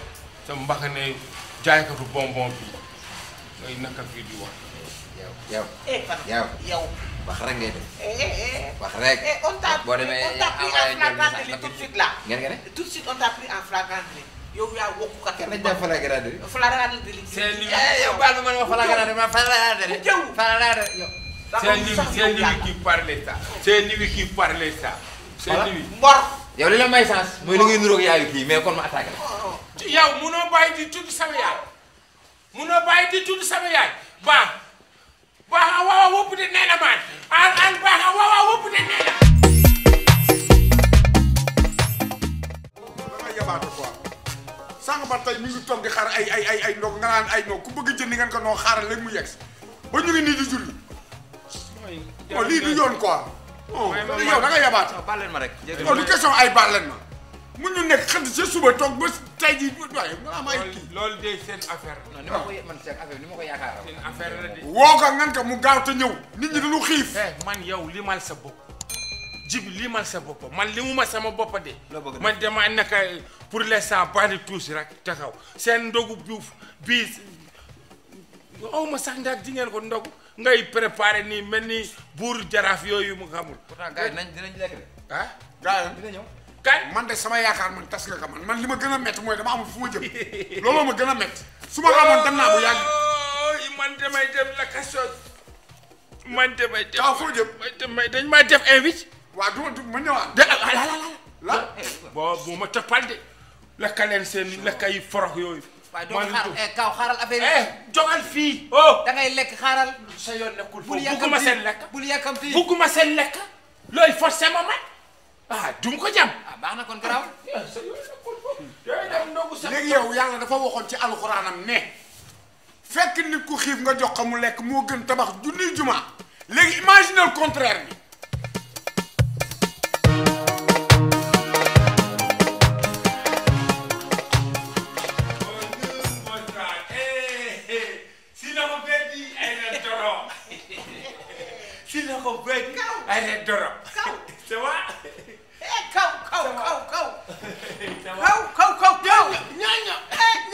sa mbaxane jaaykatu bonbon bi ngay naka fii di wax. yow yow eh, yow wax rek ngay def. Eh, eh, eh. wax rek. on t'a boo demee on t'a pris en flagrant délit tout de suite là. ngeen ngeen tout de suite on t'a pris en flagrant délit. yow yaa wokk kat. kenn dañu flagrant délit. Euh, flagrant délit. seen limite yow baal ma ma flagrant délit ma flagrant délit. jëw flagrant délit yow. c'est lui qui parlait ça. c'est lui qui parlait ça. c'est lui mbor. yow li la may chance. mooy li ngay niroog yaayu kii mais kon ma attaqué la. Oh, oh. yow munoo bàyyi di tudd sama yaay. munoo bàyyi di tudd sama yaay baax. బాగా ఒప్పుతే నేనమ్మా బాగా ఒప్పుతే నేన dangay yabaate quoi sànq ba tey mi ngi toog di xaar ay ay ay ay nga naan ay ndog ku bëgg jënd nga ko noo xaaral léegi mu yegg si ba ñu ngi nii di julli oh, lii du yoon quoi oh, yow da nga yabaate baal ma rek oh, li question ay baal leen ma mun ñu nekk xam sa suba toog ba tey jii waaye balaa maa ngi kii. loolu de seen affaire la. ni ma ko man seen affaire ni ma ko yaakaar seen affaire la de. woo ko ngan ka mu gaaw te ñëw. nit ñi dañu xiif. Eh, man yow li mal sa bopp. jibi li mal sa bopp man li mu ma sama bopp de. man dama naka pour l'instant bandi tuusi rek taxaw seen ndogu juuf bii aw ma sax ndax di ngeen ko ndogu ngay préparé nii mel ni buur jaraaf yooyu mu xamul. pourtant gars yi dinañ dinañ lekk de. ah gars yi dina ñëw. kaay man de sama yaakaar man tas nga ka man man li ma gën a métti mooy dama amul fu ma jëm looloo ma gën a métti su ma xamoon dem naa bu yàgg man damay dem la kaso man damay dem waaw foo jëm damay dañ may def invite waaw du ma du ma ñëwaat de ah, ah, ah, la bon bu ma toppal de lakka leen seen lakka yi forox yooyu waaye doo xaaral eh, kaw xaaral affaire yi. Eh, jogal fii. Oh. Oh. da ngay lekk xaaral. sa yoon nekkul foofu bugguma seen lekk. bul yàkkamti bugguma seen lekk. looy forcé ma man. ah dum ko jam ah baax na kon garaaw. léegi yow yàlla dafa waxoon ci alxuraanam ne fekk nit ku xiif nga jox ko mu lekk moo gën tabax junniy jumaa léegi imaginez le contraire bi. si na ko bëgg eh, eh, eh. ay doro Say what? Hey, coke, coke, coke, coke. Coke, coke, coke, coke. Nyanya,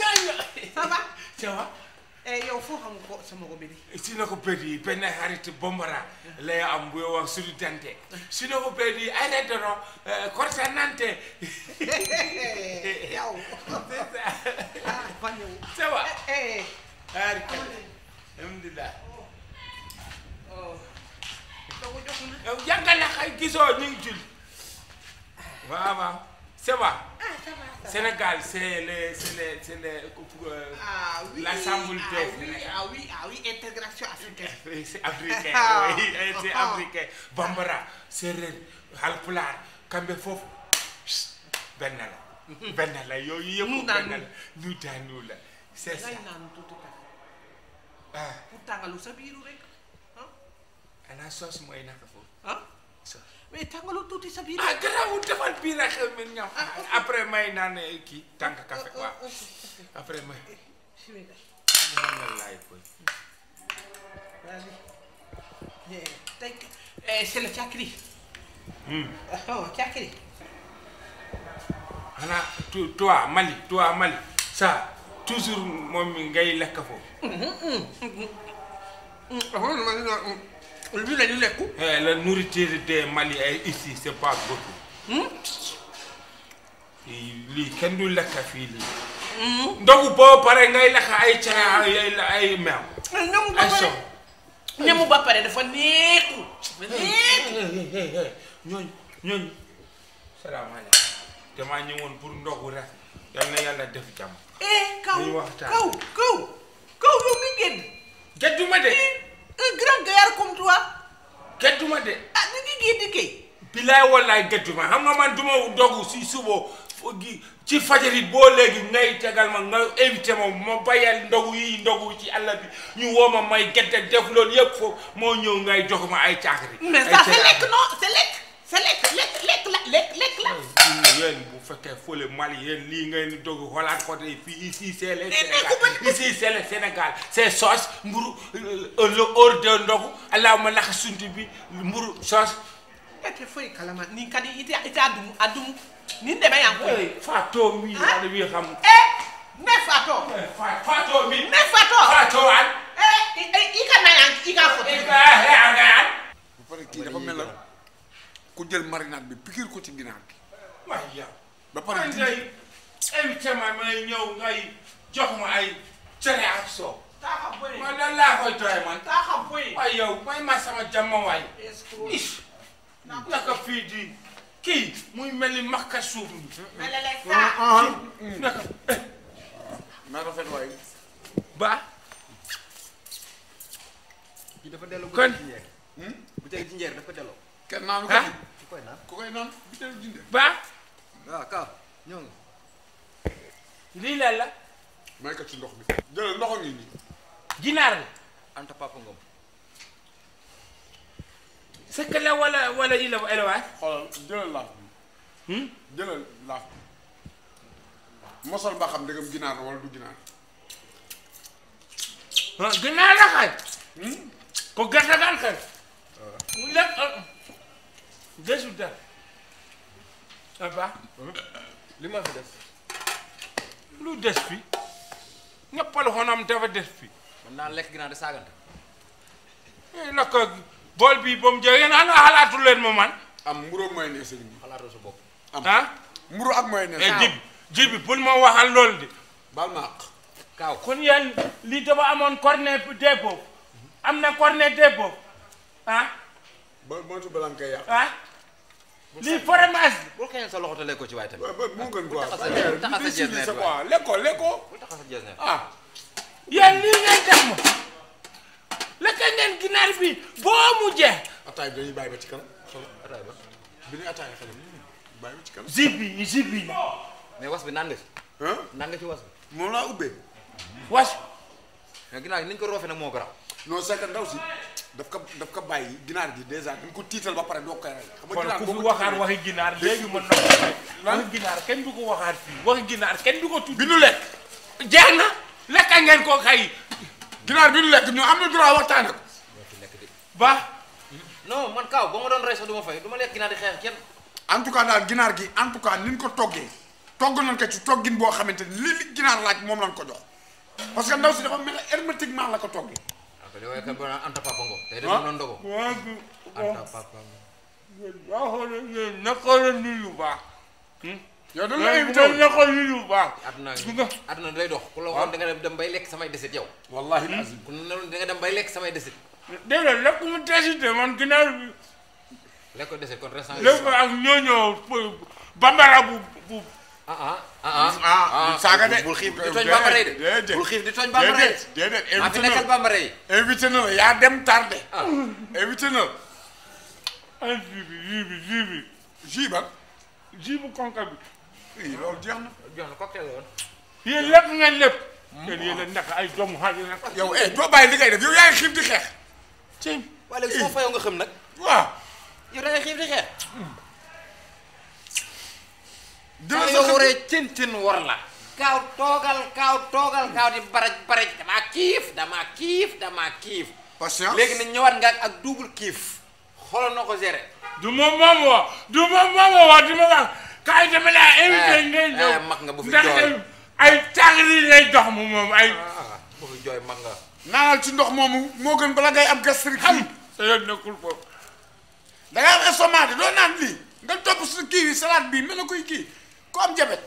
nyanya. Saba. Say yow foo xam ko sama ko bedi. Si na ko bedi benn xarit bombara lay am bu eh, <laughs> yow ak dante. Si na ko bedi ay redoro cortanante. Yow. Ah, fanyo. Say what? Eh. Alhamdulillah. Oh. yow jàngale xay gisoo ñu ngi julli waaw ah, Sénégal c'est le c'est le c'est le euh, ah l'assemblée ah, ah oui ah africain <laughs> c'est africain bambara séeréer halpulaar kambe foofu benn la <laughs> benn la yooyu yëpp benn la ñu daanu la c'est sa biiru a soos mooy naka foofu ah soos mais tàngaloo tuuti sa biir ah garaawul defal biir ak men ñam après may naan kii tàng café waaw après may ñaanal laay koy tu toi Mali toi Mali ça moom mi ngay lekk foofu mm-hmm, mm-hmm. Mm-hmm. lu la ñu lekku la nourriture des Mali ay ici c'est pas beaucoup hmm? lii kenn du lekk fii lii hmm? ndogu boo pare ngay lekk ay caa ay meew eh, ay sow ñamu ba pare dafa neexu eh, neexu ñooñ eh, ñooñ salaamaaleykum damaa ñëwoon pour ndogu rek yal na yàlla def jàmm eh kaw kaw kaw kaw yow mi génn gédduma de un grand gaillard comme toi. gëdduma de. ah ni ngi génn kay. bilaay wallaay gëdduma xam nga man duma dogu si suba ci fajarit boo léegi ngay tegal ma nga invité ma ma bayal ndogu yi ndogu ci àll bi ñu woo ma may gëdde def loolu yëpp foofu moo ñëw ngay jox ma ay caakiri. mais ça c'est lekk non c'est lekk. te lekk lekk lekk la lekk lekk la. yéen bu fekkee fële Mali yéen lii ngeen di dogg xoolaat côté fii ici c'est le Sénégal ici c'est le Sénégal c'est sauce mburu euh, le hors de ndogu allahumma laka sunti bi mburu sauce. ete foyi kalama nin kadi ite ite adumu adumu nin dɛmɛ yan koyi. fatɔ mi ale ah. bi xam. ɛ ne fatɔ. fatɔ mi. ne fatɔ. fatɔ an. ɛ eh, i ka na yan i ka fɔ. i ka hɛ an ka yan. bu paree kii dafa mel na. ku jël marinade bi pikiir ko ci ginaar gi. waaye yow. ba pare jox ma ay ak soow. man lan laa koy doye man. taaxa boye waaye yow may ma sama jàmm waay. is naka fii di kii muy mel ni makka suuf mi. Ah, ah, ah. naka. na eh. rafet waay. ba. kii dafa delloo. kon hmm? bu tey kenn naanu ko koy naan ku koy naan bitéelu jinde ba waaw kaa la may ko ci ndox mi jëlal ndox ngi nii ginaar la anta papa ngom sëkk la wala wala yi la jëlal laaf bi hmm? ba xam ndegam ginaar la wala du ginaar ah, ginaar la xay hmm? ko gerte daal xay ah. résultat ah ba li ma fi des lu des fi ñëppal xonam dafa des fi man naa lekk ginaar di saagante lakk eh, bool bii ba mu jël yéen ana xalaatu leen ma am mburu ak mayonnaise sëriñ bi xalaatu sa bopp am ah mburu ak eh, bul ma waxal loolu de kon yéen li dafa amoon cornet des boobu am na cornet des boobu moytu balaa nga koy yàq. ah lii fromage. bul xëy sa loxo te lekkoo ci waaye tamit. mu ngeen bu tax a sa jees nekk waaw lekkoo lekkoo. bu tax a sa jees nekk ah. yéen lii ngeen def ma. ngeen ginaar bi boo mu jeex. ataay bi dañuy bàyyi ba bi ñuy ataay xale bi bàyyi mais was bi naan nga nanga naan nga ci was bi. moom laa ubbee. was. mais ginaar gi ni ñu ko roofee nag moo garaaw. non c'est ndaw si. daf ko daf ko bàyyi ginaar gi dèjà dañ ko tiital ba pare doo koy rey. xam nga ginaar ku fi waxaat waxi ginaar léegi mën na ko rey. waxi ko waxaat fii waxi ginaar kenn du ko tudd. bi nu lekk jeex na lekka ngeen ko xay ginaar bi nu lekk ñu am na droit waxtaane ko. ba. non man kaw ba ma doon rey sax du ma fay du ma lekk ginaar di xeex kenn. en tout cas daal ginaar gi en tout cas ni ñu ko toggee togg nañ ko ci toggin boo xamante ni li li ginaar laaj moom lañ ko jox parc que ndaw si dafa mel la ko toggee. Apele wayi kambe a anta papa ngo. Tayde no ndogo. Anta papa ngo. Ba hore ye nakole ni yu ba. Hmm? yow dañu day dox. ku la waxoon da nga dem bay lekk samay desit yow. wallaahi azim ku ne da nga dem bay lekk samay desit. dégg nga lekk mu desite man ginnaaw bi. lekk ko desit kon restant. lekk ak ñooñoo bambara bu. ah ah ah saaga de bul xiif di tooñ bambara yi de bul xiif di tooñ bambara yi déedéet invité na fi nekkal bambara yi invité na la yaa dem tardé invité na la ji bi ji bi ji ba ji bu konka bi i loolu jeex na jeex na cocktail woon yéen lépp ngeen lépp yéen yéen ndax ay doomu xaaj yi nag yow eh doo bàyyi li ngay def yow yaa ngi xiif di xeex ci waa léegi soo fayoo nga xam nag waaw yow da ngay xiif di xeex yow waree cin cin war la kaaw toogal kaaw toogal kaaw di baraj baraj damaa kiif damaa kiif damaa kiif patience léegi na ñëwaat nga ak double kiif xoolal noo ko géré du moom moom wax du moom moom wax du ma wax kaay dama laa eh, invité ngay eh, ñëw mag nga bu fi jooy ay tàgri lay dox mu moom ay ah, bu fi jooy mag nga naanal ci ndox moomu moo gën bala ngay am gastrique am sa yoon nekkul foofu da nga am estomac doo naan lii nga topp su kii salade bi mën na koy kii ko am jabet.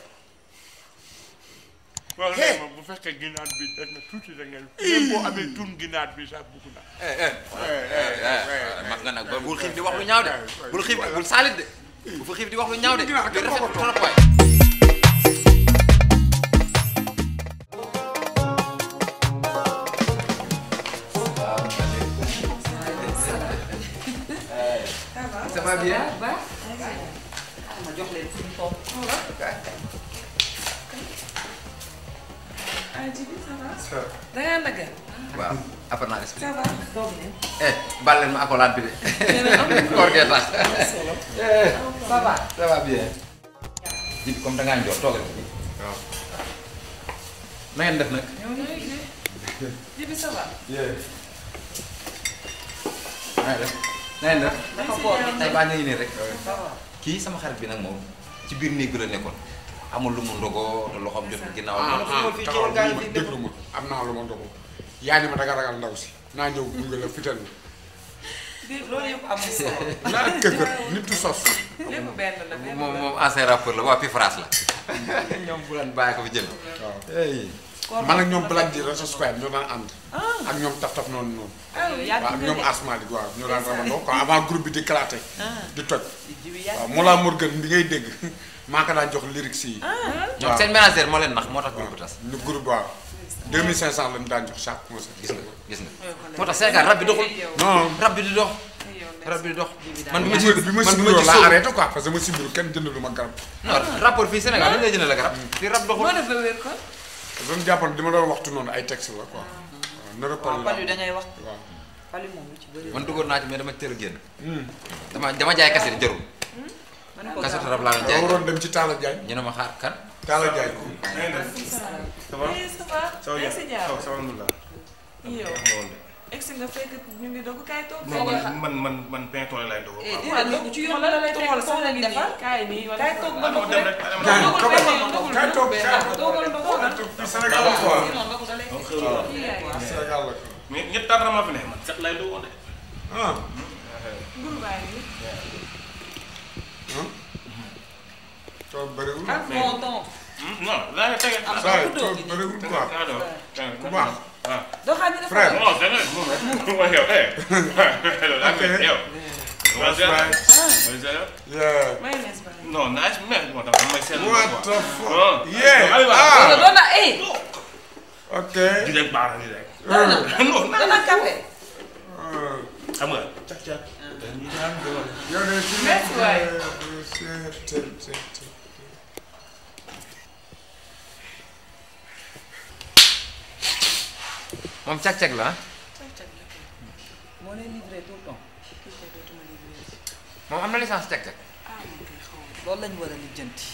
hee bu fekkee ginaar bi def na tuuti da ngeen. même boo amee tun ginaar bi sax bugg na. mag nga nag ba bul xiif di wax lu ñaaw de. bu xiif di wax lu de. ginaar kenn ko trop waay. Ça foofu. Oh, ah bi ça va. waaw après naa expliqué. ça va leen ma accolade bi de. <laughs> koor gee tax. Eh, ça va ça va comme da ngaa njool na ngeen def nag. ji bi ça def. na def. dafa boor bi tey baa nii rek. kii sama xarit bi nag moom. ci biir néeg bi la nekkoon amul lu mu ndogoo te loxoom jotul ginnaaw. Ah, ah, taxawal ma déglu ma am naa lu ma ndogoo yaa ni ma danga ragal ndaw si naa ñëw gunge la fital ma. <laughs> naa këkkër nit sos. lépp la moom moom ancien rappeur la waa Pifras la. <laughs> ñoom bu leen bàyyi ko fi jël. waaw man ak ñoom Black di Raja Square ñoo daan ànd. Ah. ak ñoom taf taf noonu noonu. ak ah, ñoom Asma di waaw ñoo daan ramandoo quoi avant groupe bi di claté. Ah. di toj. waaw Mola Morgan bi ngay dégg <laughs> maa ko daan jox lyrics yi. waaw seen manager moo leen nax moo tax groupe tas. ñu groupe waaw 2500 lañu daan jox chaque mois. gis nga gis nga moo tax Sénégal rab bi di dox. man bi ma ci bi ma ci la arrêté que ma ci kenn jëndaluma garab. non garab. fii rab doxul moo dama jàppoon li ma doon waxtu noonu ay texte la quoi. nërëb Palu la wax. waaw Palu moom man duggoon naa ci mais dama teel a génn. Hmm. dama dama jaay kaset jarul. Hmm? man ko kaset laa doon jaay waroon dem ci Talla Diagne. ñu ne ma xaar kan. Talla Diagne. ça va ça egsi nga fekk ñu ngi doog kaay toog. man man man pain tool laay doog. Eh, ci yoon la lay teg foofu la ñuy defar kaay nii ah, wala kaay toog ba doog rek. kaay toog kaay toog kaay toog kaay ah. hmm? toog kaay toog hmm? doo xam ne dafa frère non c'est vrai yow What the fuck? No, nice man. What the fuck? Yeah. Ah. Okay. Direct bar direct. No, no. No, no. Café. Xam nga. Cak cak. Yow de. Merci waay. moom càq-càq la la moo lay moom am na licence càq-càq. ah lañ war lijjanti.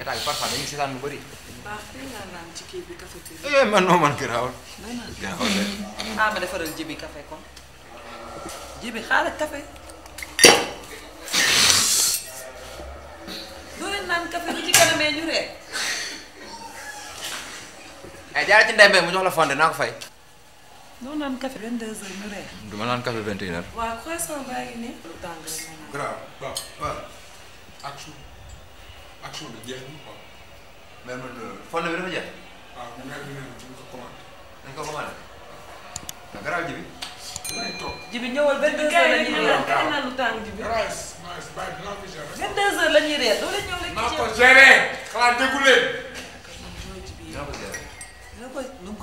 état bi parfois dañuy seetaan lu bëri. baax eh, man non man garaawul. garaawul de. Ah, jibi café kon. jibi xaaral café. doo leen naan café bi ci kanamee ñu ay eh, jaaree ci ndembe mu jox la fonde naa ko fay. noo naan café 22 heures ñu reer. du ma naan café 21 heures. waaw croissant baa ko commandé. Ah, bi. lay toog ji bi ñëwal 22 heures la ñuy reer kay la ñuy reer doo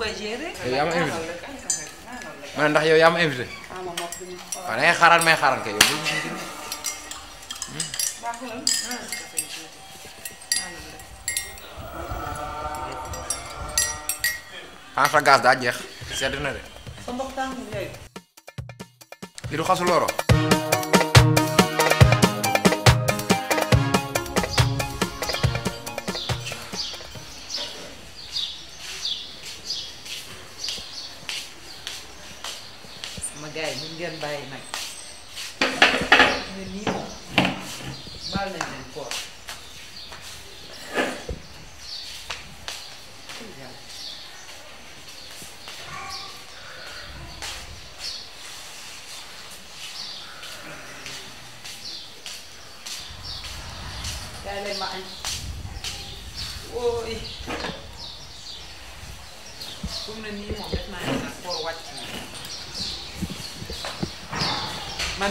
yow yaa ma invité ma ndax yow yaa ma invité. Ah, waaw da ngay xaaraan may xaaraan kay yow. Ah, xanaa ah, daa jeex sedd na de. li xasu looro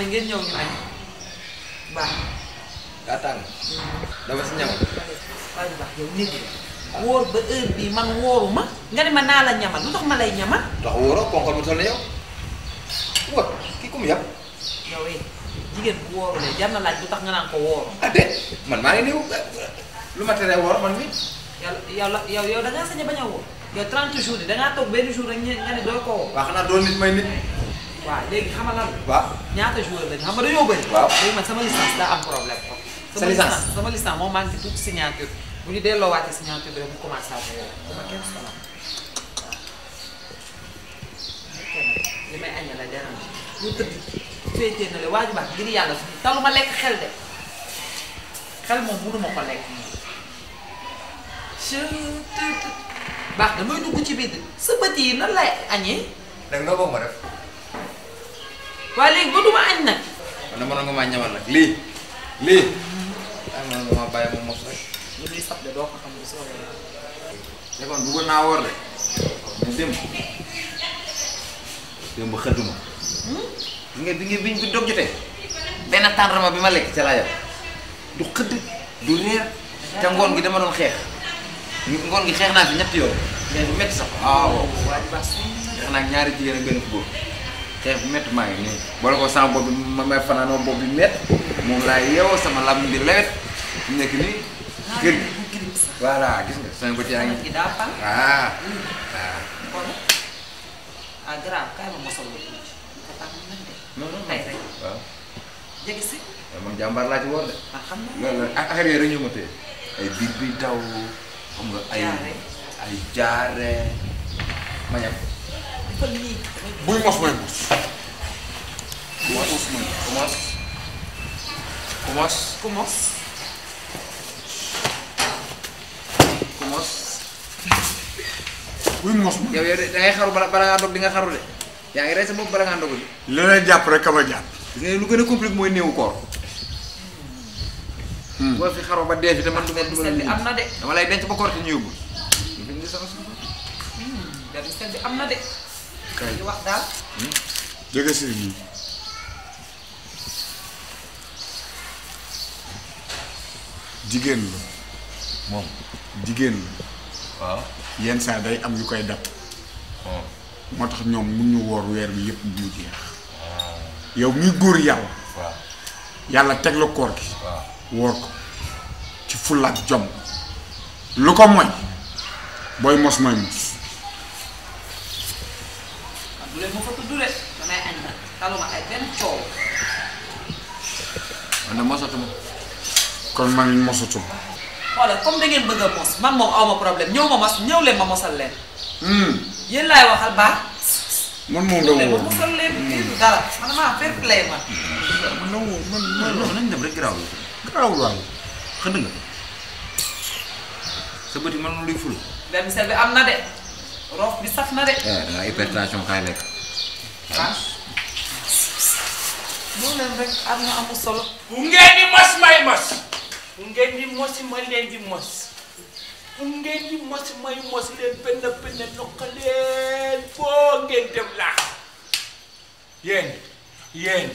ngeen ñëw ñu añ baax daa tàng dama si ñamal waaye ba heure bii man wóoruma nga ne ma naa la ñamal lu tax ma lay ñamal ndax wóoroo ponkal bu toll na yow wóor kii kum yàpp yow eh jigéen bu wóorulee jar na laaj lu tax nga naa ko wóoru ah de man maa ngi nii eh, lu ma teree wóor man mi yàlla yow yow da ngaa sañ a bañ a yow 30 jours yi da ngaa toog benn jour rek nga ne doo ko wóor waa xanaa doon nit may nit waaw léegi xamalal waaw ñaata joueur lañ xam nga dañoo bëri. waaw léegi man sama licence daa am problème. sa licence sama licence moo manqué tuuti signature bu ñu delloowaatee signature bi rek mu commencé à bëri kenn li may aññe la dérange ñu tëdd féetee na la waaju baax ngir yàlla suñu talu ma lekk xel de xel moom mënu ko lekk moom. baax damay dugg ci biir sa bët yi nan lay añee. waaye léegi ba du ma añ nag. man de mënoon nga maa ñamal nag lii lii. ay mënoon nga maa bàyyi ma mos rek. lu bu soobee. léegi eh, hmm? bi nga bi biñ bi dog benn tàndarma bi ma lekk ca laa du xëdd du réer. te ngoon gi dama doon xeex. ngoon gi xeex naa fi ñetti yoon. mais bu métti sax waaw xeex naa ñaari jigéen a benn góor. xeex bu maa ngi nii boole ko sama bopp bi ma may fanaanoo bopp bi métti moom laa yeewoo sama lam bi lewet nii kër gi gis nga sama bët yaa ngi ah, ah. ah waaw jege si eh, laa ci woor de ah, loolu la ak affaire ma téye ay biir bi taw xam nga ay ay jaare ma buy mos mooy mos. mos mooy mos. commence commence. commence. buy mos mooy. yow yow de da xaru bala ngaa dog di nga xaru de yaa ngi rey sa bopp bala ngaa dog li lay jàpp rek ka ma jàpp. lu gën a compliqué mooy néewu koor. Hmm. boo fi xaroo ba dee fi te man du ma du am na de. dama lay denc ba koor te ñu yóbbu. ñu hmm, bind am na de. kay wax daal. Hmm? si nii. jigéen la. moom jigéen la. waaw yenn saa day am yu koy dab. Oh. moo tax ñoom mun ñu woor weer bi yëpp bu mu jeex. Oh. yow muy góor yàlla. yàlla teg la koor gi. woor ko ci fulla ak lu ko mooy booy mos mooy mos. bu leen ma fa tudd na damay añ nag taluma ay benn man de mosatuma. kon man mosatuma. xoolal comme bëgg a mos man moom aw ma problème ñëw ma mos ñëw leen ma mosal leen. Hmm. yéen moom la woo mosal leen dara man maa fair play man. man la woo man man nañ dem rek garaawul. garaawul waaw xëy na nga sa bët yi man luy ful. benn bi am na de. roof bi saf na de. waaw hypertension kaay lekk. ah. leen rek am na amul solo. bu ngeen di mos may mos. bu ngeen di mos ma leen mos. bu ngeen di mos leen benn ngeen dem laa. yéen yéen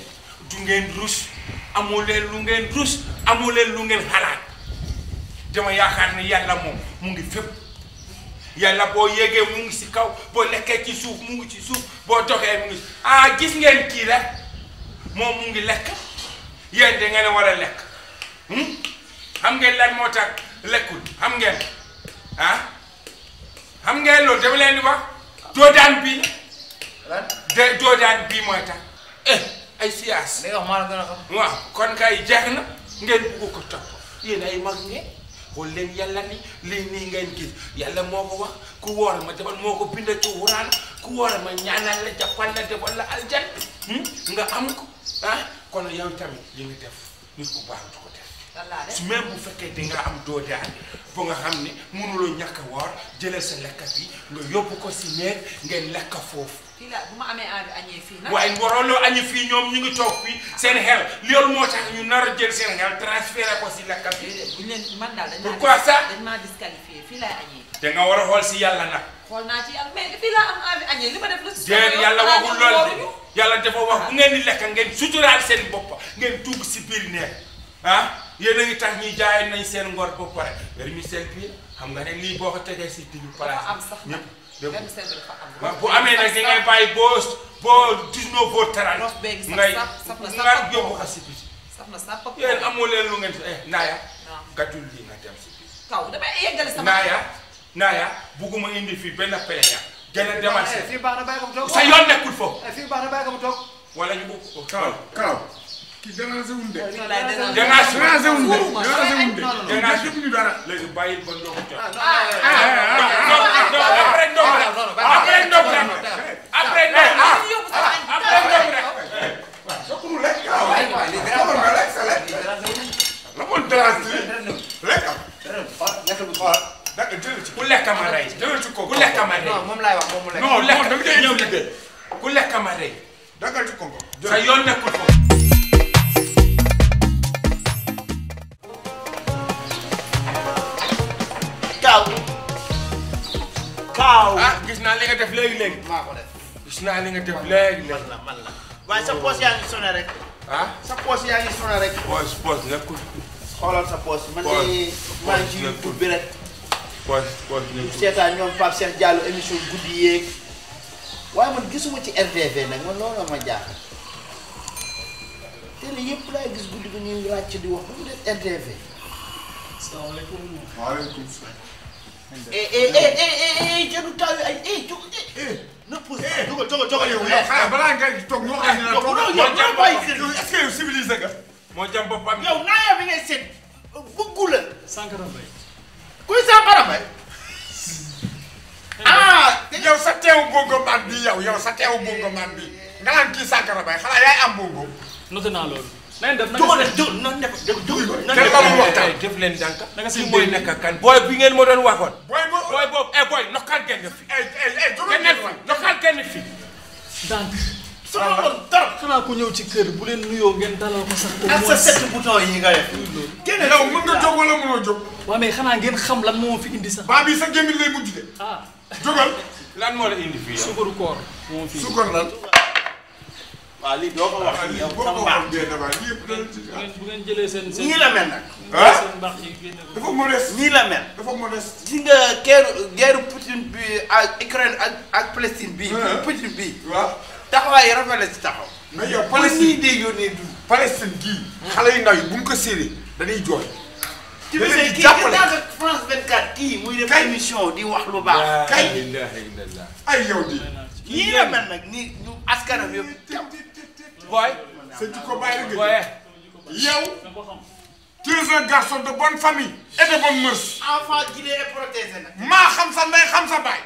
du ngeen rus amuleen lu ngeen rus amuleen lu ngeen xalaat dama yaakaar ne yàlla moom mu ngi fépp. yàlla boo yégee mu ngi si kaw boo lekkee ci suuf mu ngi ci suuf boo doxee mu ngi ah gis ngeen kii rek moom mu ngi lekk yéen da ngeen war a lekk hmm? xam ngeen lan moo tax lekkul xam ngeen ah xam ngeen loolu dama leen di wax bi de doodaan bi mooy tax eh ay siyaas. li nga wax maa la gën a na ngeen bugg ko xool leen yàlla ni lii nii ngeen gis yàlla moo ko wax ku woor ma defal moo ko bind ci wuraan ku woor ma ñaanal la jàppal la defal la aljan hmm? nga am ko ah kon yow tamit li nga def nit ku baax du ko def su même bu fekkee di nga am doo daal ba nga xam ne mënuloo ñàkk a woor jëlee sa lekkat bi nga yóbbu ko si néeg ngeen lekk foofu fii la bu ma amee envie añee fii nag. waaye añu fii ñoom ñu ngi toog fii seen xel loolu moo tax ñu nar a jël seen xel transféré ko si lakkam bi. buñ man daal dañ maa pourquoi ça dañ maa fii laay da nga war a xool si yàlla nag. xool naa ci fii laa am envie la. si yàlla waxul loolu yàlla dafa wax ah. bu ngeen di lekk ngeen suturaal seen bopp ngeen tugg si biir neex ah yéen a ngi tax ñuy jaay nañ seen ngor ba pare. wér mi seen biir xam nga ne lii boo ko tegee si digg place. am sax bu amee nag da ngay bàyyi boo boo dix-neuf boo taral ngay nga yóbbu ko si biti. yéen amoo leen lu ngeen fi eh Naaya. naa lii nga dem si biti. kaw damay yeggali sama. Naaya Naaya bugguma indi fii benn peleña. gën a demal eh, si sa yoon nekkul foofu. Eh, wala ñu bugg ko. kaw kaw. ki dérangé wuñ de. dérangé wuñ de dérangé wuñ dara. léegi bàyyi ba ndox jot. après ndox rek après ndox rek après ndox rek. soxna lekk ah waay waay li dérangé nga lekk sa lekk. la ko dérangé lekk bu lekk ma rey jëlee ci ko bu lekk ma rey. non moom laay wax moom mu lekk. non lekk da nga ñëw liggéey. bu lekk ma rey. dagal ci ko sa yoon nekkul ko. naa def léegi léegi. naa li nga def léegi man la man la waaye sa rek. Ah? sa poche yaa ngi sonné rek. poche poche nekkul. xoolal sa poche. man de maa seetaan ñoom Pape Cheikh Diallo émission guddi yeeg. waaye man gisuma ci RTV nag man loolu la ma jaaxal. télé yëpp laay gis guddi gi ñuy ràcc di wax ba mu def RTV. Eh eh, eh eh eh eh Dieng taw ay eh jóg eh. moo jëm boppam. yow naa bi ngay kuy Sankara Mbaye. ah. sa teewu bongo man bi yow yow sa teewu bongo man bi nga naan kii Sankara Mbaye xanaa yaay am bongo. noté naa loolu. nañ def nañ def def leen dànk. naka si mooy nekk kan booy bi ngeen ma doon waxoon. booy boobu booy boobu eh booy nokkaal kenn fi. eh eh nokkaal kenn fi. dànk. sama woon dara xanaa ku ñëw ci kër bu leen nuyoo ngeen dalal ko sax. au moins ak sa sept bouton yi nga def. keneen yow mën nga jóg wala mënoo jóg. waaw mais xanaa ngeen xam lan moo fi indi sax. baa bi sa gémmiñ lay mujj de. ah jógal. lan moo la indi fii yow. sukkur koor moo fi sukkur lan. waaw lii doo ko wax yow sa mbaax bu ngeen jëlee seen seen ñii la mel nag. seen mbaax yi génne ko dafa modeste ñii la mel. dafa modeste si nga guerre guerre Poutine bi ak Ukraine ak ak Palestine bii. Poutine bii. waaw taxawaay rafet la si taxaw. mais yow Palestine nii day yónnee du Palestine gii. xale yu ndaw yi bu ñu ko séenee dañuy jooy. ci biir kii France 24 kii muy def émission di wax lu baax. kay ay yow di. ñii la mel nag nii ñu askan wi yëpp booy. sa jikko bàyyi la gën de bonne famille. et de bonne mœurs. enfant guidé maa xam sa ndey xam sa baay.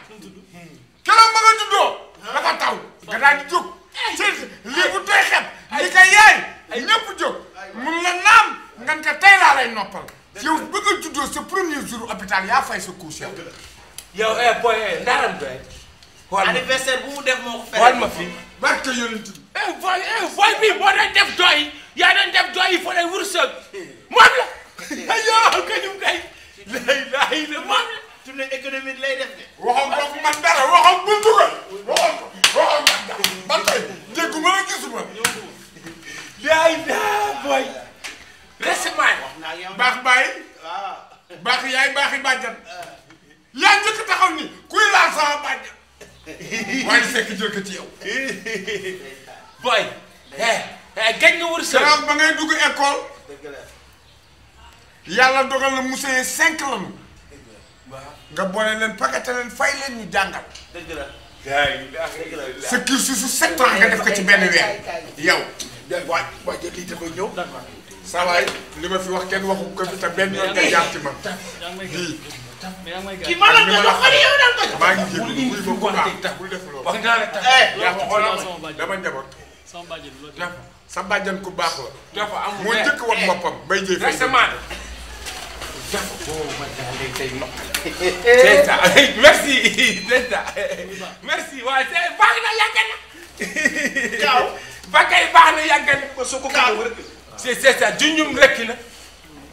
a ma nga juddoo. dafa taw nga daal di jóg. Eh. ci lii bu tey xet. li ko yaay ñëpp jóg. mun la naam nga ne ko tey laa lay noppal. yow bëgg nga juddoo sa premier jour hôpital yaa fay sa couche yow. yow booy eh, eh ndaram eh. doy. anniversaire bu ma fi barke yonent eh voy eh voy bi boo doon def doy yaa doon def doy yi fa lay wërsëg moom la. aywa kañum kay. lay lay la moom la. tournée économique lay def de. waxoon ko man dara waxoon bu dugal. waxoon ko waxoon man dara man kay dégguma la gisuma. lay laa booy. récemment. baax mbaay. Ah. baax yaay baaxi bàjjan. yaa njëkk taxaw ni kuy laal sama bàjjan. <laughs> waaye sekk jël ko ci yow. <laughs> boy. eh eh nga wër sër. ba ngay dugg école. yàlla dogal na monsieur yi cinq lañu. nga boole leen pakete leen fay leen ñu jàngal. dëgg la. sa cursus su sept ans nga def ko ci benn weer. yow. waay waay jël lii dafay ñëw. saa waay li ma fi wax kenn waxu ko fi te benn yoon nga jaar ci man. lii. kii ma la doon wax yow daal ko. maa ngi jéem buy ma ko baax bul def loolu. wax eh, dama njaboot. sama bàjjen la dafa sa bàjjen ku baax la. dafa amul moo njëkk woon boppam bay jëy fay dafa boobu man daal léegi tey ndox. tey ça merci tey ça merci waaye tey baax na yàgg na. kaaw ba kay baax na yàgg na. kon su ko kaaw rek. c'est ça junjum rekk la.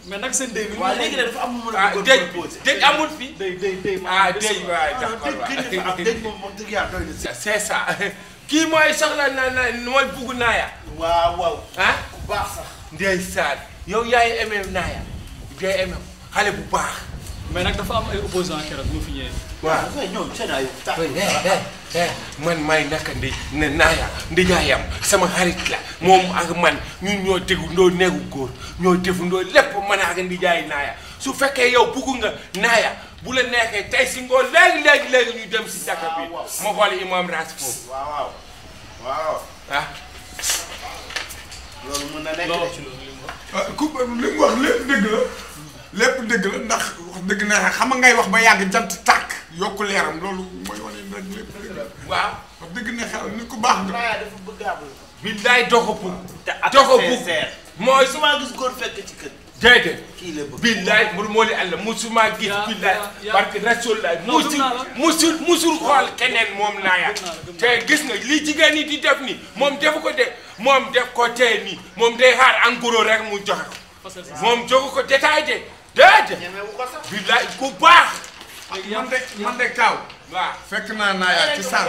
mais nag seen dëj bi. waaw léegi nag dafa am mu la ko proposé dëj amul fi. dëj dëj dëj ah dëj waay d'accord waay dëj moom wax dëgg yàlla doy na c'est ça. kii mooy soxla naa na mooy bugg naaya. waaw waaw. ah ku baax sax. ndeysaan yow yaay aimé naaya yaay bu baax. mais nag dafa am ay opposants keroog ñu fi ñëwee. waaw ñoom seen ay. Eh, eh, eh. man maay naka ndi ne naaya sama xarit la moom ak man ñun ñoo tegu ndoo neegu góor ñoo defu ndoo lépp man ak ndijaay naaya su fekkee yow bugg nga naaya. bu la neexee tey si ngoon léegi léegi léegi ñu dem si jàkka bi ma xool imam raas foofu. waaw waaw. ah. loolu mën na nekk de. Ah, ku li mu wax lépp dëgg la lépp dëgg la ndax wax dëgg na ngay wax ba yàgg jant tàkk yokku leeram loolu mooy dëgg la. waaw xel ni ku baax nga. dafa bëgg a am. billaay doxu bu. te ak mooy su ma gis góor fekk ci kër. déedéet. kii la bëgg billaay moo li àll musuma gis. billaay parce que rasulilah musul musul musul xool keneen moom naa yàq. te gis nga li jigéen ñi di def ni moom defu ko de moom def ko tey nii moom day xaar en gros rek mu ko. moom jogu ko détaillé de déedéet. billaay ku baax. man de man de Kaaw. waaw fekk naa naa yaa ci sànq.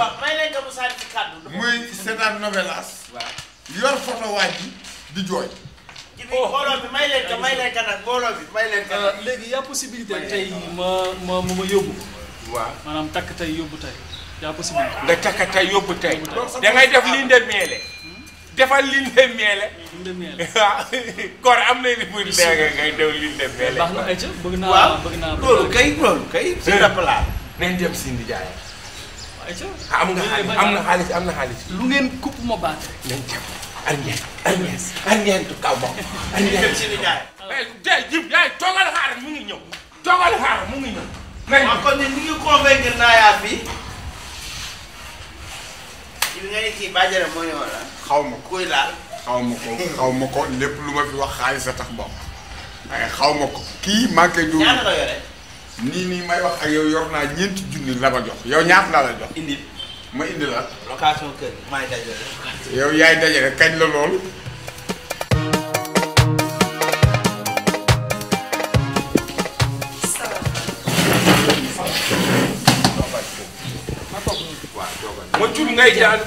muy seetaan novelas yor photo waaj ji di jooy. Oh, mbooloo bi may leen ka may leen ka nag mbooloo bi may leen ka nag léegi yaa possibilité tey ma ma ma yóbbu waaw maanaam takk tey yóbbu tey yaa possibilité nga takk tey yóbbu tey da ngay def lii nde meele defal lii nde meele waaw koor am na ni muy dégg ngay def lii nde meele baax na ay ca bëgg naa bëgg naa loolu kay loolu kay si rappalaat nañ dem si ndijaay ay ca am nga xaalis am na xaalis am na xaalis lu ngeen kupp ma baat nañ dem arñeent arñeent arñeentu kaw ba arñeent. tey jii xaaral mu ngi ñëw toogal xaaral ko kon ni ñu ngi convaincre naayaat bi. li nga ne ah? xaw ma ko kuy laal. xaw ma ko xaw ma ko lépp lu ma fi wax xaalis a tax bokk. Eh, xaw ma ko kii manqué. du ñaata la yore. nii nii may wax ak yow yor naa ñeenti junni la ma jox yow ñaata la la jox. ma indi la. location yow yaay dajale kañ la lool. ma jur ngay jaan.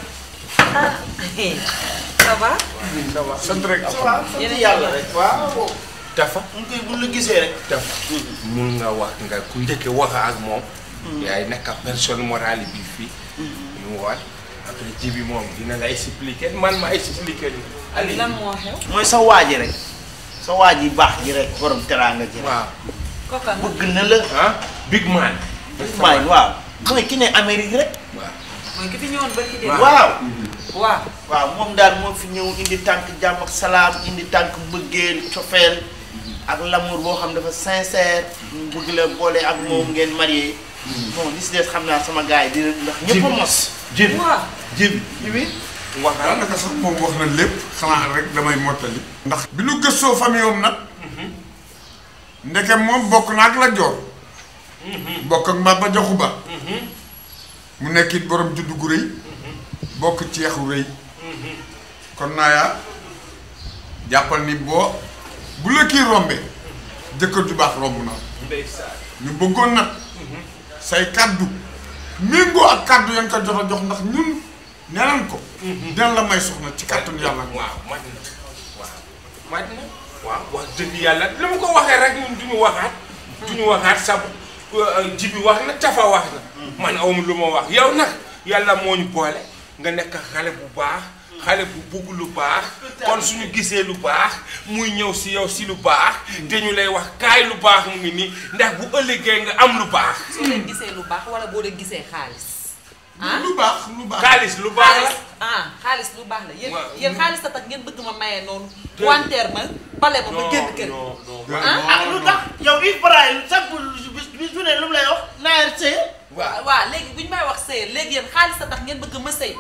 ah ça va. ça va sant yàlla rek waaw. dafa. mu nga wax nga ku njëkk wax ak moom. Hmm. yaay nekk personne morale bi fii. mu waat après ji moom dina la expliquer man ma expliquer ñu. Aliou lan moo xew. mooy sa waa waa ji baax ji rek borom teraanga ji. waaw la. ah big man. big man waaw. mooy ki ne Amérique moom moo fi ñëw indi tànk jàmm ak salaam indi tànk mbëggeel cofeel ak l'amour boo xam dafa sincère. mu bëgg la boole ak moom ngeen marié. Mm-hmm. bon li xam naa sama gars yi dina ndax ñëpp mos. jibi waaw jibi jibi wax sax moom wax na lépp xanaa rek damay mottali ndax bi nu gëstoo famille am nag mhm. ndeke moom bokk na ak la joor mhm. bokk ak Maba Jaxu Ba mhm. mu nekk borom juddu gu rëy bokk ci yaxu rëy kon naa yaa jàppal ni boo bu la rombee jëkkër ju baax romb na ñu bëggoon nag say kàddu méngoo ak kàddu yan ko a jox ndax ñun neneen ko. Mhm. dina la may soxna ci kàttanu eh, yàlla. waaw mat na waaw mat na waaw wax dëgg yàlla li mu ko waxee rek ñun duñu waxaat. duñu waxaat sa euh, jibi wax na tafa wax na. Mhm. man awma lu ma wax yow nag yàlla moo ñu boole nga nekk xale bu baax. xale bu bugg lu baax kon suñu gisee lu baax muy ñëw si yow si lu baax te ñu lay wax kaay lu baax mu ngi nii ndax bu ëllëgee nga am lu baax. su leen gisee lu baax wala boo leen gisee xaalis. Ah? lu baax lu baax lu baax la ah xaalis baax la yéen yéen xaalis a tax ngeen bëgg ma maye noonu wanteer ma bale ma ma génn kër ah, ah lu tax yow Ibrahima chaque bis bu ne lu mu lay wax naar sëy waaw waaw léegi bu ñu may wax sëy léegi yéen xaalis a tax ngeen bëgg ma sëy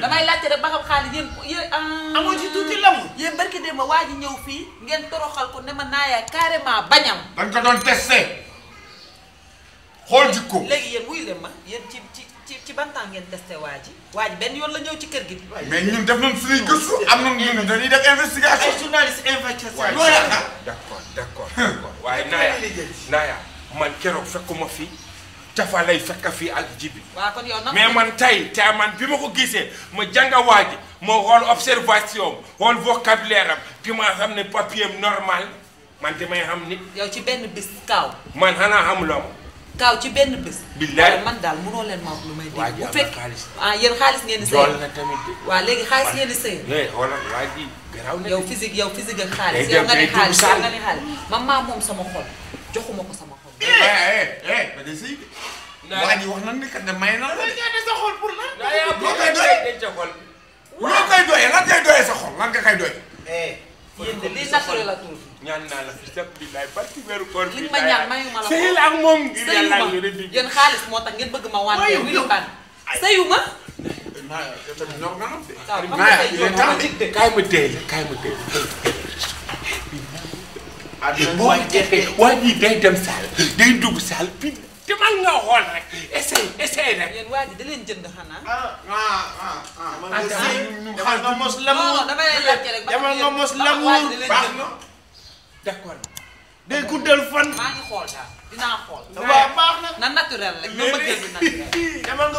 damay laajte rek ba xam xaalis yéen yéen. Ah. amoo ci tuuti lamu. yéen barki dem ma waa ji ñëw fii ngeen toroxal ko ne ma naayaa carrément bañam. dañ ko doon testé xool ko léegi yéen wuyu leen ma yéen ci ci ci ci ban temps ngeen testé waa ji. waa ji benn yoon la ñëw ci kër gi. mais ñun def nañ suñuy gëstu am nañ ñun dañuy def investigation. ay journaliste investigation. waay d' accord d' accord d' accord waaye <laughs> naaya naaya man keroog fekkuma fi. tafa lay fekk fii ak jibi mais man tey tey man bi ma ko gisee ma jànga waa ji ma xool observation xool vocabulaire am di ma xam ne papier normal man damay xam nit. yow ci benn bis kaaw. man xanaa xamuloo ma. kaaw ci benn bés. billaay man daal mënoo leen ma wax lu may dégg. bu fekk ah yéen xaalis ngeen sëy na tamit waaw léegi xaalis ngeen sëy. Eh, waa ji garaaw na yow physique yow physique ak xaalis. Eh, yow nga ne xaalis yow nga ne xaalis man maa moom sama xol joxuma ko sama. ba de sëy de. waa ji wax na ne kat ne may na la. ñaata sa xol pour lan. loo koy ma loo koy doyee lan koy doyee sa xol lan nga koy doyee. Eh, yéen de lii naturel la tuur. ñaan naa la fi jàpp bi laay barki weeru ma ñaan mayu la ko sëyil ak moom. ngir yàlla ak yore xaalis moo tax ngeen bëgg ma wante wilu ban sëyu ma. naa yow tamit noo nga am de. waaw xam jig de kaay ma teel kaay ma teel. boo jeexee waa ji day dem saal day dugg saal fii demal nga xool rek essaye da ah, ah, ah, de demal nga mos lamuur na. d'accord. day guddal fan. maa ngi xool daal dinaa xool. waaw baax na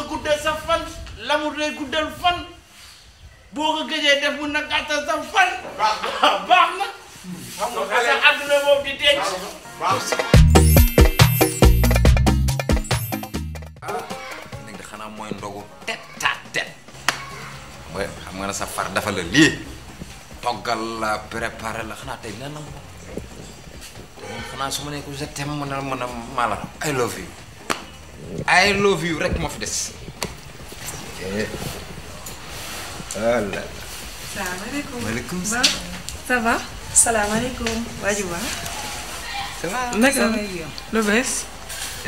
<laughs> guddal fan lamuur guddal fan boo ko gëjee def mun na gàttal sa fan. baax na. <laughs> amul xase àdduna moom di denc. waaw waaw. Ah, xanaa mooy ndogu tête à tête. mooy xam nga ne sa far dafa la lii. toggal la préparer la xanaa tey dina nangu xanaa su ma nee ko je t'aime mën a mën a maala I love you I love you rek moo fi des. voilà. Eh. salaamaaleykum maaleykum salaam. ça va. salaamaaleykum. waajib wa. ça ah, naka la lu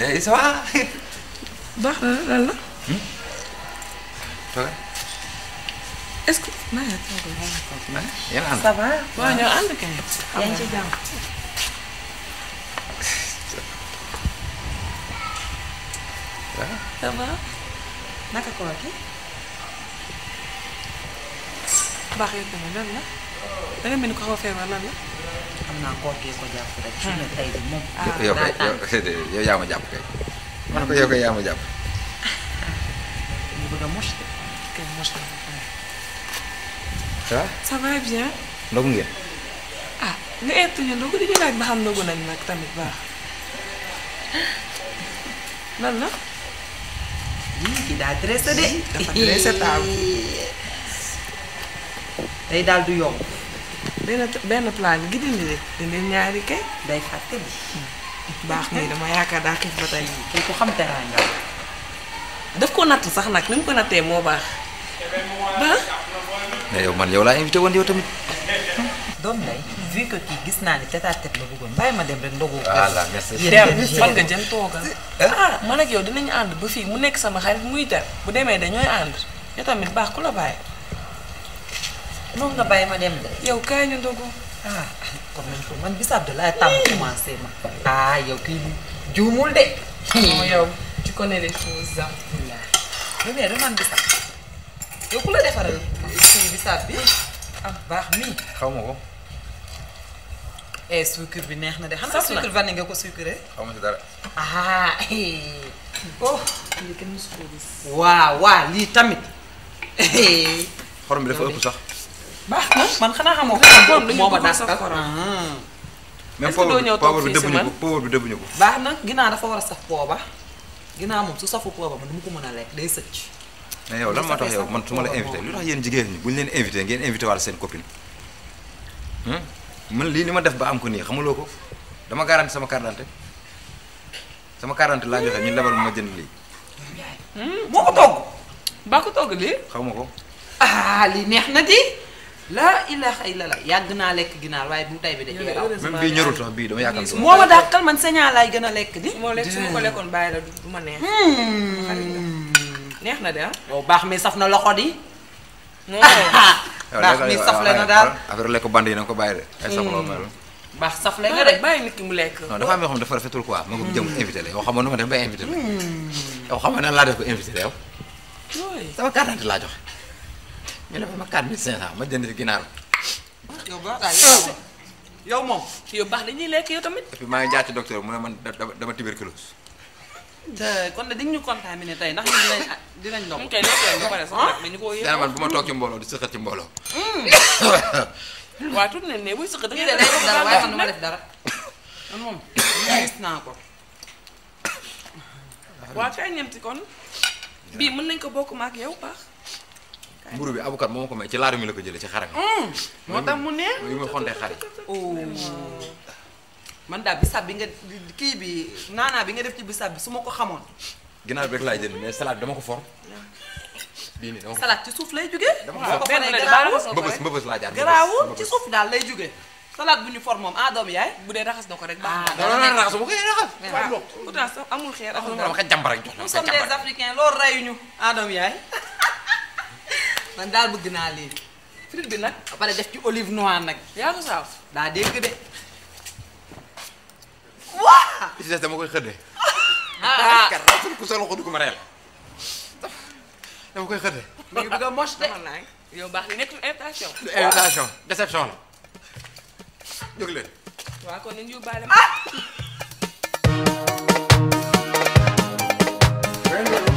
eh, baax na lan la. toogal. Hmm? est-ce que. maa ngi lay yéen ci jàmm. ça baax na tamit lan la. danga mel ni ko xaw a feebar lan la. am naa koo jàpp rek. su ne tey ah, jàpp kay. man bëgg a mos. kay mos la. ça va. ça va bien. ndogu ngeen. ah nga eetu ñu ndogu dañu laaj ba xam ndogu nañ nag tamit baax. lan la. yii kii daa dressé de. dafa dressé taaw. <laughs> day daal du yomb. benn benn plat bi gis nga dindi ñaari kay. day fàtte bi. baax nii dama yaakaar daa xiif ba tey. kii ku xam teraanga daf ko natt sax nag ni mu ko nattee moo baax. baax. mais yow man yow laa invité woon kii gis naa ni tête à tête la ma dem rek ndogu. voilà ah, merci fan nga jëm toogal. Ah, ah, dinañu ànd ba fii mu nekk sama xarit muy tar bu demee dañooy ànd yow tamit baax ku la bàyyi. noonu nga bàyyi ma dem de. yow kaay ñu ndogu. ah kon nañ ko man bisaab de laay tàmm ma. ah yow kii juumul de. moom yow tu connais ne man bisaab am ah. baax mi. xaw ma ko. Eh, bi neex na de. xanaa suukar nga ko suukaree. xaw lii ah, eh. oh. waaw waaw lii tamit. Eh. xorom bi dafa ëpp sax. baax na man xanaa xamoo ko moo ma daas mais doo ñëw toog fii si man poobar bi dëbbuñu ko baax na ginnaaw dafa war a saf pooba ginnaaw moom su safu pooba man du mu ko mën a lekk day sëcc mais yow lan moo tax yow man su ma la invité lu tax yéen jigéen ñi bu ñu leen invité ngeen invité wàll seen copine hmm? man lii ni ma def ba am ko nii xamuloo ko dama garanti sama carte d'identité sama carte d'identité laa joxe ñu lebal ma jënd lii hmm? moo ko togg baa ko togg lii xaw ma ko ah, lii neex na di laa ilaha illallah yàgg naa lekk ginaar waaye tey bi da cee bii ñorul sax bii dama yaakaar. man sañaa laay gën a lekk di. moo lekk su ma ko lekkoon bàyyi du ma neex. Hmm. neex na de ah. Oh, baax mi saf na loxo di. non <laughs> baax mi na daal. affaire lekk band yi na ko bàyyi de. ay saf loo hmm. baax saf la mu lekk. non dafa am yoo xam ne dafa rafetul quoi. ma ko jëm hmm. invité la yow xam nga nu ma def ba invité yow xam nga nan laa def ko invité la yow. sama carte laa joxe. ñu def ma 4500 ma jënd si ginaar. yow baax naa yow moom. yow baax dañuy lekk yow tamit. et puis maa ngi jaar ci docteur mu ne man dama tuberculose. kon dañ ñu contaminé tey ndax dinañ ah, dinañ ndox. ñu koy lekk ba pare sax dañu ah? ko yëngu. man bu di sëqat ci mbooloo. waaw tuuti nañ ne buy da ma def dara. <coughs> naa ko. <coughs> waaw <coughs> mën nañ ko bokk ma yow baax. mburu bi abukat moo ma ko may ci laar mi la ko jëlee ci xaram eh, moo tax mu neex yu muy xontee xar yi oh. man daal bisaab bi nga kii bi naanaa bi nga def ci bisaab bi su ma ko xamoon ginaar bi rek laay jënd mais salade dama ko for bii nii dama ko salade ci suuf lay jóge dama ko for mbëbës mbëbës laa jaar garaawul ci suuf daal lay jóge salade bu ñu for moom ah doom yaay bu dee raxas na ko rek baax na ah, non non raxas bu ko raxas pourtant amul xeer amul dama ko jàmbar rek jox nous sommes des africains loolu rayuñu ah doom yaay man daal bëgg naa lii. frite bi nag. ba pare def ci olive noire nag. yaa ko saaf. daa dégg de. waa. li ci koy xëdde. ah ah ku sol dama koy xëdde. mi ngi bëgg de. yow baax li nekkul invitation. du invitation déception la. jóg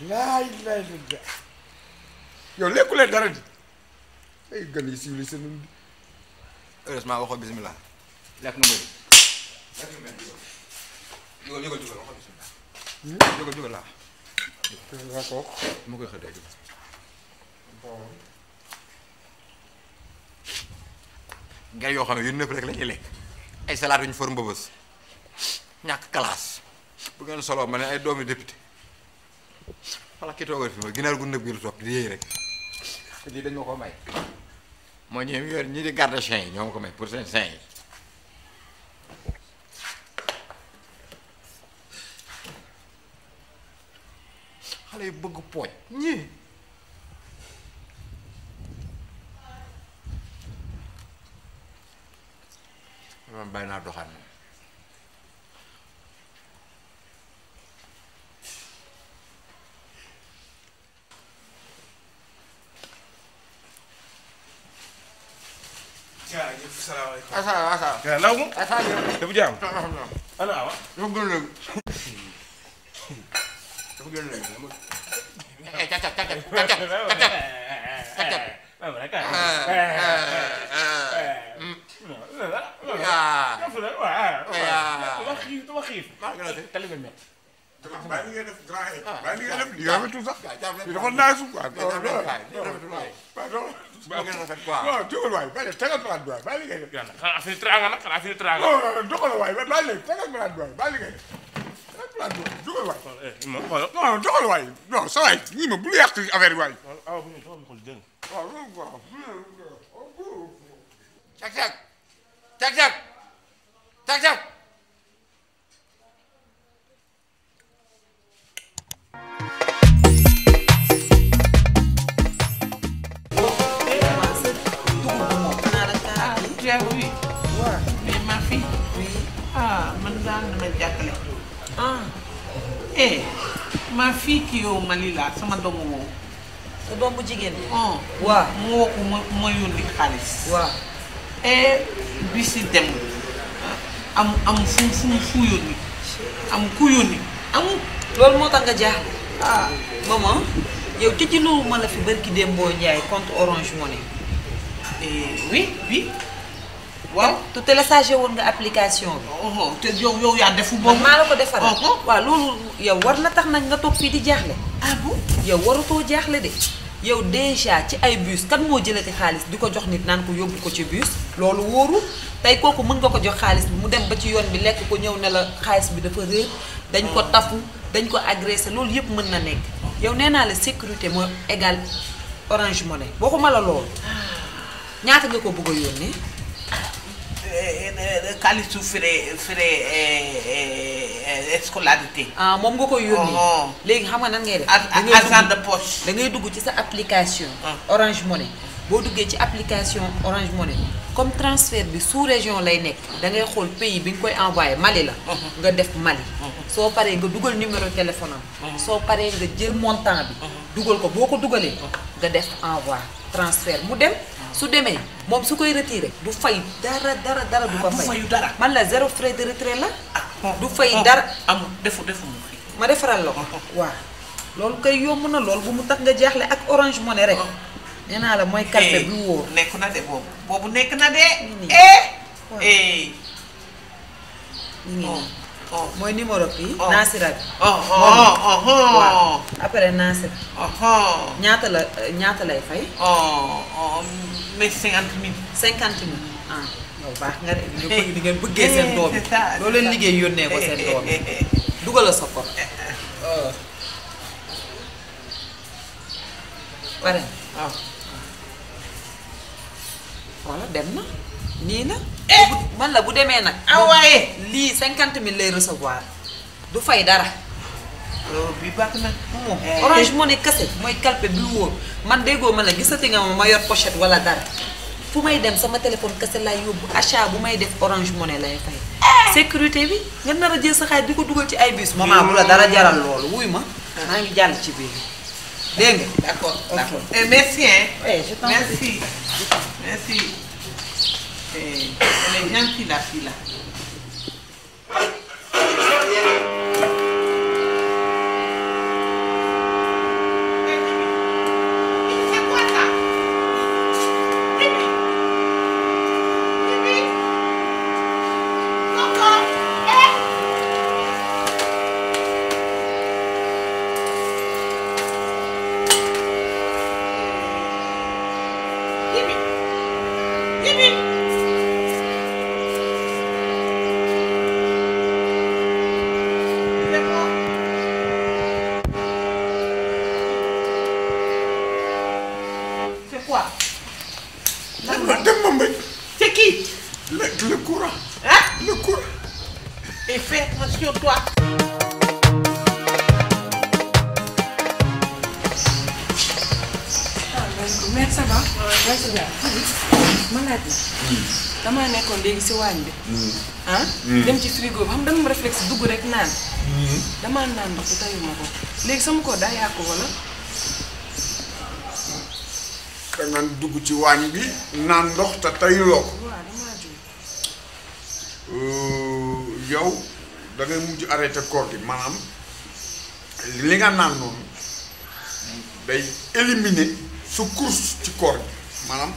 laay laay la yow lekkulee dara di ay gën yi siwli sa nun bi heureusement waxoo bismillah lekk na mbëri jógal hmm? mu koy xëddee jógal nga yoo xam ne yéen rek lañuy lekk ay salaat yu ñu for mbëbës ñàkk classe bu ngeen soloo ma ne ay doomi député xalaat ki toogal fi ma ginaar gu nëb gi lu toog di rek. lii dañ ma ko may. moo ñëw yor ñi di garde chien yi ñoo ma ko may pour seen chien yi. xale yu bëgg pooj ñii. man bàyyi naa doxaan. jaajëf salaamaaleykum. asalaam asalaam. waaw law mu. asalaamaaleykum. dafa jaam. ana awa. dafa gën léegi. dafa gën léegi. cacat cacat cacat cacat cacat. waaw waaw. waaw. bàyyi li ngay def grand yi. bàyyi li ngay def li rafetul sax. dafa naaj su quoi. non non non jógal waay bàyyi leen tegal palaat bi waay bàyyi li ngay def. xanaa affaire teraanga la xanaa affaire teraanga. non doxal waay bàyyi leen tegal palaat bi waay bàyyi li ngay def. tegal palaat bi waay jógal waay. non doxal waay non sa waay ñii ma bul yàq affaire bi waay. waaw waaw. cak cak cak cak cak daal damay jàppale ah eh maa fii ki yow Mali laa sama doomu woowu. doomu jigéen bi. Oh, waaw mu woo ko ma yónni xaalis. waaw eh bi dem am am fu fu fu yónni am ku yónni amul. loolu moo tax nga jaaxle. ah maman yow tëjee loolu ma la fi barki Dembo Ndiaye compte Orange Money. Eh, oui bi. waaw tu téléchargé woon nga application bi. Oh, oh, te yow yow yaa defu boobu. maa la ko defaral oh, waaw loolu yow war na tax nag nga toog fii di jaaxle. ah bon yow warutoo jaaxle de. yow déjà ci ay bus kan moo jëlati xaalis di ko jox nit naan ko yóbbu ko ci bus loolu wóoru tey kooku mën nga ko jox xaalis bi mu dem ba ci yoon bi lekk ko ñëw ne la xaalis bi dafa réer dañ ko tafu dañ ko agressé loolu yëpp mën na nekk yow nee naa la sécurité moo égal Orange Money waxuma la loolu ah. ñaata nga ko bëgg a yónnee xaalisu eh, eh, frais frais eh, scolarité. ah moom nga koy yónnee. Uh-huh. léegi xam nga nan ngay def. argent de poche. da ngay dugg ci sa application. Uh-huh. Orange Money boo duggee ci application Orange Money comme transfert bi sous région lay nekk da ngay xool pays bi nga koy envoyé Mali la. Uh-huh. nga def Mali. soo paree nga dugal numéro téléphone am. soo paree nga jël montant bi. dugal ko boo ko dugalee. nga def envoi transfert mu dem. su demee moom su koy retiré du fay dara dara dara. du ko ah, fay dara. man la zéro frais de retrait la. Ah, du fay dara amul defu defu ma defaral la ko. Ah, waaw loolu koy yomb na lool bu mu tax nga jaaxle ak orange money rek. nee naa la mooy kalpe eh, bi wóor. nekk na de boobu boobu nekk na de. eh. eh. Oh, oh. mooy numéro bi. Oh. Nasira bi. waaw après Nasira. ñaata lay fay. Um, mais cinquante mille. cinquante mille ah baax nga dem na. nii nag eh man la bu demee nag. ah waaye lii cinquante mille lay recevoir. du fay dara. Oh, bi baax na. moom eh, orange moo ne mooy calpe bi wóor man déggoo ma la gisati nga ma ma yor pochette wala dara fu may dem sama téléphone kese laay yóbbu achat bu may def orange moo ne lay fay. Eh! sécurité bi nga nar a jël sa di ko dugal ci ay bus. maman bu la dara jaral loolu wuy ma. maa ngi jàll ci biir dégg nga. d' accord d' eh, elegante la fila. damaa naan ndox ko léegi sama ko daa yàqu wala. da dugg ci waañ bi naan ndox te tayuloo ko. Euh, yow dangay ngay mujj arrêté koor gi maanaam li nga naan noonu day éliminer su course ci koor gi maanaam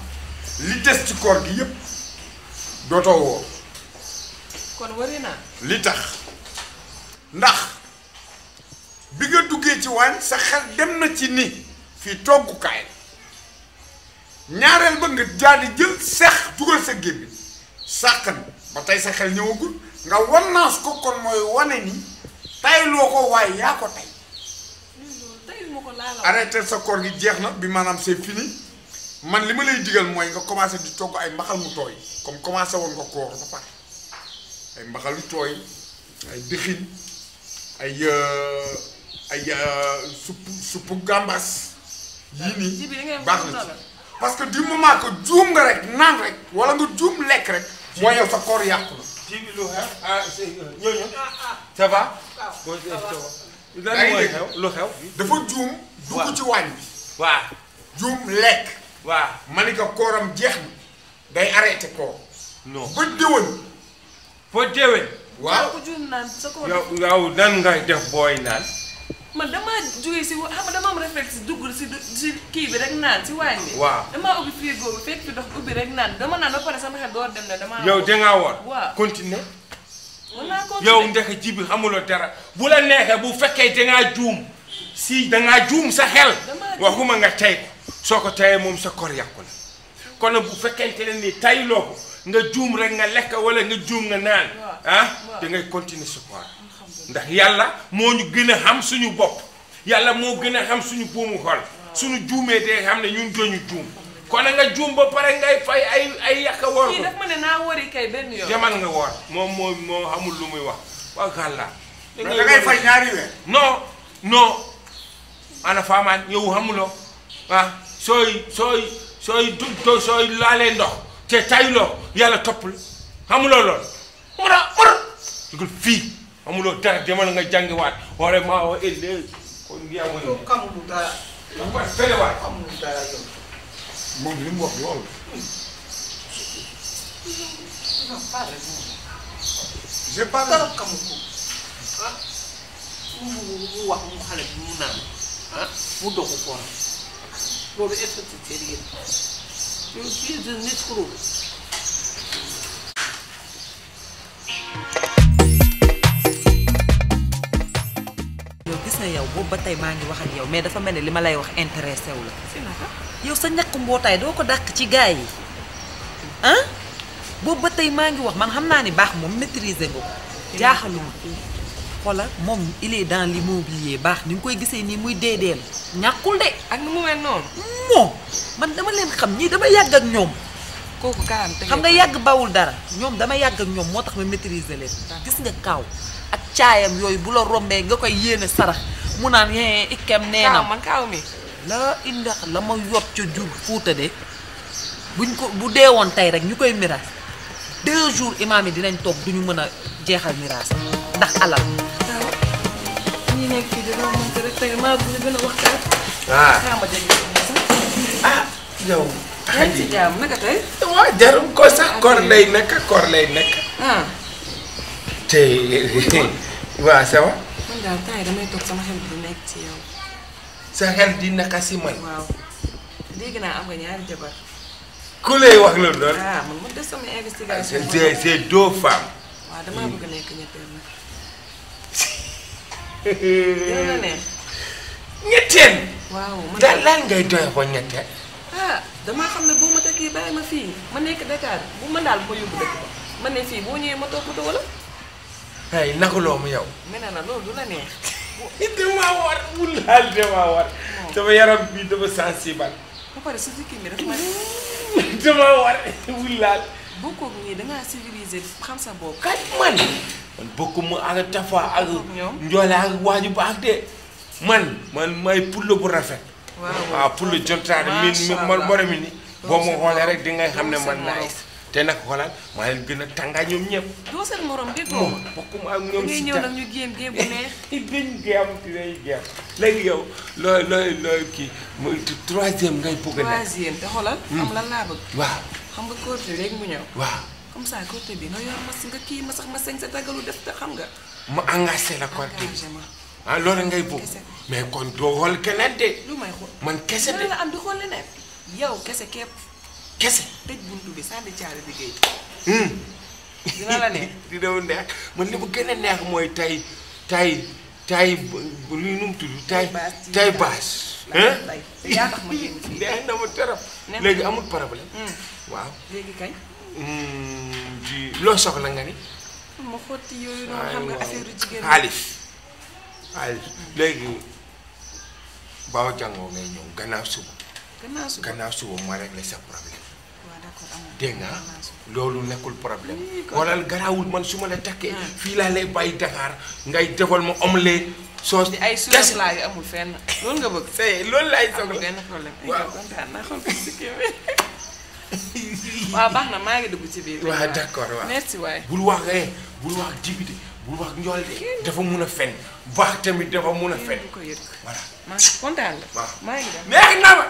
li des ci koor gi yépp dootoo woor. li tax ndax. ci waañ sa xel dem na ci ni fii toggukaay la ñaareel ba nga jaadi jël seex dugal sa gémmiñ sàqan ba tey sa xel ñëwagul nga wannaas ko kon mooy wane ni tayloo ko waaye yaa ko tay arrêté sa koor gi jeex na bi maanaam c'est fini man li ma lay digal mooy nga commencé di togg ay mbaxal mu tooy comme commencé woon nga koor ba pare ay mbaxal mu tooy ay dixin ay euh, ay euh, suppu suppu nii baax na ci parce que du moment que juum nga rek naan rek wala nga juum lekk rek mooy yow koor yàqu na. ci ah, euh, ah, ah. lu xew dafa juum. dugg ci waañ bi. waaw juum lekk. waaw ma kooram jeex na day arrêté koor. non ba déwén. ba déwén. waaw yow ngay def booy naan. man damaa jógee si xam nga dama am réflexe dugg si si kii bi rek naan si waañ bi. waaw damaa ubbi frigo bi fekk fi dox ubbi rek naan dama naan ba pare sama xel door dem ne damaa. yow dangaa woor waaw continuer. yow ndek ji bi dara bu la neexee bu fekkee dangaa juum si dangaa juum sa xel. waxuma nga tey soo ko teyee moom sa kor yàqu la kon bu fekkente ne nii tayloo ko nga juum rek nga lekk wala nga juum nga naan. ah da ngay continuer sa koor ndax yàlla moo ñu gën a xam suñu bopp yàlla moo gën a xam suñu buumu xol suñu juumee dee xam ne ñun doñu juum kon nga juum ba pare ngay fay ay ay woor ko daf nga woor moom moo moo xamul lu muy wax waaw gàlla da ngay fay ñaari weer ah, sooy sooy sooy laalee ndox te tayloo yàlla topp la xamuloo loolu war a war dugul fii amuloo dara demal nga jàngiwaat wala maa woo éli kon lii amul. yow xamul dara. waaw felewaat xamul dara yow. moom li mu wax loolu. non pas rek moom. j'ai pas dara xamul ko ah. mu wax mu xale bi mu naan ah mu dox ko kóoram loolu est ce que c'est sérieux yow tu es un escroc. te yow boobu ba tey maa ngi wax ak yow mais dafa mel ne li ma lay wax intéressé wu la. yow sa ñàkk mbootaay doo ko dàq ci gaa yi ah boobu ba tey maa ngi wax man xam naa ni baax moom maîtriser nga ko. jaaxaluma xoolal moom il dans dans l'immobilier baax ni nga koy gisee nii muy deedeel ñàkkul de ak ni mu mel noonu. moo man dama leen xam ñii dama yàgg ak ñoom. kooku xam nga yàgg bawul dara. ñoom dama yàgg ak ñoom moo tax ma maîtriser leen. gis nga kaaw. ak caayam yooyu bu la rombee nga koy yéene sarax mu naan yee ikkem nee na kaaw mi la indax la ma yot ca jur fuuta de buñ ko bu deewoon tey rek ñu koy miraas deux jours imaam yi dinañ toog duñu mën a jeexal miraas ndax alal ñi nekk fii dañoo ah. ah, yow xaj waa jarum ko sax koor lay nekk koor lay nekk ah. te <laughs> waaw ça va. man daal temps damay toog sama xel di nekk ci yow. sa xel di naka si man. waaw léegi naa am nga ñaari jabar. ku lay wax loolu noonu. ah man ma des sama investigation. Ah, c'est c'est deux femmes. waaw damaa bëgg nekk ñetteel nag. <laughs> yow waaw man daal ngay doy ko ñetteel. Ah, damaa xam ne boo ma dëkkee bàyyi ma fii ma nekk Dakar bu ma daal ma yóbbu dëkk ba ma ne fii boo ñëwee ma toppatoo wala. ay nakuloo mu yow. nee na loolu du la neex. damaa war wulaal damaa war. sama yaram bi dafa sensible. ba pare su kii bi dafa ma ne. <laughs> damaa war wulaal. bokkoo ñii dangaa civiliser xam sa bopp. kat man man bokkuma ak Tafa ak. Njoole ak waaju baax de. man man may pulo bu rafet. waaw waaw ah, pulo jontaane. macha allah miin mi man moromi ni. boo ma xoolee rek di ngay xam ne man naa te nag xoolal maa a tàngaa ñoom ñëpp. doo seen morom déggoo ma bokkuma ak ñoom si ñëw nag ñu géem <laughs> yow looy kii mooy ngay bëgg a te xoolal. Hmm. am lan laa bëgg. waa xam nga côté rek mu ñëw. waaw comme ça côté bi nga yor kii ma sax ma sañ sa tagalu def te xam nga. mu engagé la côté ah loolu ngay bëgg. mais kon doo xool keneen de. lu may xool man kese de la am di xool leneen yow kese képp. kese. tëj buntu bi sànni bi géej. dina la ne dina la neex <laughs> man li mu gën a neex mooy tay tay tay lu nu mu tudd tay tay baas. yaa <laughs> neex na ma trop. léegi amul problème. Hmm. waaw léegi kay. Hmm, di loo soxla nga ni. xaalis xaalis léegi baaw jàngoo ngay ñëw gannaaw suba. gannaaw suba gannaaw suba ma sa problème. dégg nga ah, loolu nekkul problème wala garaawul man su ma la takkee ah. fii laa lay bàyyi Dakar ngay defal ma omelette soos ay suuf laa yu amul fenn loolu nga bëgg c'est loolu naa ko si kii na maa ngi dugg ci biir waaw bul wax eh wax wax njool de a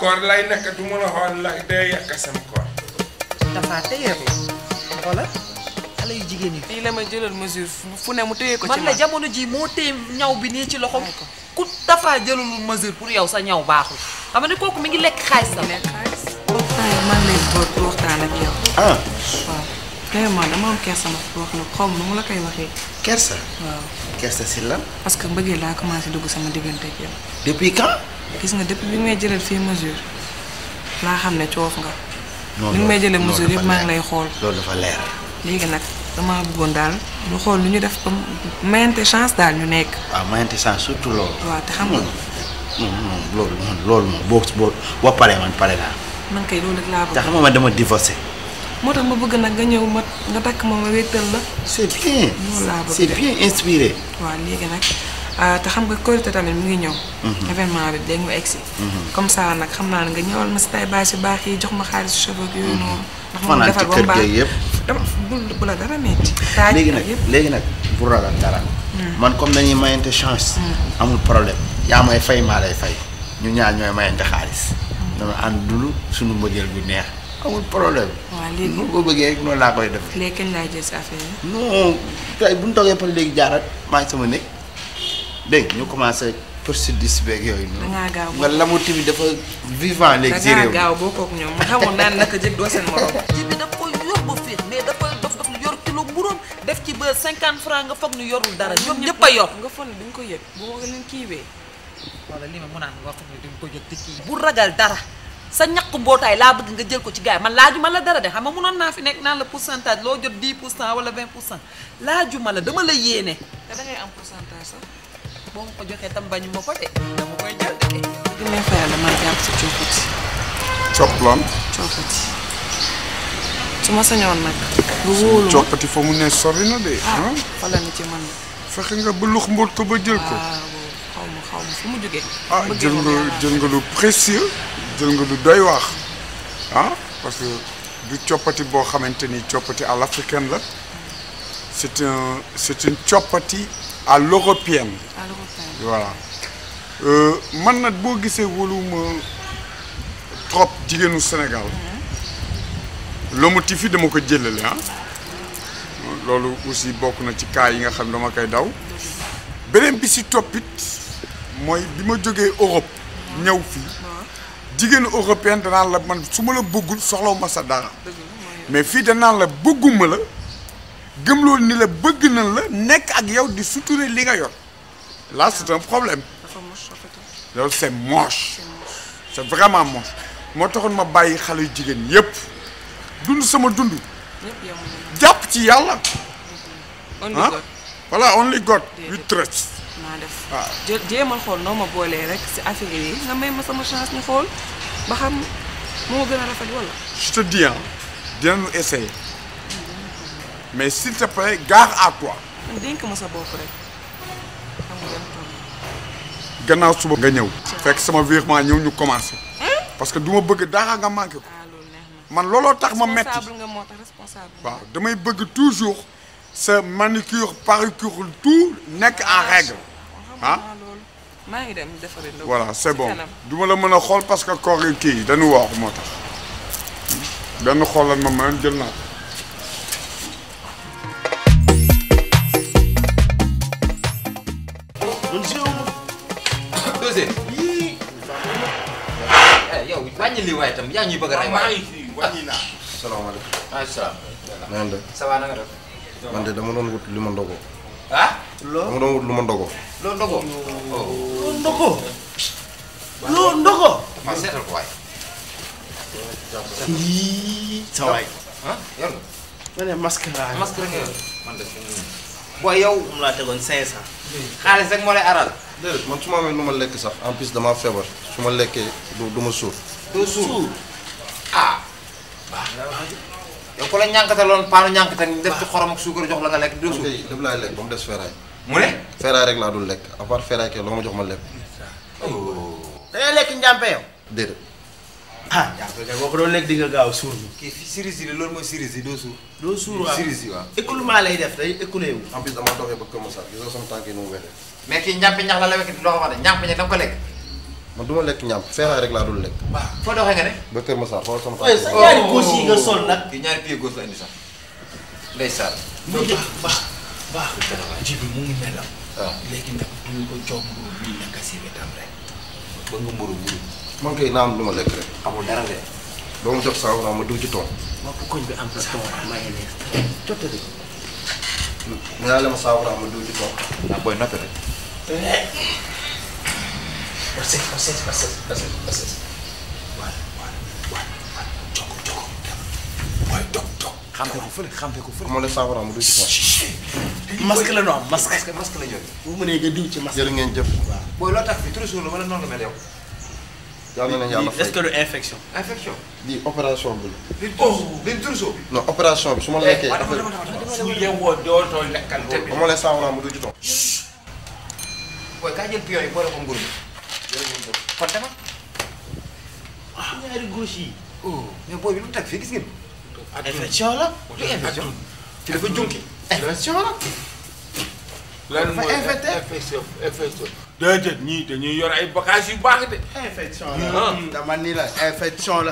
koor lay nekk du mën a xool la day yàq sama koor dafa téye ko xale yu jigéen yi. fii la ma jëlal mesure fu ne mu téye ko ci man la jamono ji moo téye ñaw bi nii ci loxom ku dafa jëlalul mesure pour yow sa ñaw baaxul xam ne kooku mi ngi lekk xaalis sax. lekk xaalis. man lay boot pour ah. dama am kersa ma wax la xaw ma nu mu la koy waxee. kersa. waaw kersa si lan. parce que mbëggee laa commencé dugg sama diggante ak yow. depuis quand. gis nga depuis bi ngay jëlal fii mesure laa xam ne coof nga. non may jëlee mesure yëpp maa ngi lay xool. loolu dafa leer. léegi nag damaa bëggoon daal ñu xool lu ñu def ba mayante chance daal ñu nekk. waaw mayante chance surtout loolu. waaw te xam nga. non non loolu loolu moom boo boo boo paree man pare naa. man kay loolu rek laa bëgg. te xam nga man dama divorcé. moo tax ma bëgg nag nga ñëw ma nga takk ma ma wéetal la. c'est bien. loolu laa bëgg c'est bien inspiré. waaw léegi nag. Ah, te xam nga korité tamit mu ngi ñëw. Mhm. événement bi mu egg si. comme saa nag xam naa ne nga ñëwal ma si tay baax yi jox ma xaalis cheveux yooyu mhm. noonu. ndax mu defar ba yëpp. dama bu bu la dara metti. taaj léegi nag léegi nag bu ragal dara. Mhm. man comme dañuy mayante chance. amul problème yaa may fay maa lay fay ñu ñaar ñooy mayante xaalis. dama àndul suñu mbëggeel bu neex. amul problème. waaw léegi nu ko bëggee rek laa koy def. léegi kañ laay jël si affaire bu ñu toogee par léegi jaarat maa ngi sama nekk. léegi ñu commencé poursuite di si beeg yooyu. da ngaa gaaw nga lamu tamit dafa vivant léegi. ci réew mi da ngaa gaaw boo koog ñoom xamoon naan naka jëg doo seen morom. <laughs> ji bi daf def ci ba 50 francs nga foog ñu yorul dara ñoom ñëpp a yor. nga foog ne duñ ko yëg boo leen kiiwee. wala ma naan nga foog ko yëg te kii. bu ragal dara. sa ñaq mbootaay laa bëgg nga jël ko ci gaay man laajuma la dara de xam nga munoon naa fi nekk naan la pourcentage loo jot 10 pour cent wala 20 pour cent laajuma la dama la yéene. te da ngay am pourcentage sax. boo ma ma ko de coppati. su ma sañoon nag. mu ne sori na de. ah, ah. fa fexe nga ba lux mbortu ba jël ko. Ah, xaw ah, ma jël nga jël nga lu jël nga lu doy waax ah que du coppati boo xamante ni coppati à l'africaine la c'est un c'est une coppati. à l'européenne. à euh, man nag boo gisee wóoluwuma trop jigéenu Sénégal. Mm-hmm. lomotif yi dama ko jëlale ah. loolu aussi bokk na ci kaa yi nga xam dama kay daw. beneen bi si toppit mooy bi ma jógee Europe mm-hmm. ñëw fii mm-hmm. jigéenu européenne danaan la man su ma la bëggul soxlaw sa dara mais fii danaan la bëgguma la. gëmloo ni la bëgg nañ la nekk ak yow di suturé li nga yor là c'est un problème loolu c'est moche c'est vraiment moche moo taxoon ma bàyyi xale yu jigéen yépp dund sama dund jàpp ci yàlla ah voilà only God we trust naa def waaw ah. jéemal xool noo ma boolee rek si affaire sama chance ñu xool ba gën a essayer mais s'il te plaît gare à toi. man dénk gannaaw suba nga ñëw. fekk sama virement ñëw ñu commencé. parce que duma bëgg dara nga manqué ko. Ah, man looloo tax ma metti waaw damay bëgg toujours sa manucure paricure tout nekk en règle ah. ngi dem defaree voilà c'est bon du ma la mën a xool parce que koor yi kii dañu wax moo tax. benn xool ma mayoon jël naa ko wàññi lii waaye itam yaa ñuy bëgg a rey. ne masque laa. masque la nga yor man de. booy yow. moom laa tegoon 500. xaalis rek moo lay aral. man su ma amee nu ma lekk sax en plus damaa feebar su ma lekkee du ma suur. deux jours ah baax na yow ku la ñànkataloon paanu ñànkata ni def ci xorom ak suukar jox la nga lekk deux jours daf laay lekk ba mu des ferraille mu lekk à part ferraille ke loo ma jox ma lekk oh. dangay lekk njàmpe yow déedéet ah njàmpe kay boo ko doon lekk di nga gaaw kii fii loolu mooy cerise yi doo suur doo suur waaw cerise yi lay def day écoulé wu en plus dama doxee ba Kër Massar gis nga sama tànk yi nu mu mais kii njàmpe ñax la la wekk di doxa wax de njàmpe ñax danga ko lekk man du ma lekk ñaam seeraay rek laa dul lekk. waaw foo doxee nga ne. docteur sa ñaari oh. gauche yi nga sol nag. ñaari pied gauche la indi sax. ndeysaan. muy baax baax baax. ji mu mburu bii naka si wetam rek. ba ma lekk rek. amul dara de. ba mu jox saa ma diw ci tool. waaw koñ bi am na tool mayonnaise. jottali. ñu naan la ma diw ci tool. ndax ah, booy noppi rek. Eh. That's it, that's it, that's it, that's it, that's it. waay waay waay waay jokkoo jokkoo dem waay toog toog. xam te ko fële xam te ko fële. amoon na saafara amul du ci masque la ñu am masque. masque masque la ñu am. bu mënee nga diw ci masque. jërë ngeen jëf. waaw booy loo tax fi toujours la wala noonu la mel yow. yàlla na yàlla fay est-ce que du infection. infection. lii opération bi la. lii oh! toujours. non opération bi su ma la lekkee. Eh, su yeewoo dootoo lekkante bi. amoon na saafara amul du ci toog. booy kaa jël pion yi boole ko nguur bi. kon demal. waaw ñaari gauche yi. mais booy bi mu teg fii gis ngeen. infection la lu infection. dafa junki. infection la. lan mooy ñii dañuy yor ay bagages yu baax de. infection la dama ni la infection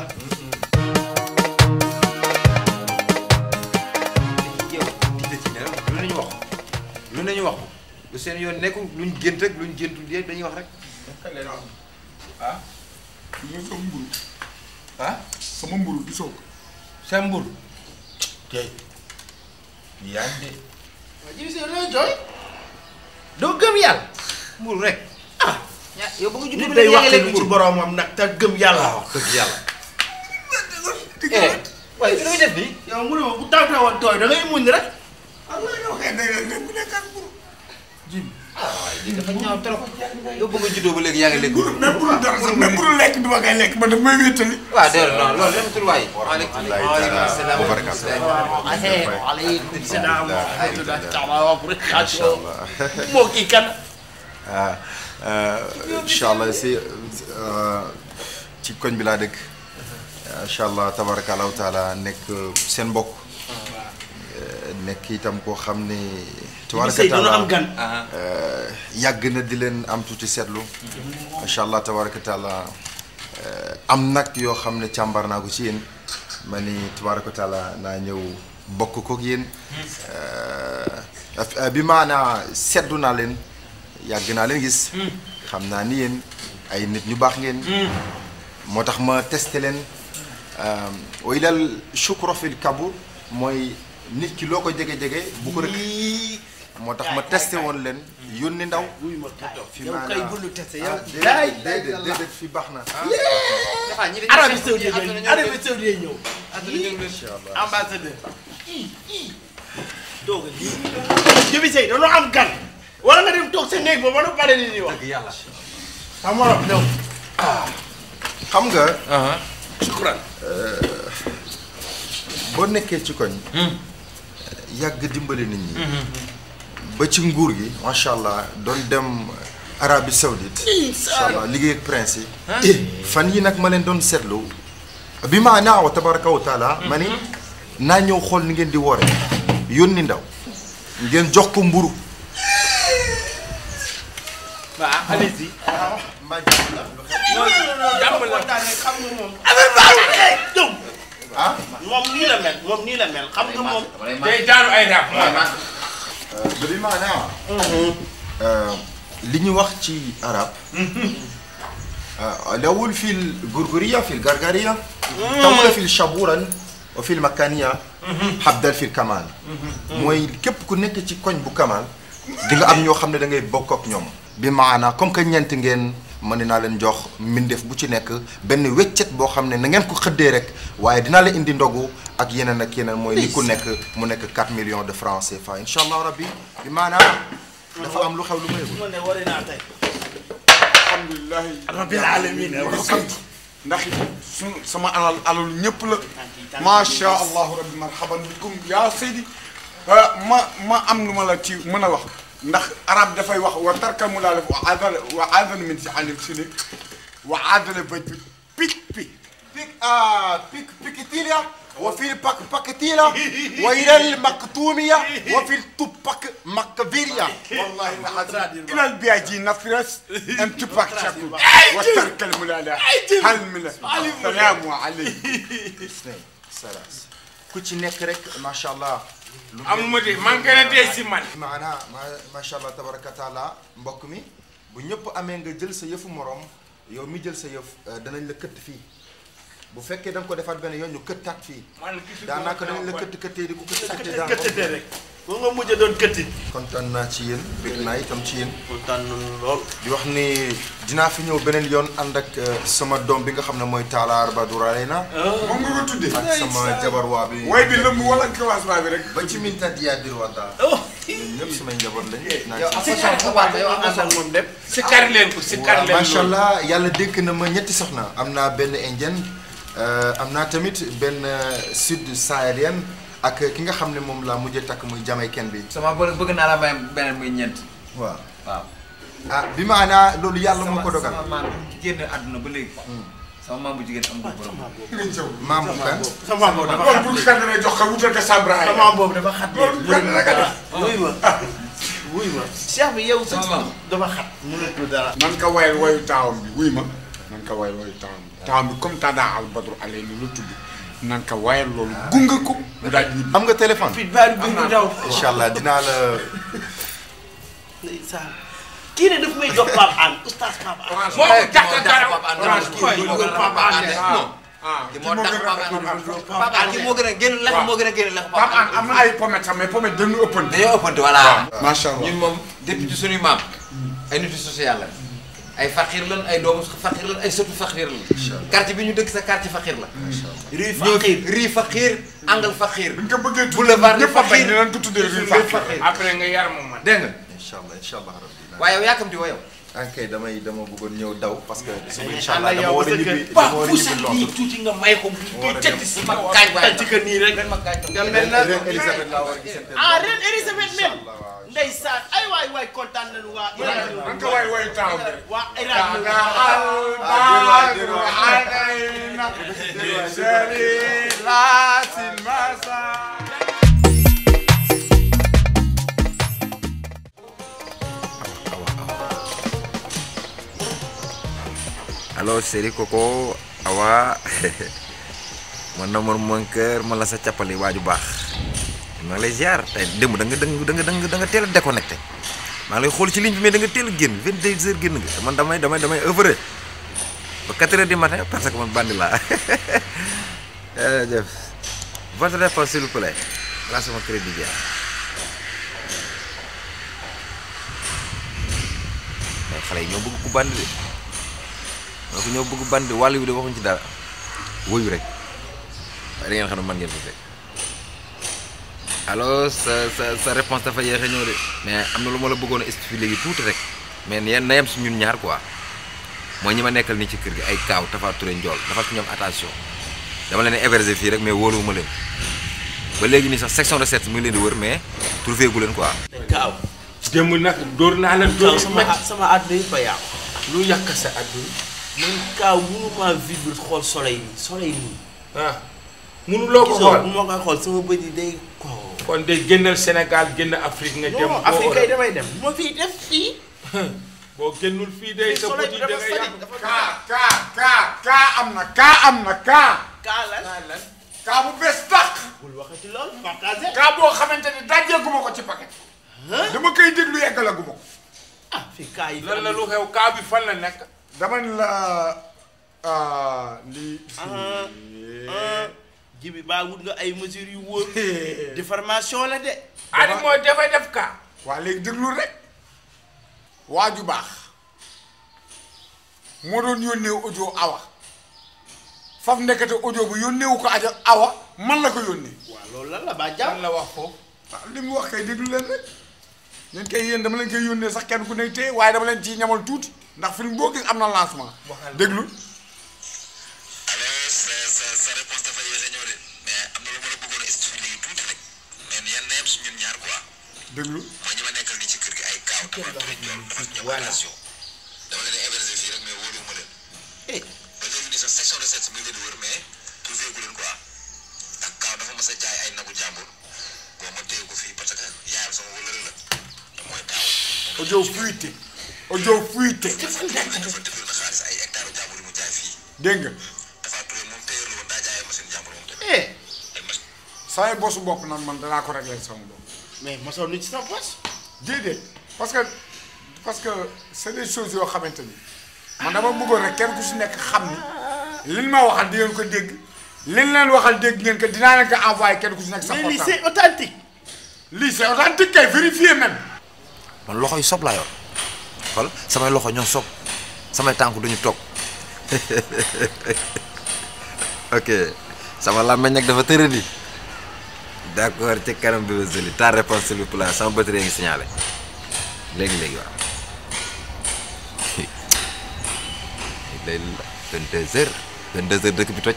ñu wax lu seen yoon nekkul luñ gént rek luñ géntul dañuy wax rek. kañ lay doon ah. yow sama ah sama mburu du soog. sa mburu. tey yaa ngi dee. waa ji doo gëm yàlla. mburu rek ah. yow ba nga juddoo day wax ci boromam gëm yàlla ah, wax dëgg yàlla. Eh, waaye li bi yow mu ne ma bu taw tawoon tooy da ngay muñ rek. waaw loolu yow xëy mburu. ji waaw dafa ñaaw trop yow bëgg a juddoo ba léegi yaa ngi lekk. budul même budul dara sax même budul lekk bi ma koy lekk man daf may wéetali. waaw déedéet non loolu lépp tur waay. waaleykum salaam wa rahmatulah. waaleykum salaam wa rahmatulah. moo kii kan. incha allah si ci koñ bi laa dëkk. incha allah tabaaraka allahu taala nekk seen mbokk. nekk itam koo xam ne tabaaraka taala am gan. Euh, yàgg na di leen am tuuti seetlu. macha allah tabaaraka taala euh, am nag yoo xam ne càmbar naa ko ci yéen ma ni tabaaraka taala naa ñëw bokk koog yéen. Euh, bi maanaa seddu naa leen yàgg naa leen gis. xam naa ni yéen ay nit ñu baax ngeen. moo tax ma testé leen. wa ilal shukru fil kabur mooy. nit ki loo ko jege-jege bu ko rek moo tax ma testé woon leen yónni ndaw fi ma kay bu ñu testé yow ah, baax na ah. Arabie Saoudite Arabie Saoudite ñëw ambassadeur toog jëbi sey dañoo am gan wala nga dem toog sa néeg ba ba nu pare ni ni wax xam nga shukran euh, boo nekkee ci koñ hmm. yàgg dimbali nit ñi. ba ci nguur gi macha allah doon dem Arabie Saoudite. macha allah liggéey ak prince yi. fan yi nag ma leen doon seetlu bi ma naaw tabaraka wa ma ni naa ñëw xool ni ngeen di woore yónni ndaw ngeen jox ko mburu waaw ah moom nii la mel la mel xam nga moom. day jaaru ay naaf. bi maanaam. li ñu wax ci arab. الأول في الجرجرية mooy képp ku nekk ci koñ bu kamal di am ñoo xam ne da ngay bokk ak ñoom bi maanaa comme que ñeent ngeen man dinaa leen jox mbindeef bu ci nekk benn weccet boo xam ne na ngeen ko xëddee rek waaye dinaa leen indi ndogu ak yeneen ak yeneen mooy li ku nekk mu nekk 4 millions de francs CFA incha rabbi bi maanaam dafa am lu xew lu may bu ne war naa tey sama alal alalu ñëpp la macha allahu rabbi marhaban bikum yaa seydi ah, ma ma am lu ma la ci mën a wax ndax arab dafay wax wa tarkal mu laalaf wa aadana wa aadana min si alif si nekk wa aadana bëj bi picc ah, picc picc picc piquetilla wa fil pak paketilla wa ilal maktumiya wa fil tupak makviriya wallahi alazim ilal biaji nafres am tupak chakou wa tarkal mu laalaf hal mina salaamu aleykum <laughs> salaam ku ci nekk rek macha allah amul ma de man gën a dee si man. maanaam macha allah tabaraka taala mbokk mi bu ñëpp amee nga jël sa yëfu morom yow mi jël sa yëf euh, danañ la këtt fii bu fekkee da nga ko defaat benn yoon ñu këttaat fii. daanaka danañ la këtt këttee di ko këtt këttee rek. ba nga mujj doon këtti. kontaan naa ci yéen. bëgg naa itam ci yéen. kontaan di wax ni dinaa fi ñëw beneen yoon ànd ak euh, sama doom bi nga xam ne mooy Talla Arba Dourale na. Ah. moom nga ko tuddee. sama jabar waa bi. way bi lëmm wala commencement bi rek. ba ci min tat yaa biir oh. waxtaan. ñun samay njaboot lañ. naa ci ànd moom si kar leen ko si kar leen macha allah yàlla dénk na ma ñetti soxna. am naa benn indienne euh, am naa tamit benn euh, sud ak ki nga xam ne moom laa mujjee takk muy jamaïcain bi. sama bë bëgg naa la may beneen muy ñeent. waaw waaw. ah bi maanaa loolu yàlla moo ko dogal sama maam ki génn àdduna ba léegi. Hmm. sama maam bu jigéen am nga borom. maam bu kan sama maam boobu dafa xat loolu bu xet na jox ko xat ah. <laughs> bi yow sa maam dafa xat. mënatul dara. nan ka wayal wayu taawam bi wuy ma. nan ka wayal wayu taawam bi. taawam bi comme Tadda Albadru Aleyni lu tudd. naan ka waayal loolu gunga ko. am nga téléphone. fii baal gunga daw incha allah dinaa la. ndeysaan kii ne daf may jox Pape Hann oustaz Pape Hann. moo tax Pape Hann orange kii moo tax Pape gën a a am na ay pommettes sax mais pommettes dañu ëppante. dañoo ëppante maam ay nitu la. ay faxir lan ay doomu faxir lan ay sëtu faxir lan. quartier bi ñu dëkk sa quartier faxir la. rii faxir rii faxir angal faxir. bu ñu ko bëggee tuddee ñëpp a bañ dinañ ko tuddee rii faxir après nga yar moom man dégg nga. incha allah incha allah waaye yow yaakamti woo yow. ankay damay dama bëggoon ñëw daw parce que suba incha allah dama war a ñibbi dama war a ñibbi loolu tuuti nga may ko muy tëdd si ma kaaj tëdd ko nii rek nga mel na ren Elisabeth laa war a gisante ah ren Elisabeth même ndeysaan ay waay waay kontaan nañu waa Iran man ko waay waay taaw waa Iran nga albaaru anay na seri laasin masa halo séri koko awa man na man mon kër man la sa cappali waaju baax maa ngi lay ziar tey eh, démb da nga da nga da nga danga nga teel a déconnecté maa ngi lay xool ci liñ bi mais da nga teel a génn 22 heures génn nga man damay damay damay œuvré ba 4 heures du parce que man bandi laa jërëjëf <laughs> eh, votre réponse s'il vous eh, xale yi ñoo bëgg ku bandi de donc ñoo bëgg bandi wàll wi de waxuñ ci dara wóyu rek waaye da xam ne man ngeen fa fekk alors sa sa sa réponse dafa yéex a de mais am na lu ma la bëggoon a expliquer léegi tuuti rek mais yan na si ñun ñaar quoi mooy ñi ma nekkal nii ci kër gi ay kaaw Tafa Touré Ndiol dafa ci ñoom attention dama leen héberger fii rek mais wóoluwuma leen ba léegi nii sax section de set mu leen di wër mais trouvé gu leen quoi. kaaw. démb nag dóor naa la. dóor sama sama àdduna sa àdduna. man kaaw mënumaa vivre xool soleil bi soleil nii. ah mënuloo ko xool bu ma koy xool sama bët yi day kon de génnal Sénégal génn Afrique nga dem. non Afrique kay damay dem ma fiy def fii. <laughs> boo génnul fii day. sa bët yi da ngay yàq kaa kaa kaa kaa am na kaa am na kaa. kaa lan kaa bu bees tàq. bul waxati lool partagé. kaa boo xamante ni dajjeeguma ko ci paquet. dama koy déglu yeggalaguma ko. ah fii kaa yi lan la lu xew kaa bi fan la nekk. dama ni la ah, lii. Ah, ah, ji bi baa wut nga ay mesures yu wóor. <laughs> déformation la de. Aliou mooy dafay def ka waa léegi déglu rek waa ju baax moo doon yónnee audio awa faf nekkate audio bu yónnee wu ko aja awa man la ko yónnee. waaw loolu lan la baa jàmm la wax ko li mu wax kay déglu leen rek ñun kay yéen dama leen koy yónnee sax kenn ku nekk tey waaye dama leen ciy ñamal tuuti. ndax film boo gis am na lancement. déglu. déglu mooy ñi ma nekkal nii ci kër gi ay kaaw dafa bëri ñoom dafa ñoom relation dama leen héberger fii rek mais wóoluwuma leen eh. ba léegi nii sax section de sexe muy leen wër mais trouvé gu leen quoi ndax kaaw dafa mas a jaay ay nagu jàmbur boo ma téye ko fii parce que yaayam sama wëlër la mooy kaaw audio fuité audio fuite. dégg nga. eh. saa yu bosu bopp nag man danaa ko réglé sama bopp. mais mosoo lu ci sa bos. parce que parce que c'est des choses yoo xamante ni man dama bëggoon rek kenn ku si nekk xam ni liñ ma waxal di ngeen ko dégg liñ leen al dégg ngeen ko dinaa leen ko envoyé kenn ku si nekk. sa portable mais lii c'est authentique. lii c'est authentique kay vérifié même. man loxo yu sob laa xool samay loxo ñoo soog samay tànk dañu toog <laughs> ok sama làmmeñ nag dafa tëradi d' accord ci kanam bi ba sëli ta réponse sama batterie ngi signalé léegi-léegi waaw léegi <laughs> vingt deux heures vingt deux heures dëkk bi toj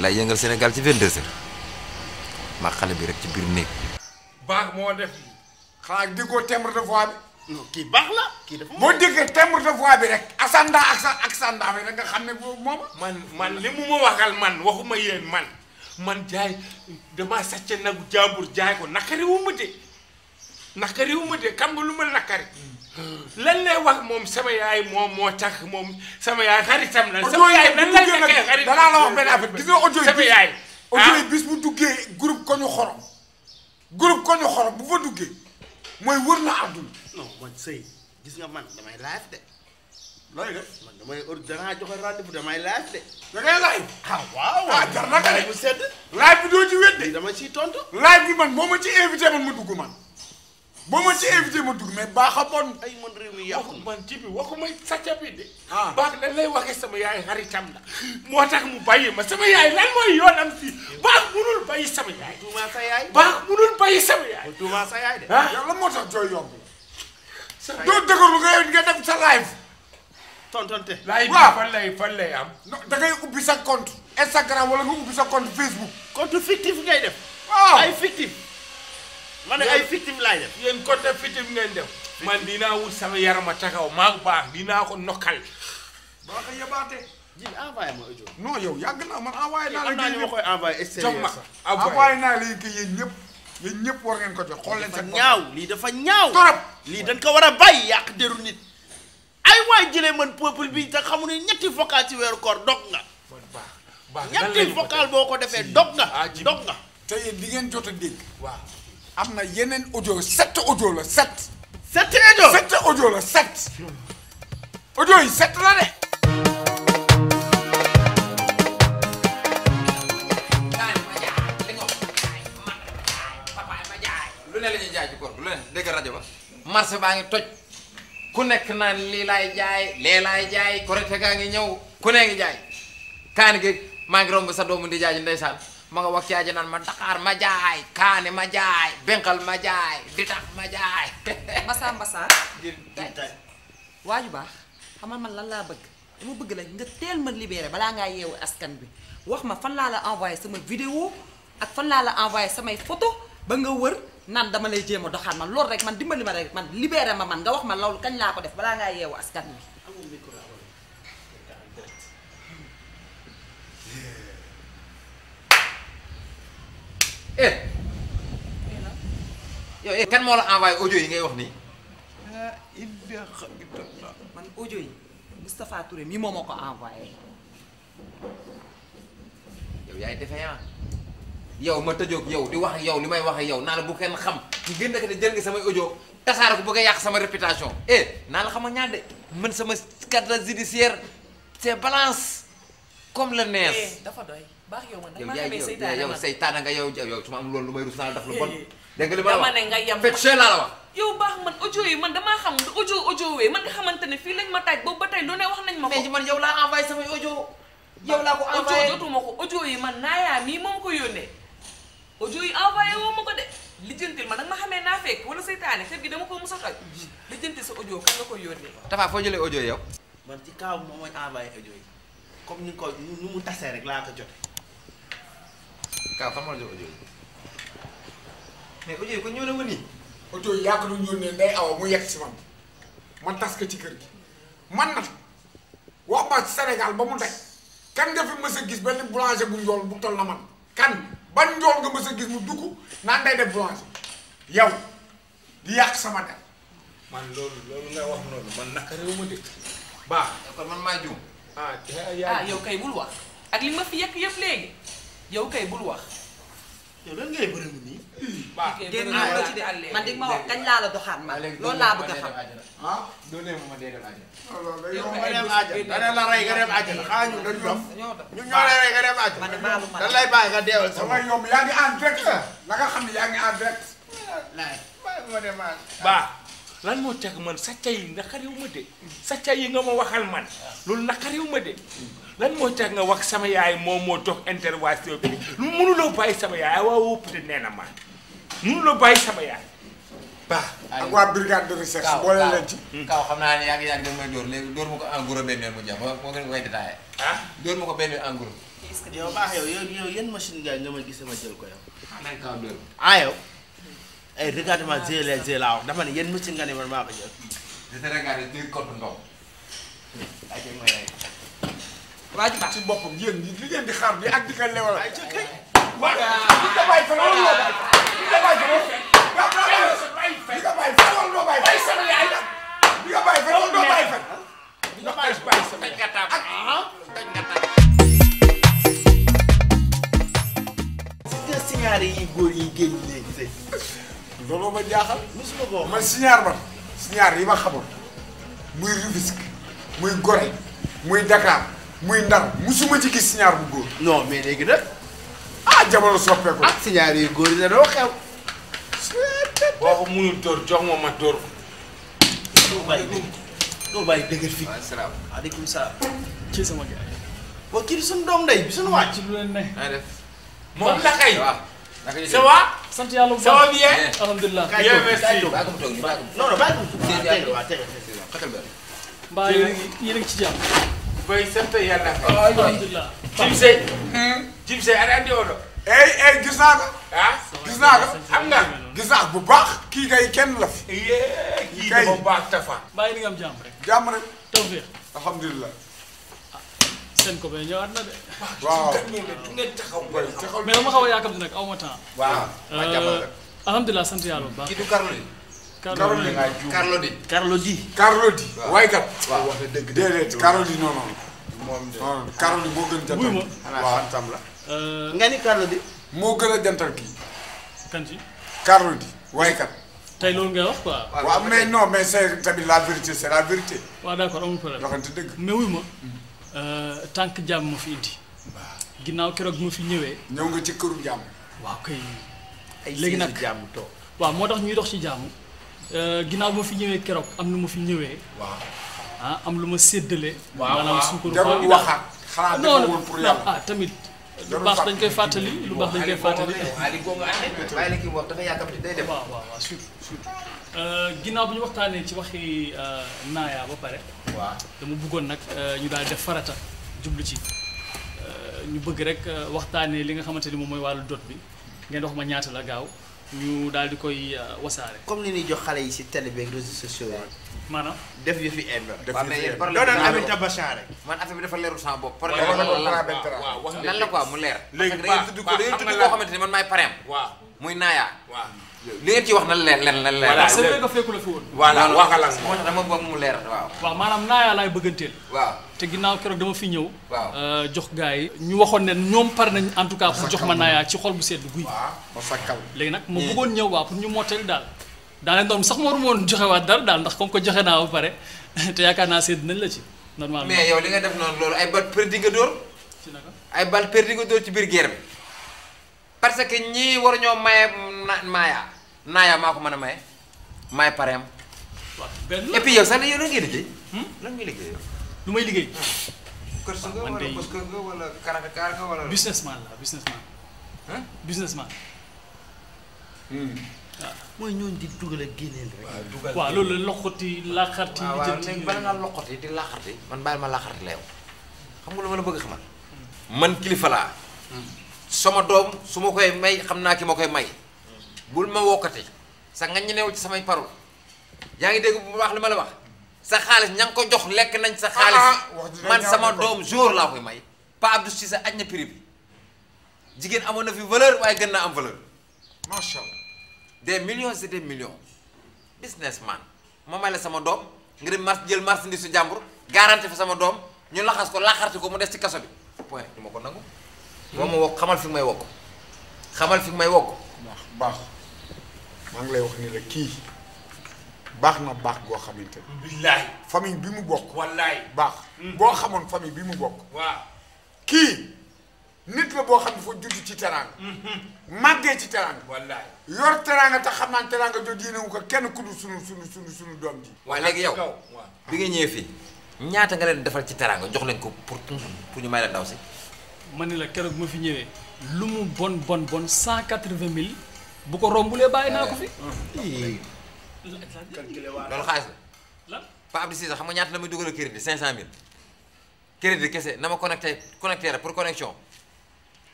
laay yëngal Sénégal ci vingt deux heures maa xale bi rek ci biir néeg baax moo def xanaa déggoo timbre de voix bi non kii baax la kii dafa. moo déggee timbre de voix bi rek asanda ak sa ak sanda bi rek nga xam ne boobu moom. man man li mu ma waxal man waxuma yéen man man jaay damaa sàcc nagu jàmbur jaay ko nakari wu ma de nakari wu ma de xam nga lu ma nakari. lan lay wax moom sama yaay moom moo tax moom sama yaay xaritam la. sama yaay lan lay nekkee xarit danaa la wax benn affaire gis nga audio ah. bis bu duggee groupe ko ñu xorom. groupe ko ñu xorom bu fa duggee mooy wër na àdduna. non man sëy gis nga man damay laaj de. looy def man damay danaa joxe rendez-vous damay laaj de. da ngay laaj. ah waaw ah, jar na ko bu sedd. laaj bi doo ci wedde. dama ciy tontu. laaj bi man moo ma ci invité ma dugg ma ci invité ma dugg mais baax a bon. ay man réew mi yàqu man ci bi waxuma sàcca bi de. ah baax lan lay waxee sama yaay xaritam la. moo tax mu bàyyi ma sama yaay lan mooy yoonam fii baax munul bàyyi sama yaay. tuuma sa yaay baax munul bàyyi sama sa yaay de. ah yàlla moo tax jooy yomb. doo dëgërlu nga nga def sa live. tontonte live bi fan lay fan am. da ngay ubbi sa compte Instagram wala nga ubbi sa compte Facebook. compte fictif ngay def. waaw ay fictif. ma ne ay fictif laay def. yéen ngeen def. man dinaa wut sama yarama takaw maa baax dinaa ko nokkal. boo ko yebaatee. ji envoyé ma audio. yow yàgg naa man envoyé naa la. kii am naa ñu ma koy envoyé extérieur sax envoyé naa yéen ñëpp war ngeen ko jox xool leen seen ñaaw lii dafa ñaaw torop lii dañ ko war a bàyyi yàq deru nit ay waay jëlee man peuple bi te xamu ne ñetti vocal ci weeru koor dog nga baax ñetti vocal boo ko defee dog nga ah, dog nga te li ngeen jot a dégg waaw am na yeneen audio sept audio la sept sept audio sept audio la sept audio yi sept la de ne la ñuy jaay ci rajo ba marché baa ngi toj ku nekk naan lii laay jaay lee laay jaay korite gaa ngi ñëw ku ne ngi jaay kaani gi maa ngi romb sa doomu di jaay ndeysaan ma nga wax caaji naan ma Dakar ma jaay kaani ma jaay benqal ma jaay ditax ma jaay <laughs> mbasaa mbasaa waaju baax xamal man lan laa bëgg dama bëgg la nga teel ma libéré balaa ngaa yeewu askan bi wax ma fan laa la envoyé sama vidéo ak fan laa la envoyé samay photo ba nga wër naan dama lay jéem a doxaan man loolu rek man dimbali ma rek man libéré ma man nga wax ma loolu kañ laa ko def balaa ngaa yeewu askan wi. Eh. Eh, eh. kan moo la envoyé audio yi ngay wax nii. ah eh, Ibrahima. man audio yi Moustapha Touré mii moom moo ko envoyé. yow yaay defe yaa yow ma tëjoog yow di wax yow li may wax ak yow naa la bu kenn xam ñu gën nekk de jël nga samay ojo tasaare ko bëgg a yàq sama réputation eh naa la xam a ñaar man sama carte judiciaire c'est balance comme le nees. Eh, dafa doy baax yow man nag maa ngi amee yow seytaane nga yow yow su ma am lu may rus naa daf lu bon. Eh, dégg la wax dama ne nga yem fekk laa la wax. yow baax man audio yi man damaa xam audio audio wee man nga xamante ne fii lañ ma taaj boobu ba tey lu ne wax nañ ma ko. mais man yow laa envoyé samay audio. yow laa ko envoyé audio jotuma ko audio yi man naayaa mii moom ko yónnee audio yi envoyé woo ko de lijjantil ma nag ma xamee naa fekk wala seytaane kër gi dama ko musa toj lijjantil sa audio kan nga koy yónnee. Tafa foo jëlee audio yow. man ci kaw moom mooy envoyé audio comme ni nga ko nu mu tasee rek laa ko jotee. kaw fan moo la jot audio yi mais audio yi kon ñëw na ma ndey awa mu yegg si man man tas ko ci kër gi man nag wax ma Sénégal ba mu daj kan nga fi mës a gis benn boulanger bu njool bu toll na man kan. ban njool nga mës a gis mu dugg naan day def bronze yow di yàq sama der man loolu loolu nga wax noonu man naka ba ma dëkk man maa juum ah, ah kay bul wax ak li ma fi yëkk yëpp léegi yow kay bul wax yow lan ngay bërëmu nii. waaw génn naa di ma wax kañ laa la doxaat ma loolu laa bëgg a xam. ah doo ne ma ma dee dem àjjana. yow ma dem àjjana da la rey nga dem àjjana xanaa ñun dañu dof ñoo lay rey nga dem sa bopp. yow yaa ngi en direct la nga xam ne yaa ngi en direct. laaj bàyyi ba lan moo teg man sàcca yi naqariw ma de sàcca yi nga ma waxal man loolu naqariw ma de. lan moo tax nga wax sama yaay moom moo jox intervention bi mënuloo bàyyi sama yaay waaw woo peut nee na ma mënuloo bàyyi sama yaay. baax ak waa brigade de recherche. Kaaw boole hmm. xam naa ne yaa ngi ma ko benn yoon mu jeex moo gën koy détaillé. ah ma ko benn yoon en gros. est-ce que yow baax yow yow yan machine nga nga ma gis sama jël ko yow. xanaa Kaaw dóor ah yow. ay eh, regardement GLA GLA wax dama ne yan machine nga ne man maa ko jël. waa ji baax ci boppam yéen li ngeen di xaar bi ak di ka lewal ay ca kay waaw li nga bàyyi fa loolu loo bàyyi li nga bàyyi fa loolu li nga bàyyi fa loolu loo bàyyi fa li nga bàyyi fa loolu loo bàyyi fa li nga bàyyi fa loolu loo bàyyi fa signaar yi góor yi génn léegi de. looloo ma jaaxal. mosuma ko man signaar man. signaar yi ma xamul muy Rufisque muy Gorée muy Dakar. muy ndar musuma ci gis ñaar bu góor. non mais léegi nag. ah jamono soppeeku. ak si ñaar yu góor yi da doo xew. boo ko munul dóor jox ma ma dóor ko. doo bàyyi dëgg doo bàyyi dëgg fii. waaw salaam aleykum salaam. ci sama gars. boo kii di suñu doom ndey bi suñu wàcc. ci lu leen ne. naa def moom la kay. waaw naka la ça va. sant yàlla bu baax ça va bien. Eh, alhamdulilah. bien merci. non non bàyyi ko mu tudd. waaw teg waaw teg waaw teg. mbaa yéen a ngi ci jàmm. bay sant yàlla. alhamdulilah Jib Seye. Hmm? Jib Seye eh, eh, gis naa ko. ah gis naa ko bu baax. kii kay kenn la fi. kii kay bu baax Tafa. ni nga am jàmm rek. jàmm rek. tawfeex. alhamdulilah. Ah, seen ko ba ñëwaat na de. waaw mais ma xaw a yaakaar nag euh, alhamdulilah sant yàlla bu baax. kii du Karlo Carlo di Carlo di. Carlo di. Carlo di. Ah. waykat. waaw ah, wax dëgg déedéet Carlo di de non Carlo di moo gën a jantal. la. Euh, nga ni Carlo moo gën a jantal kii. kan ci. Carlo di waykat. tey loolu ngay wax quoi. waaw mais non mais c'est tamit la vérité c'est la vérité. waaw d'accord amul problème waxante dëgg. wuy ma mm-hmm. euh, tànk jàmm ma fi indi. ginnaaw keroog ma fi ñëwee. ñëw nga ci këru jàmm. waaw kay. léegi nag ay jàmm toog. waaw moo tax ñuy dox ci jàmm. Euh, ginnaaw boo fi ñëwee keroog am nu ma fi ñëwee. waaw ah, lu ma séddale. waaw maanaam suukaru jarul waxaat xanaa defoo pour yàlla ah, tamit. lu baax dañ koy fàttali lu baax dañ koy fàttali. waaw waaw waaw surtout surtout. Euh, ginnaaw bi ñu waxtaanee ci waxi euh, naaya ba pare. waaw dama buggoon nag ñu daal def farata jublu ci. ñu bëgg rek waxtaanee li nga xamante ni moom mooy wàllu dot bi ngeen wax ma ñaata la gaaw. ñu daal di koy euh, wasaare. comme ni ñuy jox xale yi si télé beeg réseaux sociaux yi. maanaam def yu fi indi. def yu fi a doo doon Aminata rek. man affaire bi dafa leerul sama bopp. waaw waaw lan la quoi mu leer. léegi waaw xam xamante ne man maay pareem. waaw muy naa waaw li ngeen wax na leer leer na leer. voilà sëñ bi nga fekku la fi woon. voilà waxala moo tax waaw. waaw maanaam naayaa laay bëgganteel. waaw te ginnaaw waaw euh, jox gars yi. ñu waxoon ne ñoom par nañ en tout cas pour jox ma naayaa ci xol bu sedd guy. waaw fa kaw léegi nag ma bëggoon daal. daa leen doon sax ma waruma joxe waat dara daal ndax comme ko joxe naa ba <laughs> yaakaar naa sedd nañ la ci normalement. mais yow li nga def noonu loolu ay bal perdi nga dóor. ci naka ay bal perdi nga ci biir guerre bi parce que ñii war ñoo maye maaya naayaa maa ko mën a maye maay pareem. waaw benn et puis yow sax yow liggéey. Hmm? lan ngay liggéey yow. may liggéey. Hmm. kër su nga wala hmm. ah. mooy ñooñu di dugal ak génneel rek. dugal loolu la loxoti laaxarti. bala ngaa loxoti di laaxarti man bàyyi ma laaxarti la yow xam nga lu ma la bëgg xamal. man kilifa laa. sama doom su ma koy may xam naa ki ma koy may. bul ma wokkate sax nga ñu newul ci samay parole yaa ngi dégg bu baax li ma la wax sa xaalis ña nga ko jox lekk nañ sa xaalis ah, ah, man sama doom jour laa koy may Pa Abdou sa aj na prix bi jigéen amoon na fi valeur waaye gën naa am valeur macha allah des millions et des millions businessman ma may la sama doom nga dem mars jël marchandise su jàmbur garanti fa sama doom ñu laxas ko laxarti ko mu des ci kaso bi point du ma ko nangu boo ma wokk xamal fi may wokk fi may wokk maa ngi lay wax ni la kii baax na baax boo xamante ni. billaahi famille bi mu bokk. wallaahi baax. Hmm. boo xamoon famille bi mu bokk. waa kii nit la boo xam ne foo judd ci teraanga. Hmm. màggee ci teraanga. wallaahi yor teraanga te xam naa ne teraanga jooju ko kenn ku dul sunu sunu sunu sunu doom ji. waaw léegi yow bi nga ñëwee fii ñaata nga leen defal ci teraanga jox leen ko pour pour ñu may la ndaw si. ma ne la keroog ma fi ñëwee lu mu bon bon bon cent quatre-vingt mille. bu ko rombulee bàyyi naa ko fi. loolu xaalis la. Pa Abdou Cissé xam nga ñaata la muy dugal crédit cinq cent mille. crédit kese na ma connecté connecté la pour connexion.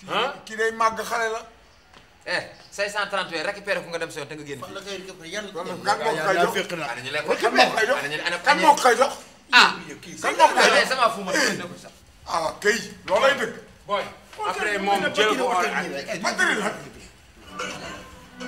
ah kii day màgg xale la. eh 531 récupéré ko nga dem sa yoon te nga génn. fan la koy yàlla kan moo koy jox ah kan moo koy jox eh, sama fu ma sax. Ah, Eh,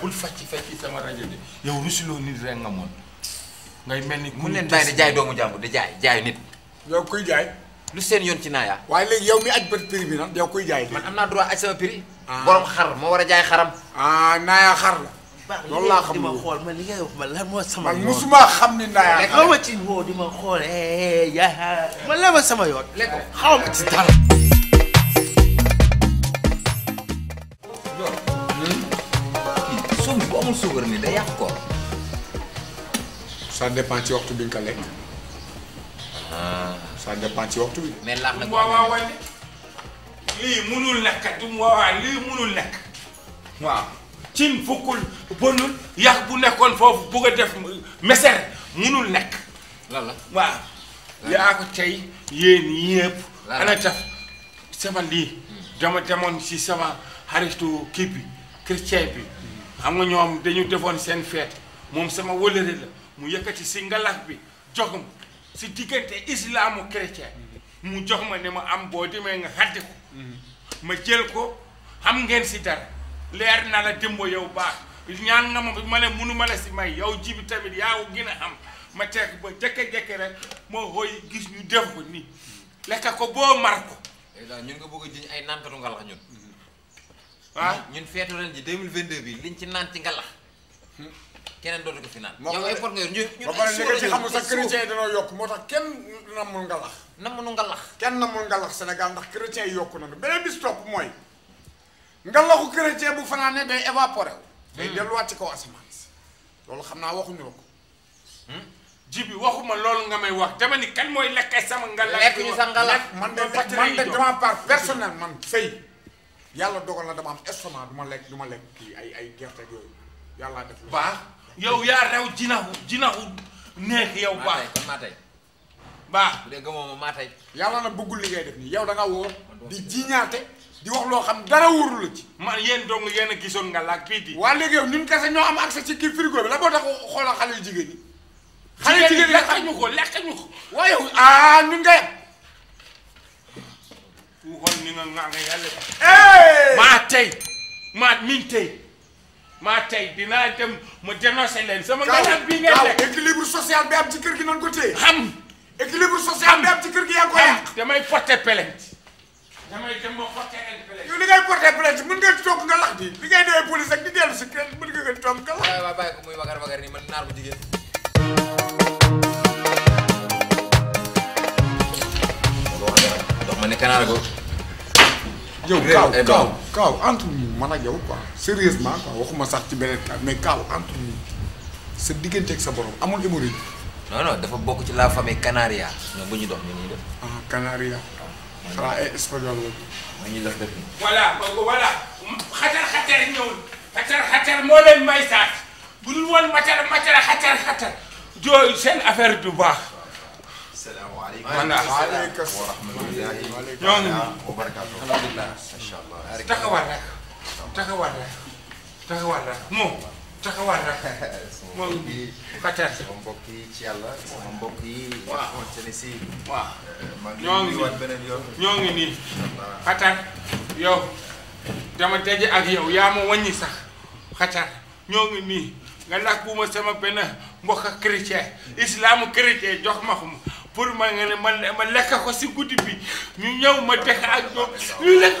bul fàcc fàcc sama rajo de yow rusuloo nit rek nga moon ngay mel ni. mun leen bàyyi da jaay doomu jàmbur da jaay jaay nit. yow koy jaay. lu seen yoon ci naaya. waaye léegi yow mi aj ba prix bi nag yow koy jaay. man am naa droit aj sama prix. Ah. borom xar moo war a jaay xaram. ah naaya xar la. loolu laa xam ne ma li ngay wax man lan moo eh, eh, sama yoon man musuma xam ma ci ma xool yaa man ci dara hmm? suuf bu ci waxtu ah. waaw lii munul nekk du waaw lii munul nekk waaw cin fukkul bënul yàq bu nekkoon foofu bugg a def meser munul nekk. lan la waaw. yaa ko tey yéen yëpp. ana taf sama lii. dama demoon ci sama xaritu kii bi chrétien bi. xam nga ñoom dañu defoon seen feet moom sama wëlëre la mu yëkkati si ngalax bi jox ma si diggante islaamu chrétien mu jox ma ne ma am boo demee nga xaddi ko mm-hmm. ma jël ko xam ngeen si dara. leer na la démb yow baax ñaan nga ma bi ma ne munu ma si may yow ji tamit yaa gën a am ma teg ba jékki-jékki rek moo xooy gis ñu def ko nii lekk ko boo mar ko. Eh, ñun nga bëgg a jiñ ay naantatu ngalax ñun. waaw ah? ñun feetu ren ji 2022 bi liñ ci naan ci ngalax. keneen dootu ko fi naan. yow ay pot nga yor ñu ñu ay suur ba ci xamul kenn namul ngalax. namul ngalax. kenn namul ngalax Sénégal ndax chrétien yi yokku beneen bis topp mooy. nga loxu chrétien bu fanaane day évaporé wu. day hmm. delluwaat ci kaw asamaan si loolu xam naa waxuñu la ko. Hmm? ji bi waxuma loolu nga may wax dama ni kan mooy lekk sama nga lekk ñu sa man de man de dama par personnel man sëy yàlla dogal na dama am estomac du ma lekk du ma lekk kii ay ay gerte ak yooyu yàlla def. baax yow yaa rew jinaxu jinaxu neex yow. baax kon maa tey baax bu dee gëmoo yàlla na bëggul li ngay def nii yow da nga woo di jiñaate. di wax loo xam dara wóoru ci. man yéen dong yéen a gisoon nga laag kii di. waa léegi yow ñun kese ñoo am accès ci kii frigo bi la boo tax xoolal xale yu xale yu lekk ñu ko lekk ñu ko. waaye yow ah ñun ngay. waxoon ni nga nga maa tey maa miin tey maa tey dinaa dem ma dénoncé leen. sama nganam bii ngay lekk équilibre social bi am ci kër gi nan ko téye. xam équilibre social bi am ci kër gi yaa ngi ko yàq. damay porter damay dem ba porté plainte. yow li mën nga toog nga lax man ma ne kanaara ko. yow Kaaw Kaaw Kaaw entre nous man ak yow quoi sérieusement quoi waxuma sax ci beneen cas mais Kaaw entre nous sa diggante ak sa borom amul hémorroïde. non non dafa bokk ci la famille canaria. ñoom bu ñu dox ñu def. ah xanaa ay espagnol la. ma ñuy def def nii. voilà voilà xatar xatar ñëwul xatar xatar moo leen may saat bu dul woon matar matar xatar xatar joo seen affaire du baax. salaamaaleykum waaleykum salaam wa rahmatulah. ñoo ngi nii. alhamdulilah macha allah. taxawal rek taxawal rek taxawal rek moom taxawal rek. <laughs> moom di Qatar sama mbokk yi si waaw ñoo euh, ngi ñoo ngi nii Qatar yow dama daje ak yow yaa ma wàññi sax Qatar ñoo ngi nii nga làkk bu ma sama benn mbokk chrétien islam chrétien jox ma ko pour ma nga ma ma ko si guddi bi ñu ñëw ma dëkk ak ñoom ñu lekk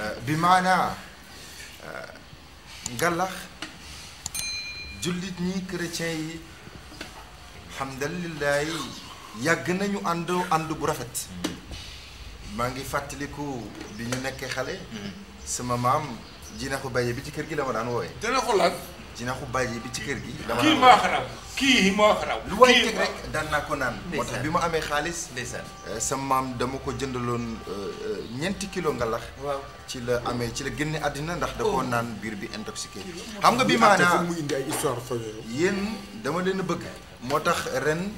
euh, bi maanaa gàllax jullit ñi chrétien yi alhamdulilah yàgg nañu ànd ànd bu rafet maa ngi fàttaliku bi ñu nekkee xale mm. sama maam jinaxu baye bi ci kër gi la ma daan wooye dina ko dina ko bàyyi bi ci kër gi. dama kii moo ko naan. moo tax bi ma amee xaalis. ndeysaan eh, sa maam dama ko jëndaloon eh, eh, ñeenti kilo nga lax. ci la amee ci la génne àddina ndax da oh. naan biir bi intoxiqué. xam bi maanaa muy indi ay histoire dama leen bëgg. moo tax ren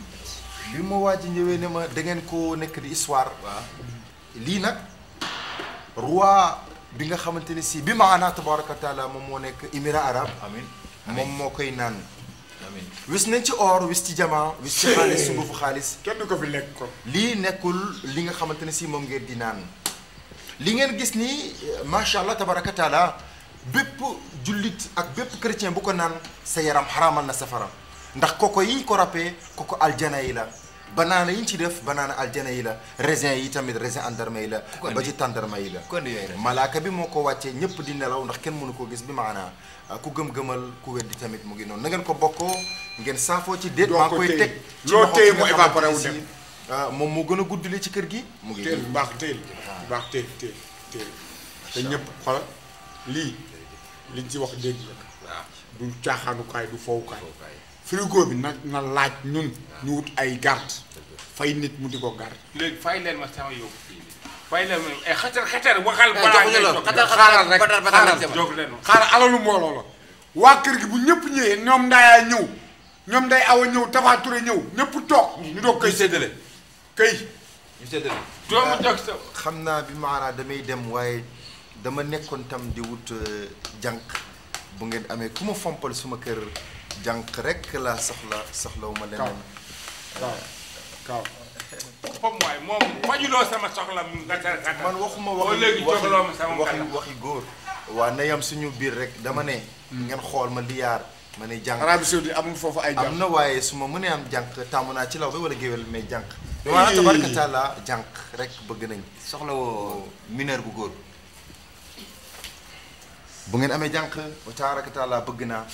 bi ma waaj ñëwee ne ma dangeen ko nekk di histoire. waaw lii nag roi bi nga xamante ne si bi ma maanaa tabaraka taala moom moo nekk émirat arabe. moom moo koy naan. amiin nañ ci or wis ci jamaa wis ci xaalis <laughs> sungufu xaalis. kenn ko fi nekk ko. lii nekkul li nga xamante ne si moom ngeen di naan li ngeen gis ni macha allah tabaraka taala bépp jullit ak bépp chrétien bu ko naan sa yaram xaramal na safara ndax koko yi ko rappee koko aljana yi la. banaana yi ñu ci def banaana aljana yi la raisin yi tamit raisin andarma yi la ba ci tàndarma yi la malaaka bi moo ko wàccee ñëpp di nelaw ndax kenn mënu koo gis bi maanaa ah, ku gëm-gëmal ku weddi tamit mu ngi noonu na ngeen ko bokkoo ngeen saafoo ci déet maa koy teg ci loxo ki nga ah, moom moo gën a guddule ci kër gi mu ngi teel baax teel ah. baax teel teel teel te ñëpp xoolal lii liñ ci wax dégg du caaxaanukaay du fowukaay frigo bi nag na laaj ñun ñu wut ay garde fay nit mu di ko garde léegi fay leen ma sama yóbbu fay leen ma ay eh, xatar xatar waxal eh, balaa ngay xaaral rek xaaral alalu mbooloo waa kër bu ñëpp ñëwee ñoom ndaayaa ñëw ñoom nday awa ñëw Tapha Touré ñëw ñëpp toog ñu doog koy séddale kay ñu xam naa bi maanaa damay dem waaye dama nekkoon tam di wut euh, jànq bu ngeen amee ku ma fompal suma kër jànq rek laa soxla soxlawuma leneen. kaw sama soxla mu man waxuma waxi waxi waxi góor. waa na yam suñu biir rek dama ne. Hmm. ngeen xool ma liyaar. ma ne jànq Arabie amul foofu ay am na waaye su ma mënee am jànq tàmm naa ci law bi wala géwél mais jànq. waaw tabaraka taala jànq rek bëgg nañ soxlawoo mineur bu góor. bu ngeen amee jànq wa tabaraka bëgg naa.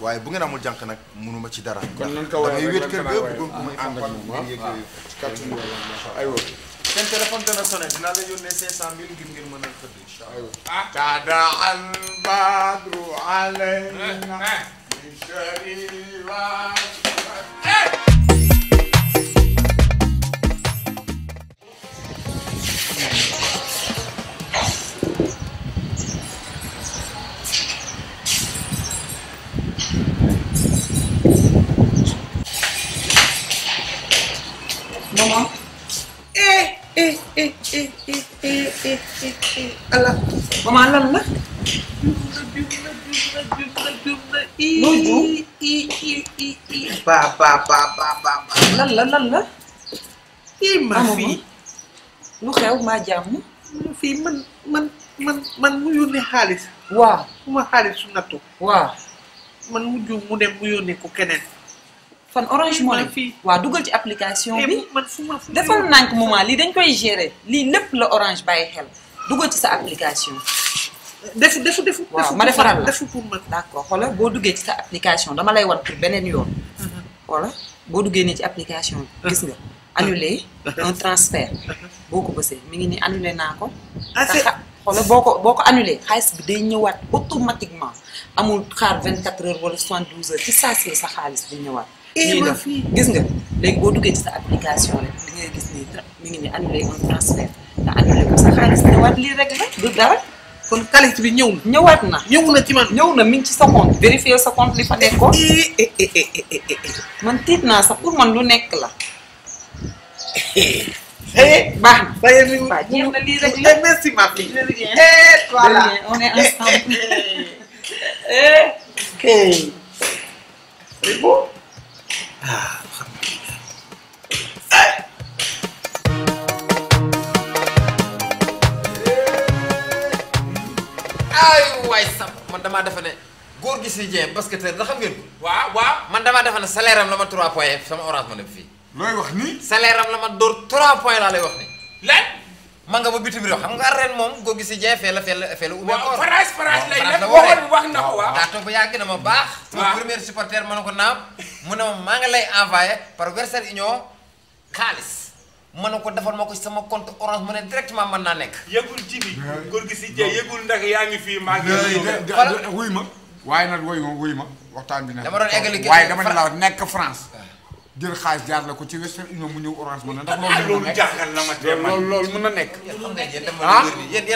waaye bu ngeen amul jànq nag mënuma ci dara. kon nan ko waaye rek damay wéet kër gi ko may ànd ak moom ah waaw seen téléphone dana sonné dinaa la yónnee 500000 ngir ngeen mën a xëdd incha allah. kada ah. al badru alayna eh, eh. maman. eh eh eh la. noo lan la lan la. ii lu xew maa jàmm. fii man man man man mu yónnee xaalis. waaw su ma xaalis su nattu. waaw man mu juum mu dem mu yónnee ku keneen. fan orange money waaw dugal ci application bi eh, defal nànk moment lii dañ koy gérer lii lépp la orange bàyyi xel dugal ci sa application def defu defu waaw ma defaral la defu pour man d'accord xoolal boo duggee ci sa application dama lay wan pour beneen yoon mhm. xoolal boo duggee nii ci application bi gis nga ah. annuler ah. un transfert ah. boo ko bësee mi ngi nii annuler naa ko xoolal boo ko boo ko annulé xaalis bi day ñëwaat automatiquement amul xaar 24 heures wala 72 heures ci saa see sa xaalis di ñëwaat lii eh, la gis nga léegi boo duggee ci sa application rek li ngay gis nii mi ngi nii annulé un transfert nga annulé ko sa xaalis ñëwaat lii rek la du dara kon qualité bi ñëw ñëwaat na ñëw na ci man ñëw na mi ngi ci sa compte vérifier sa compte li fa eh, nekkoon eh, man tiit naa sax pour man lu nekk la Eh, bah, bah, bah, merci ma fille. De rien. Eh, voilà. De rien. On est ensemble. eh. eh. Okay. C'est beau. ah alhamdulilah. Eh. ay waay sam man damaa defe ne góor gi si Dieng basketteur da xam ngeen ko. waaw waaw la ma 3 point sama orange ma ne fii. looy wax nii. salaire la ma dóor 3 point laa lay wax nii. léegi. man nga ba bitim réew xam nga ren moom goo gis jee fee la fee la fee la. waaw farage lay def waxoon wax na ko waaw. daa toog ba yàgg na ma baax. waaw premier supporter ma ne ko naam. mu ne maa ngi lay envoyé par Western Union xaalis ma ko defal ma ko sama compte orange mu ne directement mën naa nekk. yëgul ji bi góor gi si yaa ngi fi maa ngi. wuy ma waaye nag wuy ma wuy ma waxtaan bi. dama doon eggali waaye dama ne la nekk France. jël xaalis jaar la ko ci Western Union mu ñëw orange ah, mën na ndax loolu jaaxal na loolu mën na nekk ah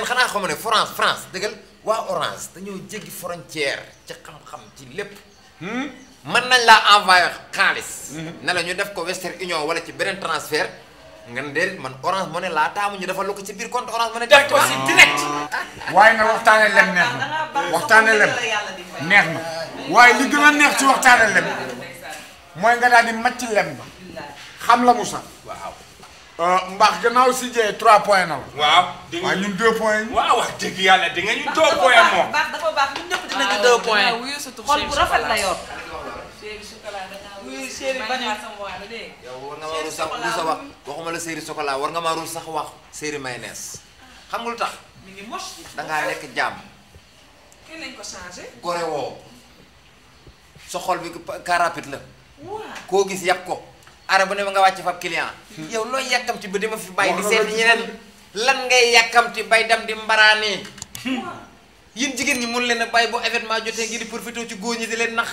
xanaa xam France France dëggal waa orange dañoo jéggi frontière ci xam-xam ci lépp hmm? mën nañ laa envoyé xaalis hmm? ne ñu def ko Western Union wala ci beneen transfert nga ne déedéet man orange moo ne laa taamu ñu dafa lu ko ci biir compte orange moo def ko si direct ah. waaye nga waxtaane lem neex na ah, waxtaane lem neex na waaye li gën a neex ci waxtaane lem mooy nga daal di màcc lem ba xam la mu sax waaw euh, mbaax gannaaw si jee trois points na la waaw waaw ñun deux points waaw yàlla di nga ñu deux points ñun ñëpp ah, xol bu rafet la yor a wax waxuma la séeri chocolat war nga maa rus sax wax séeri mayonnaise xam nga lu tax dangaa nekk jàmm gore woo sa xol bi car rapide la koo gis yàpp ko ara bu ne nga wàcc fab client yow looy yàkkamti ba dama fi bàyyi di seeti ñeneen lan ngay yàkkamti bay dem di mbaraane yéen jigéen ñi mun leen a bàyyi bu événement jotee ngir pour profité ci góor ñi di leen nax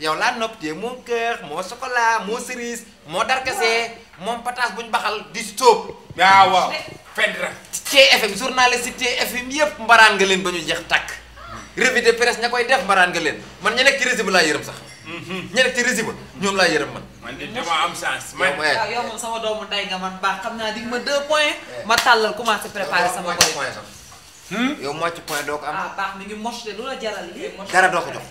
yow laa nopp te moo kër moo chocolat moo cerise moo darkase moom pataas buñ baxal di stóob waaw waaw fendra TFM journaliste si TFM yëpp mbaraan nga leen ba ñu jeex tàkk revue de presse ña koy def mbaraan nga leen man ña nekk ci réseau bi sax ña nekk ci rési ba ñoom laa yërëm man. man de dama am chance. man waaw yow moom sama doomu day nga man baax xam naa di ma deux points. ma tàllal commencé préparer sama bopp. Hmm? yow mocc point doo ko am. ah baax mi ngi mocc de lu la jaral lii. Eh, dara doo ko jox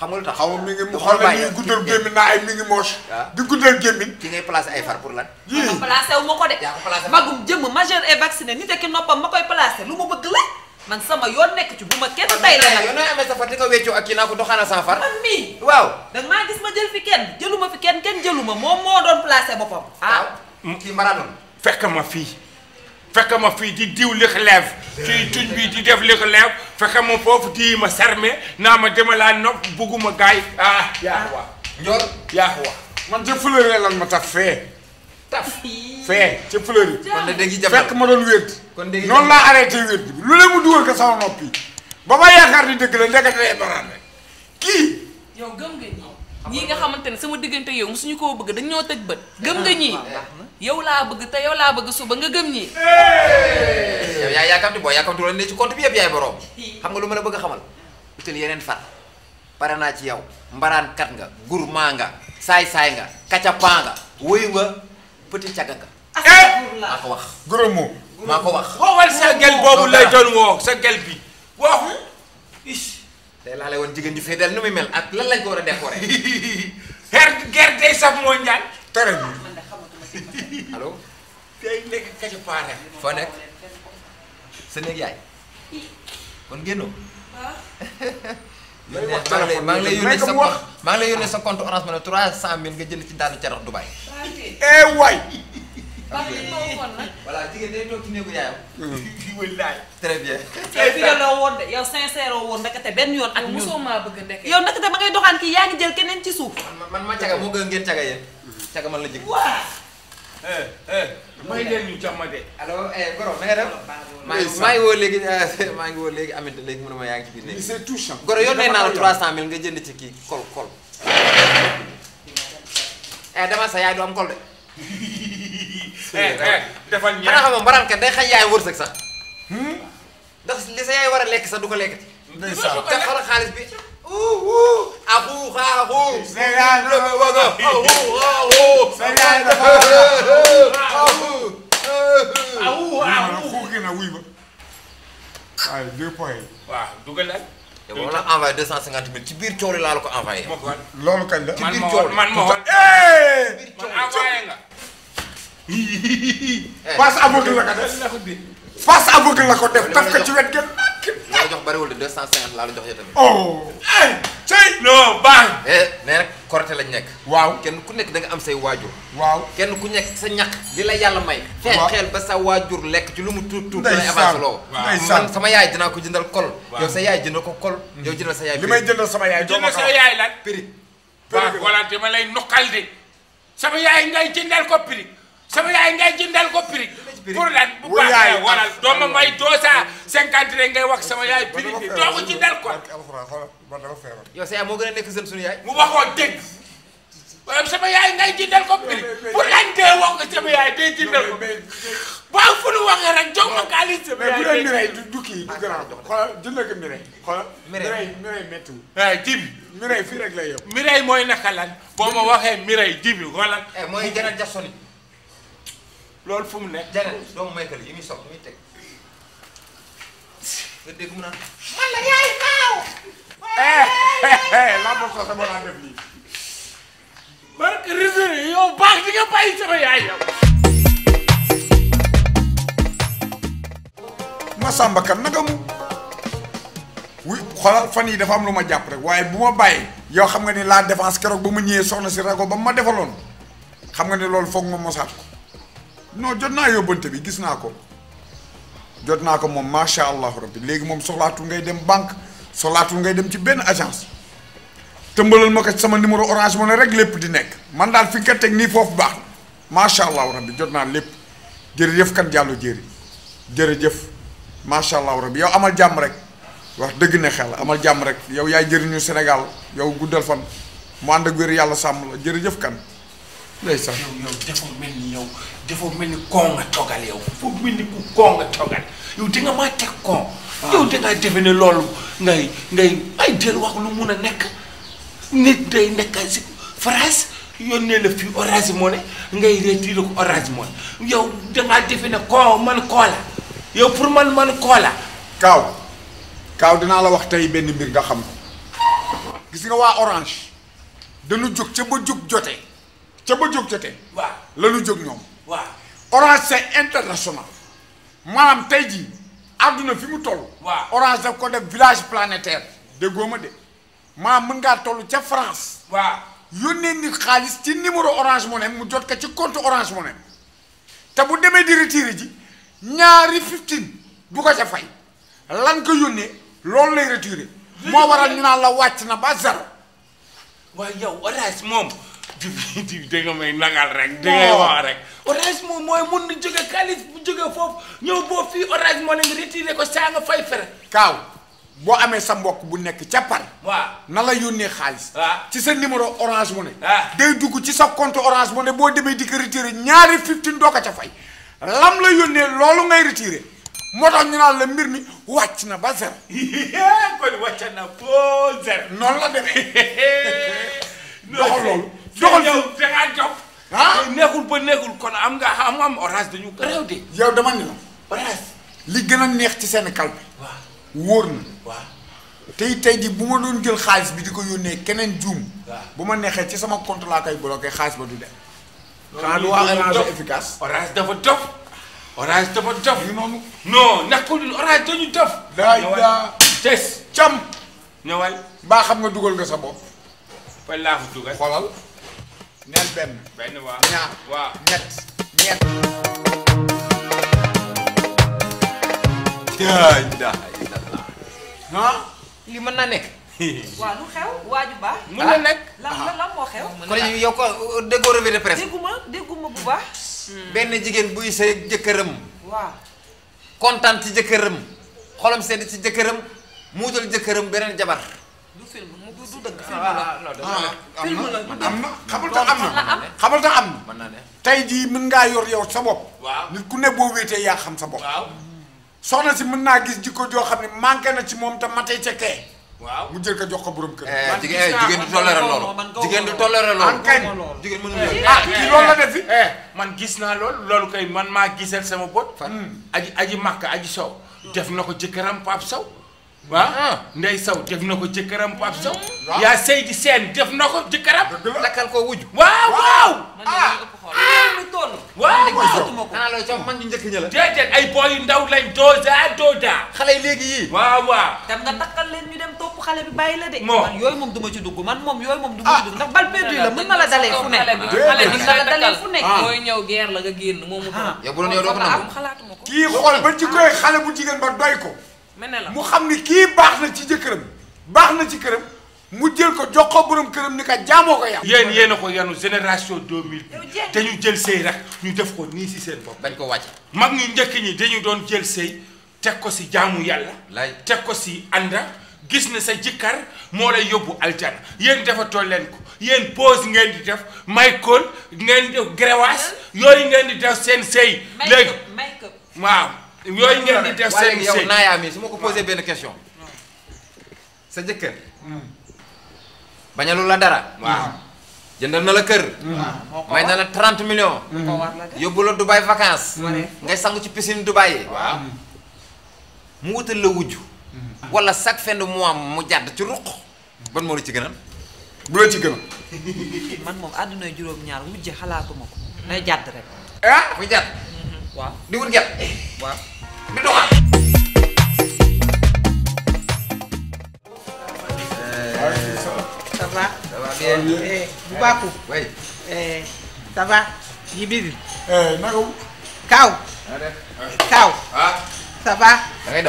xam nga lu tax. xaw ma mi ngi mu xool mi ngi guddal gémmiñ naa ay mi ngi mocc. Ah. di guddal gémmiñ. ci ngay placé ay far pour lan. yii ma placé wu ma ko de. yaa ko placé magum jëmm majeur et vacciné nit ki noppam ma koy placé lu ma bëgg la. man sama yoon nekk ci bu ma kenn day la nag yow nooy amee sa far di nga weccoo ak kii naa ko doxaana sans far man mii waaw danga gis ma jël fi kenn jëluma fi kenn kenn jëluma moom moo doon placé boppam ah fekk ma fii fekk ma fii di diw li xeleef ci tuñ bi di def li xeleef fekk ma foofu di ma serme naa ma demalaa nopp bugguma gaay ah yaa wax njoor yaa wax man jëflëre lan ma taf fee taf fee ca fleur yi. kon nag dañuy fekk ma doon wér. kon dañuy noonu laa arrêté wér bi lu leen mu dugal ko sama noppi ba ma yaakaar ni dëgg la ndeketee baraan rek kii. yow gëm nga ñii ñii nga xamante ne sama diggante yow suñu koo bëgg dañ ñoo tëj bët. gëm nga ñii yow laa bëgg te yow laa bëgg suba nga gëm ñii. yow yaa yaakamti boo yaakamti loolu ne ci compte bi yëpp yaay borom. xam nga lu ma la bëgg xamal. utal yeneen far pare naa ci yow mbaraankat nga gourmand nga saay saay nga kacapaa nga wóyu nga petit cagaka. Eh! maa ko wax. gros mot maa ko wax. waxal sa gel boobu lay doon woo sa gel bi waxu. Hmm? tey laa lay woon jigéen ñi fii del nu muy mel ak lan lañ ko war a décorer. a <laughs> gerte day saf moo ñaan. tere bi allo. nekk foo nekk sa néeg yaay. kon génnoo. <laughs> maa ngi lay yónnee ne maa ngi lay yónnee sa compte orange ma ne cent mille nga jënd ci daal carax Dubaay. eh waay. parce mm. <laughs> di wël laay. très bien. yow fi nga loo woon de yow sincère woon ndekete benn yoon ak ñun yow maa bëgg ndekete yow ndekete ma ngay doxaan kii yaa ngi jël keneen ci suuf. man man ma caga moo gën ngeen caga yéen. caga man la jëg. may leen ñu jox ma de. allo eh, Goro na nga def. maa ngi woo léegi eh, maa ngi woo léegi Aminata léegi mu ne ma yaa ngi ci biir léegi. c'est ne Goro yónnee naa la 300000 nga jënd ci kii kol kol. eh dama sa yaay du am kol de. <laughs> Eh, defal ñaar xanaa xam nga mbaraan kat day xay yaay wërsëg sax. Hmm? ndax li sa yaay war a lekk sax du ko lekk ndeysaan te xoolal xaalis bi. Abu Rahu, Selam Abu Rahu, Selam Abu Rahu, Abu Rahu. ku gën a wuy ma. waaye deux points. waaw dugal laaj. te boo la envoyé deux cent cinquante mille ci biir coow li laa la ko envoyé. loolu kañ la. ci biir coow man ma man envoyé nga. passe aveugle la ka def. face aveugle la ko def taf ko ci wet gi nag. la jox bariwul de 250 laa la jox yow tamit. oh. eh cey. non baax. eh lañ nekk. waaw kenn ku nekk da am say waajur. waaw kenn ku nekk sa ñaq li la yàlla may. waaw xeexeel ba sa waajur lekk ci lu mu tuut tuut. day avancé loo man sama yaay dinaa ko jëndal kol. yow sa yaay jëndal ko kol. Mm. yow jëndal sa yaay. li may jëndal sama yaay doo ma sa yaay lan. péri. péri wala dama lay nokkal de. sama yaay ngay jëndal ko péri. sama yaay ngay jëndal ko prix. pour lan bu baax la waral dooma may doosa cinquante ngay wax sama yaay prix bi doo ko jëndal ko. yow sa yaay moo a nekk seen suñu yaay. mu waxoo dégg. waaye sama yaay ngay jëndal ko prix pour lan dee wax nga yaay day jëndal ko. waaw fu nu waxee rek ma xaalis sama yaay mais bu dee du kii du grand xoolal jëndal ko Mireille. xoolal Mireille Mireille méttiwul. waaw eh, jibi. mooy naka lan. boo ma waxee Mireille eh, mooy Janet Jackson loolu fu mu nekk. jërëjëf doomu Michael yi muy sox muy teg nga soxla mën naa def lii. barke réseau yow baax di mu. wi xoolal fan yii dafa am lu ma jàpp rek waaye bu ma bàyyi yow xam nga ni laa défense keroog ba ma ñëwee soxna si rago ba mu ma defaloon xam nga ni loolu foog ma mosaat non jot naa yóbbante bi gis naa ko jot naa ko moom macha allahu rabbi léegi moom soxlaatul ngay dem banque soxlaatul ngay dem ci benn agence tëmbalal ma ko sama numéro orange mo rek lépp di nekk man daal fi nga teg nii foofu baax na macha allahu rabbi jot naa lépp jërëjëf kan jàllu jëri jërëjëf macha allahu rabbi yow amal jàmm rek wax dëgg ne xel amal jàmm rek yow yaay jëriñu Sénégal yow guddal fan mu ànd ak wér yàlla sàmm la jërëjëf kan. ndeysaan yow yow dafa mel ni koo nga toggal yow dafa mel ni koo nga toggal yow di nga maa teg koo. Ah. yow dangaa defe ne loolu ngay ngay ay del wax lu mun a nekk nit day nekk si phrase yónnee la fii orange moo ne ngay retiré ko orange moo ne yow dangaa defe ne koo man koo la yow pour man man koo la. Kaaw Kaaw dinaa la wax tey benn mbir nga xam ko gis nga waa orange danu jóg ca ba jóg jotee ca ba jóg jotee. waaw la jóg ñoom. waaw orange c'est international maanaam tey ji àdduna fi mu toll. waaw orange daf ko def village planétaire déggoo ma de maanaam mën ngaa toll ca France. waaw yónnee nit xaalis ci numéro orange money mu jot ko ci compte orange money te bu demee di retiré ji ñaari fifteen du ko ca fay lan ko yónnee loolu lay retiré. moo waral ñu naan la wàcc na ba zéro. waaye yow orange moom. di <laughs> di may nangal rek. di wax rek. orange moom mooy mun na jóge xaalis bu jóge foofu ñëw boo fii orange moo leen retiré ko saa nga fay fere. kaaw boo amee sa mbokk bu nekk ca par. waaw na la yónnee xaalis. ci sa numéro orange mu ne. Ah. day dugg ci sa compte orange mu ne boo demee di ko retiré ñaari fifteen doo ko ca fay lam la yónnee loolu ngay retiré moo tax ñu naan la mbir mi wàcc na ba zéro. <laughs> kon wàcc na ba zéro. noonu la demee. <laughs> doxal loolu doxal yow da ngaa jóg. ah neexul ba neexul kon am nga am am orange dañu réew de. yow dama ni la. orange. li gën a neex ci seen kalpe. waaw wóor na. waaw tey tey jii bu ma doon jël xaalis bi di ko yónnee keneen juum. bu ma neexee ci sama compte laa koy bloqué xaalis ba du dem. xanaa orange efficace. orange dafa dof. orange dafa dof. ñu noonu. non nekkul orange dañu dof. daay daa tes cam. ñëwal. mbaa xam nga dugal nga sa bopp. fa laa neel benn. benn waaw ñaar waaw ñett li mën na nekk. <laughs> waa lu xew waa ju baax. mën na nekk lan lan moo xew. kon yow ko déggoo revue de presse. dégguma dégguma bu baax. Hmm. benn jigéen buy sëy jëkkëram. waaw. ci jëkkëram xolam sedd ci jëkkëram muutal jëkkëram beneen jabar. film mu du dëgg. Ah, ah, ah, film la am na xamal tax am na xamal tax am na. tey jii mën ngaa yor yow sa bopp. waaw nit ku ne boo wéetee yaa xam sa bopp. waaw soxna si mën naa gis jikko joo xam ne manqué na ci moom tam ma ca kee. waaw mu jël ko jox ko borom kër. Eh, jigéen jigéen du toléré loolu jigéen du toléré loolu. man kay jigéen mënu eh, ah kii loolu la def fi. Eh, man gis naa lool loolu koy man maa gisal sama bot. Hmm. aji aji makka aji sow. Hmm. def na ko jëkkëram Pape Sow waaw ah. Ndeye Sow def na ko jëkkëram Pape Sow. waaw yaa Seydi Sène def na ko jëkkëram. takkal ko wuju. waaw waaw. ah ah waaw waaw. xanaa looy coow man ñu njëkk ña la. déedéet ay boy yu ndaw lañ doodaa doodaa. xale yi léegi yii. waaw waaw. dem nga takkal leen ñu dem topp xale bi bàyyi la de. moo man yooyu moom du ma ci dugg man moom yooyu moom du ma ci ah. dugg ndax bal perdu la mën na la dalee fu nekk. mën na la dalee fu nekk. mooy ah. ñëw guerre la nga génn moomu. yow bu doon yow doo ko nangu xalaatuma ko. kii xool ba ci koy xale bu jigéen ba doy ko mu xam ni kii baax na ci jëkkëram baax na ci këram mu jël ko jox ko borom këram ni kaat jaamoo ko yàq. yéen yéen ko yanu génération 2000 bi te ñu jël sëy rek ñu def ko nii si seen bopp. dañ koo wàcce mag ñu njëkk ñi dañu doon jël sëy teg ko si jaamu yàlla. lay teg ko si ànd gis na sa jikkar moo lay yóbbu aljana yéen defatoo leen ko yéen pause ngeen di def Michael ngeen di def gréwaas yooyu ngeen di def seen sëy. léegi waaw. yooyu naa di def seen mi su ma ko posé ah. benn question ah. sa jëkkër hmm. bañalu la dara waaw hmm. jëndal na la kër hmm. Ah, may na la trente millions yóbbu la Dubaï vacances ngay sangu ci piscine Dubaï yi waaw mu wutal la wujj wala chaque fin de mois mu jàdd ci ruq ban moo la ci gënal <laughs> bu la ci gënal <laughs> man moom àdduna juróom-ñaar wujje xalaatuma ko nay jàdd rek ah muy jàdd di wut gàtt di bu baaxul. oui. ça va. Djibril. naka wu. Kaaw. Kaaw. ça va. da ngay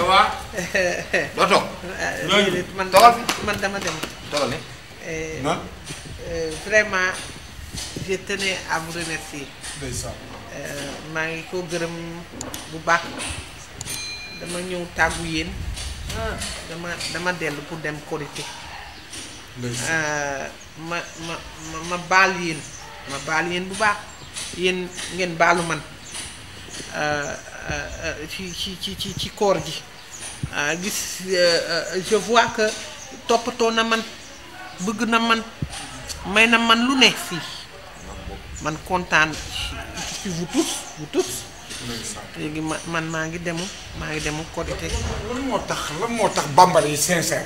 dem man dama dem. toogal ne. non. vraiment je tenais maa ngi ko gërëm bu baax. dama ñëw tàggu yéen ah. dama dama dellu pour dem korité euh, ma ma ma baal yéen ma baal yéen bu baax yéen ngeen baalu man euh, euh, ci ci ci ci ci koor gi gis je vois que toppatoo na man bëgg na man may na man lu ne fii man kontaan ci vous tous léegi ma man maa ngi demu maa ngi demu Korité. lan moo tax lan moo tax bambara yi sincère.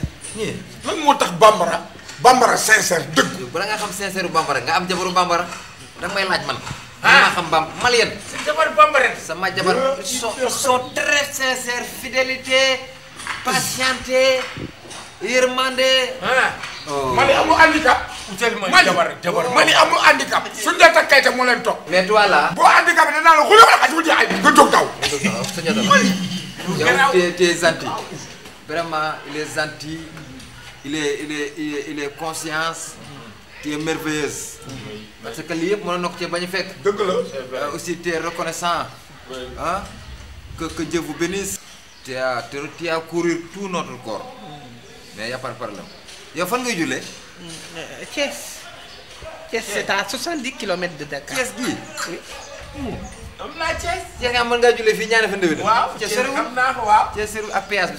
lan moo tax bambara. bambara sincère dëgg. bala nga xam sincère bambara nga am jabaru bambara danga may laaj man. ah xam bam malien. sa jabar bambara. sama jabar so so très sincère fidélité patienté yërmande. Ah! Oh. Mali amul handicap. utile mooy jabar jabar Mali amul handicap. suñu la takkee leen toog. mais toi là. boo handicap bi danaa la xulóo la xajul di ay nga jóg daw. yow tu es tu vraiment il est gentil il est il est conscience. tu merveilleuse. parce que lii yëpp mënoon na ko cee bañ a fekk. dëgg euh, aussi tu es reconnaissant. ah que que Dieu vous bénisse. tu tout notre corps mais y a pas yow fan ngay jullee. Euh, Thiès. Thiès c'est à 70 kilomètres de Dakar. Thiès bii. oui. Mmh. am naa Thiès. Thiès nga mën am naa ko waaw. Thiès soriwul ak péage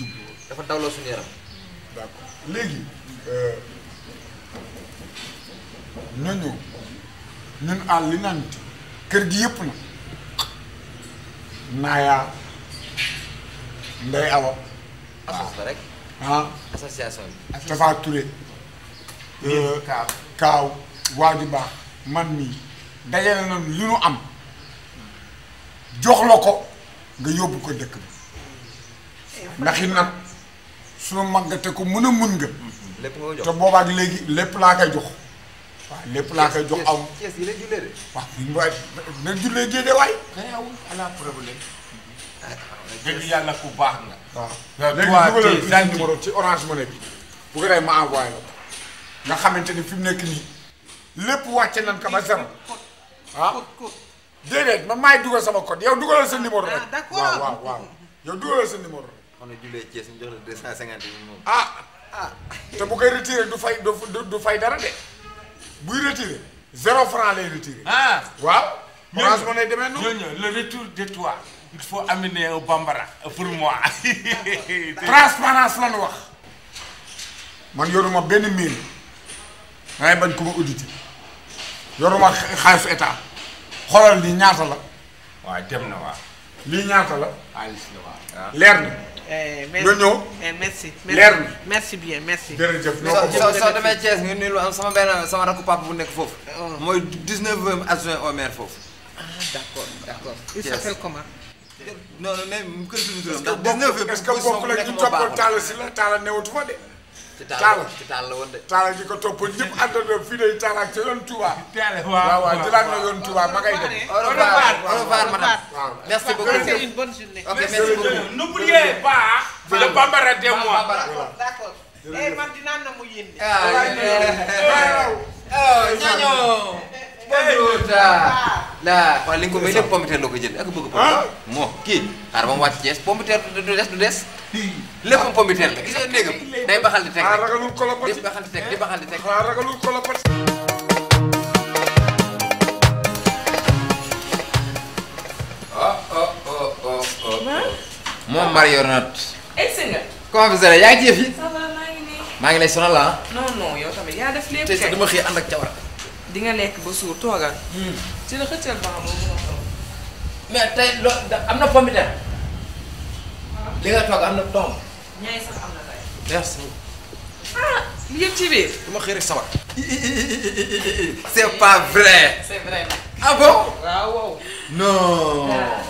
bi dafa dawloo suñu yaram. léegi. Euh, na ñëw àll li naan kër gi yëpp na. Naaya. Ndeye Awa. assos la rek. ah association bi. Euh, Kaaw Kaaw man mii dajale na lu nu am jox la ko nga yóbbu ko dëkk bi ndax it nag sunu mag nga te ko mën a mun nga. lépp nga jox te boobaak léegi lépp laa koy jox. waaw lépp laa koy jox aw Cees la jullee de. waaw na jullee géeje waay. Ah, ah, baax nga. waaw léegi dugalal numéro ci orange money bi bu ko defee ma envoyé la nga xamante ni fi mu nekk nii lépp wàcce nan ka ba zéro ah déedéet man maay dugal sama code yow dugalal sa ah, numéro rek waaw waaw waaw yow dugalal sa numéro xam ne jullee Thiès ñu jox la deux cent cinquante mille moom ah. ah te bu koy retiré du fay du fay dara de buy retiré zéro franc lay retiré ah. waaw orange money demee noonu de toi il faut amener un bambara pour moi. <laughs> transparence la ñu wax. man yoruma benn miir dangay bañ ku ma audité yoruma xaalis état xoolal lii ñaata la. waaw dem na waaw. lii ñaata la. xaalis la waaw. leer na. Eh, nga ñëw. Eh, leer na. merci bien merci. jërëjëf ñoo ko soo soo demee Thiès nga nuyu lu am sama benn sama rakku papa bu nekk foofu. Oh. mooy 19e adjoint au foofu. ah d'accord non non même kër suñu turam. ndax dix-neuf est-ce que bokkul ak ñu toppoon Talla si la Talla newatu fa de. Talla ci Talla woon de. Talla ji ko toppoon ñëpp àndandoo fii de Talla ma ngay dem. au revoir au revoir madame. merci beaucoup c'est une bonne journée. ok merci beaucoup n'oubliez pas. le bambara <laughs> la waaw li nga ko béy lépp pompiteer loo ko jënd ak bëgg pompiteer ah. moo kii xaaral moom wàcc Thiès pompiteer du des du des léppam m la gis nga day baxal di teg ah, rek baxal di teg moom marionnette egsi nga yaa ngi ci maa ngi lay sonal la ah? non non yow tamit def lépp tey ak cawar di nga lekk ba suur toogal. Hmm. ci la xëccal ba xam mais tey loo am na pomme de terre ah. li nga toog am na doom. ñaay sax am na tey. merci. ah li yëpp ci biir. du ma xëy rek sawar. c'est pas vrai. c'est vrai. ah bon. waaw. non. Ah.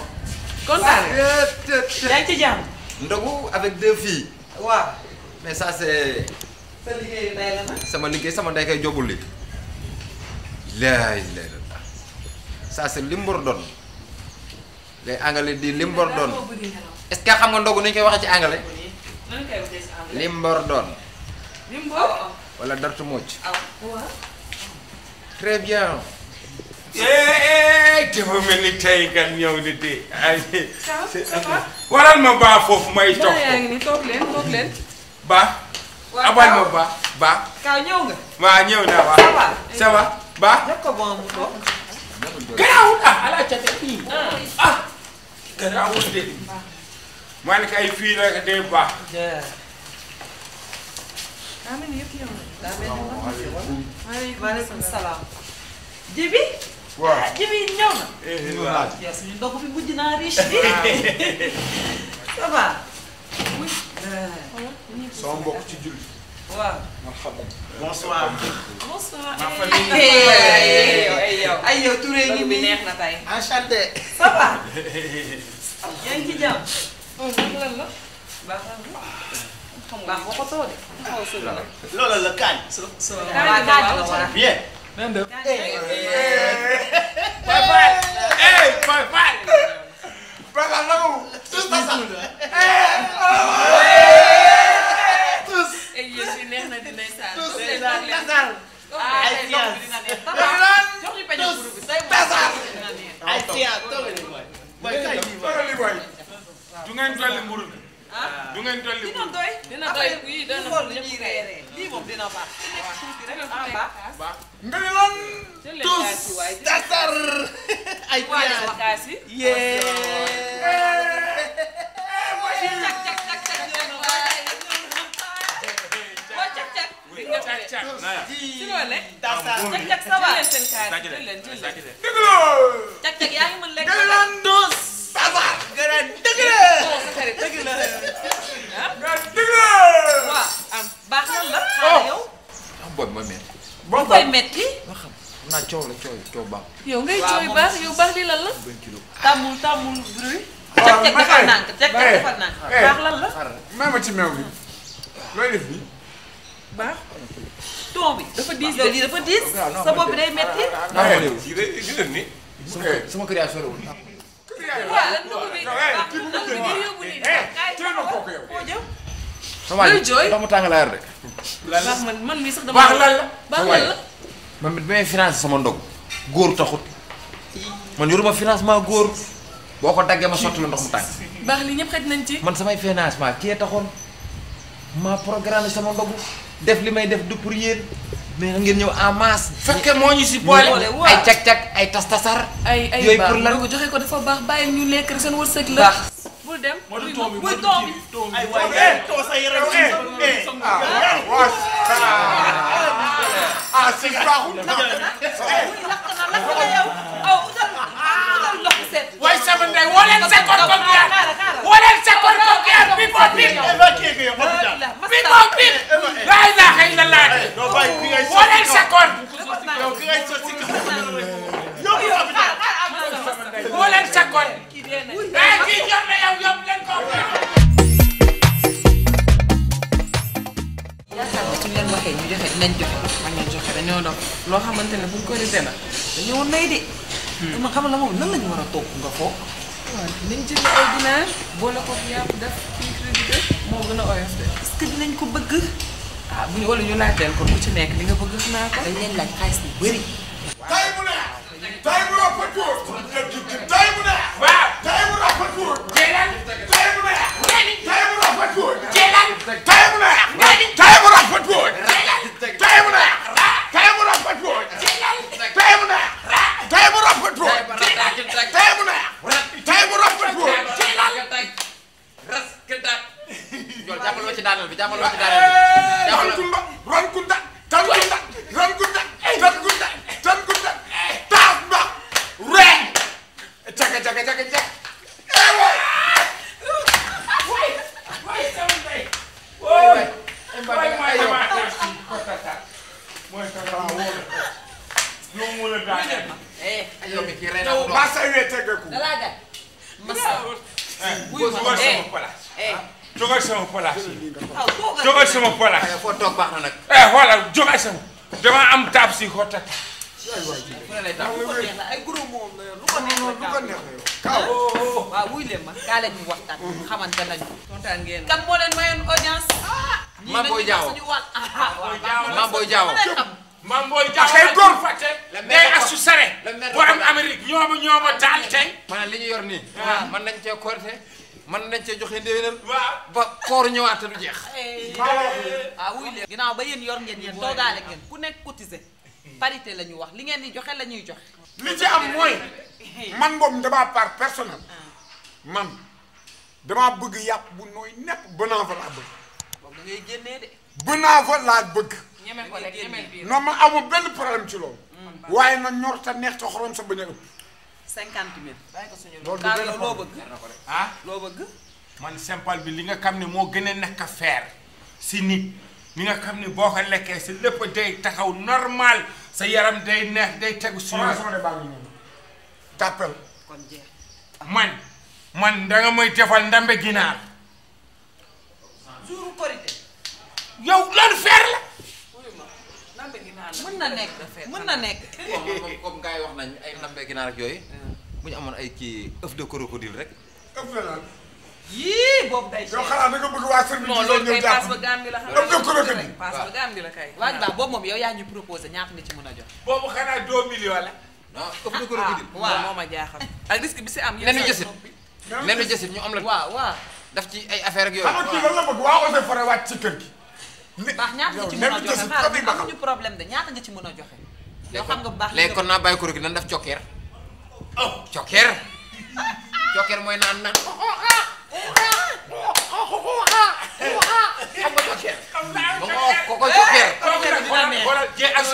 kontaan nga. yaa ngi ci jàmm. ndogu avec deux filles. waaw. mais ça c'est. sa liggéey day la nag. sama liggéey sama ndey kay jógul li laa ilaaha illallaah saa si li mu war di li mu war xam nga ndogu nu ñu koy waxee ci anglais li mu war doon wala dartu mocc ah, très bien. Eh, eh, eh, dafa mel ni tey kan ñëw di di waral ma baa foofu may. toog toog leen toog abal ma ba ba. kaw ñëw naa waaw ça ba garaawul ah ala cate fii ah garaawul de man kay fii rek de baax maaleykum salaam jibi waaw ah, jibi ñëw na eh, waaw suñu ndog bi mujj naa riche bi <laughs> ah. ça va euh, sama mbokk ci julli waaw marhaban bonsoir. bonsoir. ma eh. famille. ay yow ay yow Touré ngi nii neex na tey. enchanté. ça va. yaa ngi ci jàmm. Oh, lan la. baax na boo ko toog de. loolu la kañ. so so kañ la bien. nan de. Papa. Papa. <laughs> ay yéen bi neex na di ndeysaan. ndeysaan ndeysaan. ay science dina neex jox ñu peñe groupe bi say ay science du ngeen dolli mburu bi. du ngeen dolli mburu bi. dina doy dina doy lii moom dina baax. baax ngeen tous tasar ay science. coow la coow coow baax. yow ngay cooy baax yow baax li lan la. tàmmul tàmmul bruit. waaw ma xëy ma xëy eh, baax lan la. ma ci meew bi looy def nii. baax. ton bi dafa diis yow lii sa bopp bi day métti. sama kër yaa soriwul. waaw yow mu tàng sama ndog góor taxut man yoruma financement góor boo ko daggee ma sotti la ndox mu tàng. baax li ñëpp xaj nañ ci. man samay financement kii taxoon ma programme sama ndogu. def li may def du pour yéen mais da ngeen ñëw en masse. fekke moo ñu si boole ay cag-cag ay tas-tasar. ay ay yooyu pour lan joxe ko dafa baax bàyyi ñu lekk rek seen wërsëg la. dem buy buy toom bi ay waay eh, too Ibrahima Ndiaye woo leen Sekor Kokiar woo leen Sekor Kokiar bi ko bi bi ko bi laa ilaaha illallaah woo leen Sekor woo leen Sekor ay kii jot na yow yóbbu leen ko yaakaar naa suñ leen waxee ñu joxe dinañ joxe man ñu joxe dañoo doon loo xamante ne buñ ko risé la dañoo nay de dama xamal la moom nan lañu war a topp nga foog. waaw nañ jënd ay ginaar boole ko yàpp def ingrédients moo gën a oyof de. est-ce que dinañ ko bëgg. ah bu ñu wala ñu laajteel kon bu ci nekk li nga bëgg naa ko. dañ leen laaj xaalis bu bëri. tay bu neex. tay bu rafetul. tay bu neex. waaw tay bu rafetul. jëlal. tay bu neex. nga ni. tay bu rafetul. jëlal. tay bu neex. nga ni. tay bu rafetul. jëlal. tay bu neex. tay bu rafetul. rafet woon tey bu neex tey bu rafet woon bi jàppale eh, ma loo mën a daaneel. yow mi kii rey a ko maa sa ma toogal sama place. toogal sama place yi. toogal sama place. foo toog baax na nag. voilà jógal sama. am taab si ko tata. ay gros moom la lu ko neex la kaaw waaw wuy leen ma kaa leen ñu waxtaan xamante nañu kontaan ngeen kan moo maam booy jaxase góor fàtte. la day asu sare. borom Amérique ñoo ma ñoo ma taal tey. maanaam li ñu yor nii. Ah. man nañ cee korte man nañ cee joxe ndéwénal. ba koor ñëwaat te du jeex. Eh. ah wuy leen. ginnaaw ba yéen yor ngeen yéen toogaale ngeen ku nekk cotisé parité la ñu wax li ngeen di joxe la ñuy joxe. li ci am mooy man moom damaa par personnel ah. man damaa bëgg yàpp bu nooy nepp bënaa da ngay génnee de. laa bëgg. ñeme ko rek ñeme biir non man amul benn problème ci loolu. Mm. waaye na ñor ta neex ta xorom sa bañ a ëpp. cinquante mille. bàyyi ko suñu ah? man simple bi li nga xam ne moo gën a nekk feer si nit mi nga xam ne boo ko lekkee si lépp day taxaw normal sa yaram day neex day tegu. suñu tàppal kon jeex man man danga may defal ndambe ginaar. yow lan feer la. mën na nekk mën na nekk. comme comme gars yi wax nañ ay lambee ginaar ak yooyu. Hmm. bu ñu amoon ay kii œuf de crocodile rek. œuf de lan. yii boobu day. yow xanaa da waa service. ba gaam la xam ne la kay. waaw waaw boobu moom yow yaa ñu proposé ñaata nga ci mën a jox. boobu xanaa deux millions la. ah ëpp de crocodile ah, waaw moo ma jaaxal. ak ah, risque bi si am. nen jësit nen jësit ñu am la. waaw waaw daf ci ay affaire ak yooyu. waaw xam nga waa ci kër gi baax ñaata nga ci mën a joxe problème de ñaata nga ci mën a joxe. yoo xam nga baax kon naa bàyyi kuréel gi nan def cokkeer. cokkeer. Oh. mooy naan na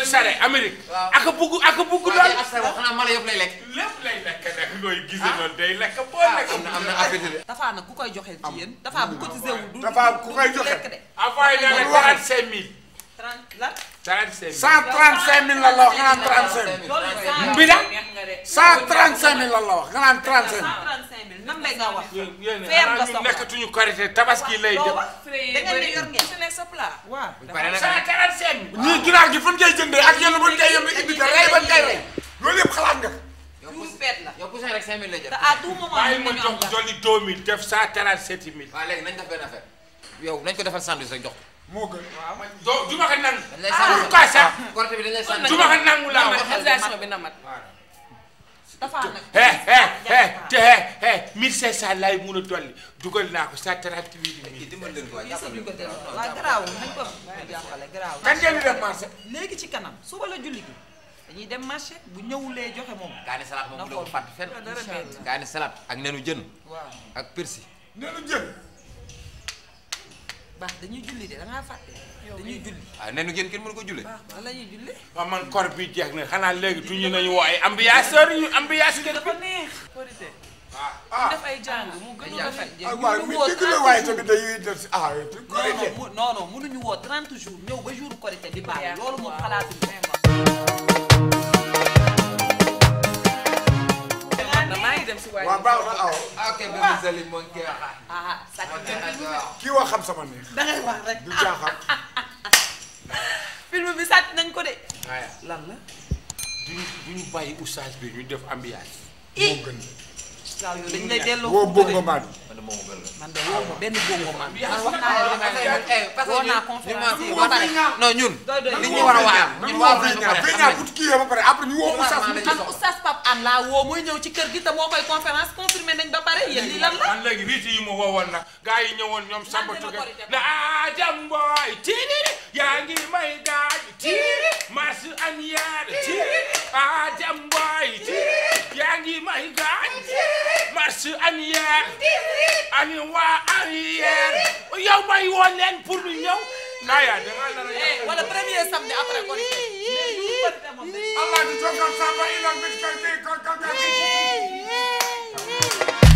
sare Amérique ak bugg ak bugg lool xanaa mala yëpp lay lekk lépp lay lekk nag looy gise noonu day lekk boo lekk am na appétit dafaa nag ku koy joxe ci yéen dafaa bu cotisé wu du dafaa ku koy joxe avant il y avait 45 000 30 lan. 135000 la la wax nga naan 35000. bi la 135000 la la wax nga naan 35000. 135000 nan lay nga wax. feer nga soxla nekkatuñu korité tabaski lay dem. da ngeen di yor ngeen su nekk sa plat. waaw ñii ginaar gi fan koy jëndee ak yéen a mën koy yóbbu indi ko rey ban koy rey loolu yëpp xalaat nga. tuuti pet la yow poussin rek 5000 la jël. te à tout moment ñu mën a am def 137000. waaw léegi nañ def benn affaire yow nañ ko defal sandwich rek jox ko moo gën waaw doo du ma ko nangu. dañ lay sànni pourquoi ah, ça. Ah, gorte bi dañ lay sànni du ma ah. bi na mat waaw. dafa am nag. te te 1500 laay mun a dolli dugal naa ko 138 000. waaw garaaw nañ ko jàppale garaaw. kan ngeen di def marché. léegi ci kanam suba la julli gi. dañuy dem marché bu ñëwulee joxe moom. gaani salaat moom bu la ko fàtte fenn. salaat ak nenu jën. waaw ak persil. nenu jën. baax dañuy julli de da ngaa fàtte dañuy julli. ah nee na ngeen kenn mënu ko julli. waaw ah, la ñuy julli. waaw man kor bi jeex na xanaa léegi du ñu nañu woo ay ambianceur ñu ambiance kër dafa neex. ah ah def ay jàng mu gën a rafet. ah waaw mi dëgg la waaye tamit dañuy def si ah. non woo 30 jours ñëw ba jour korité di baax loolu moom xalaatuñu. maa ngi dem si waaye. waaw baax na aw. ok bébé Zali moom kii wax. ah kii xam sama neex. da ngay wax rek du caaxaan. <laughs> film bi sàcc nañ ko de. lan la. duñu duñu bàyyi oustaz bi ñu def ambiance. Eh. moo gën waaw yow dañu lay woo bongo man a waayam ci kër gi te moo koy conférence confirmé nañ ba pare yéen lii lan la. man léegi riiti yi ma woowoon nag gars yi ñëwoon ñoom Samba Touré na ah, jambooy tiiri yaa ngi may gaaj tiiri ah, a marche arrière ani waa arrière yow may woo leen pour ñu ñëw Naya da ngaa nar a yàq eh, wala premier samedi après Korité Allah di jokkal samba ilan bit kan kii kan kan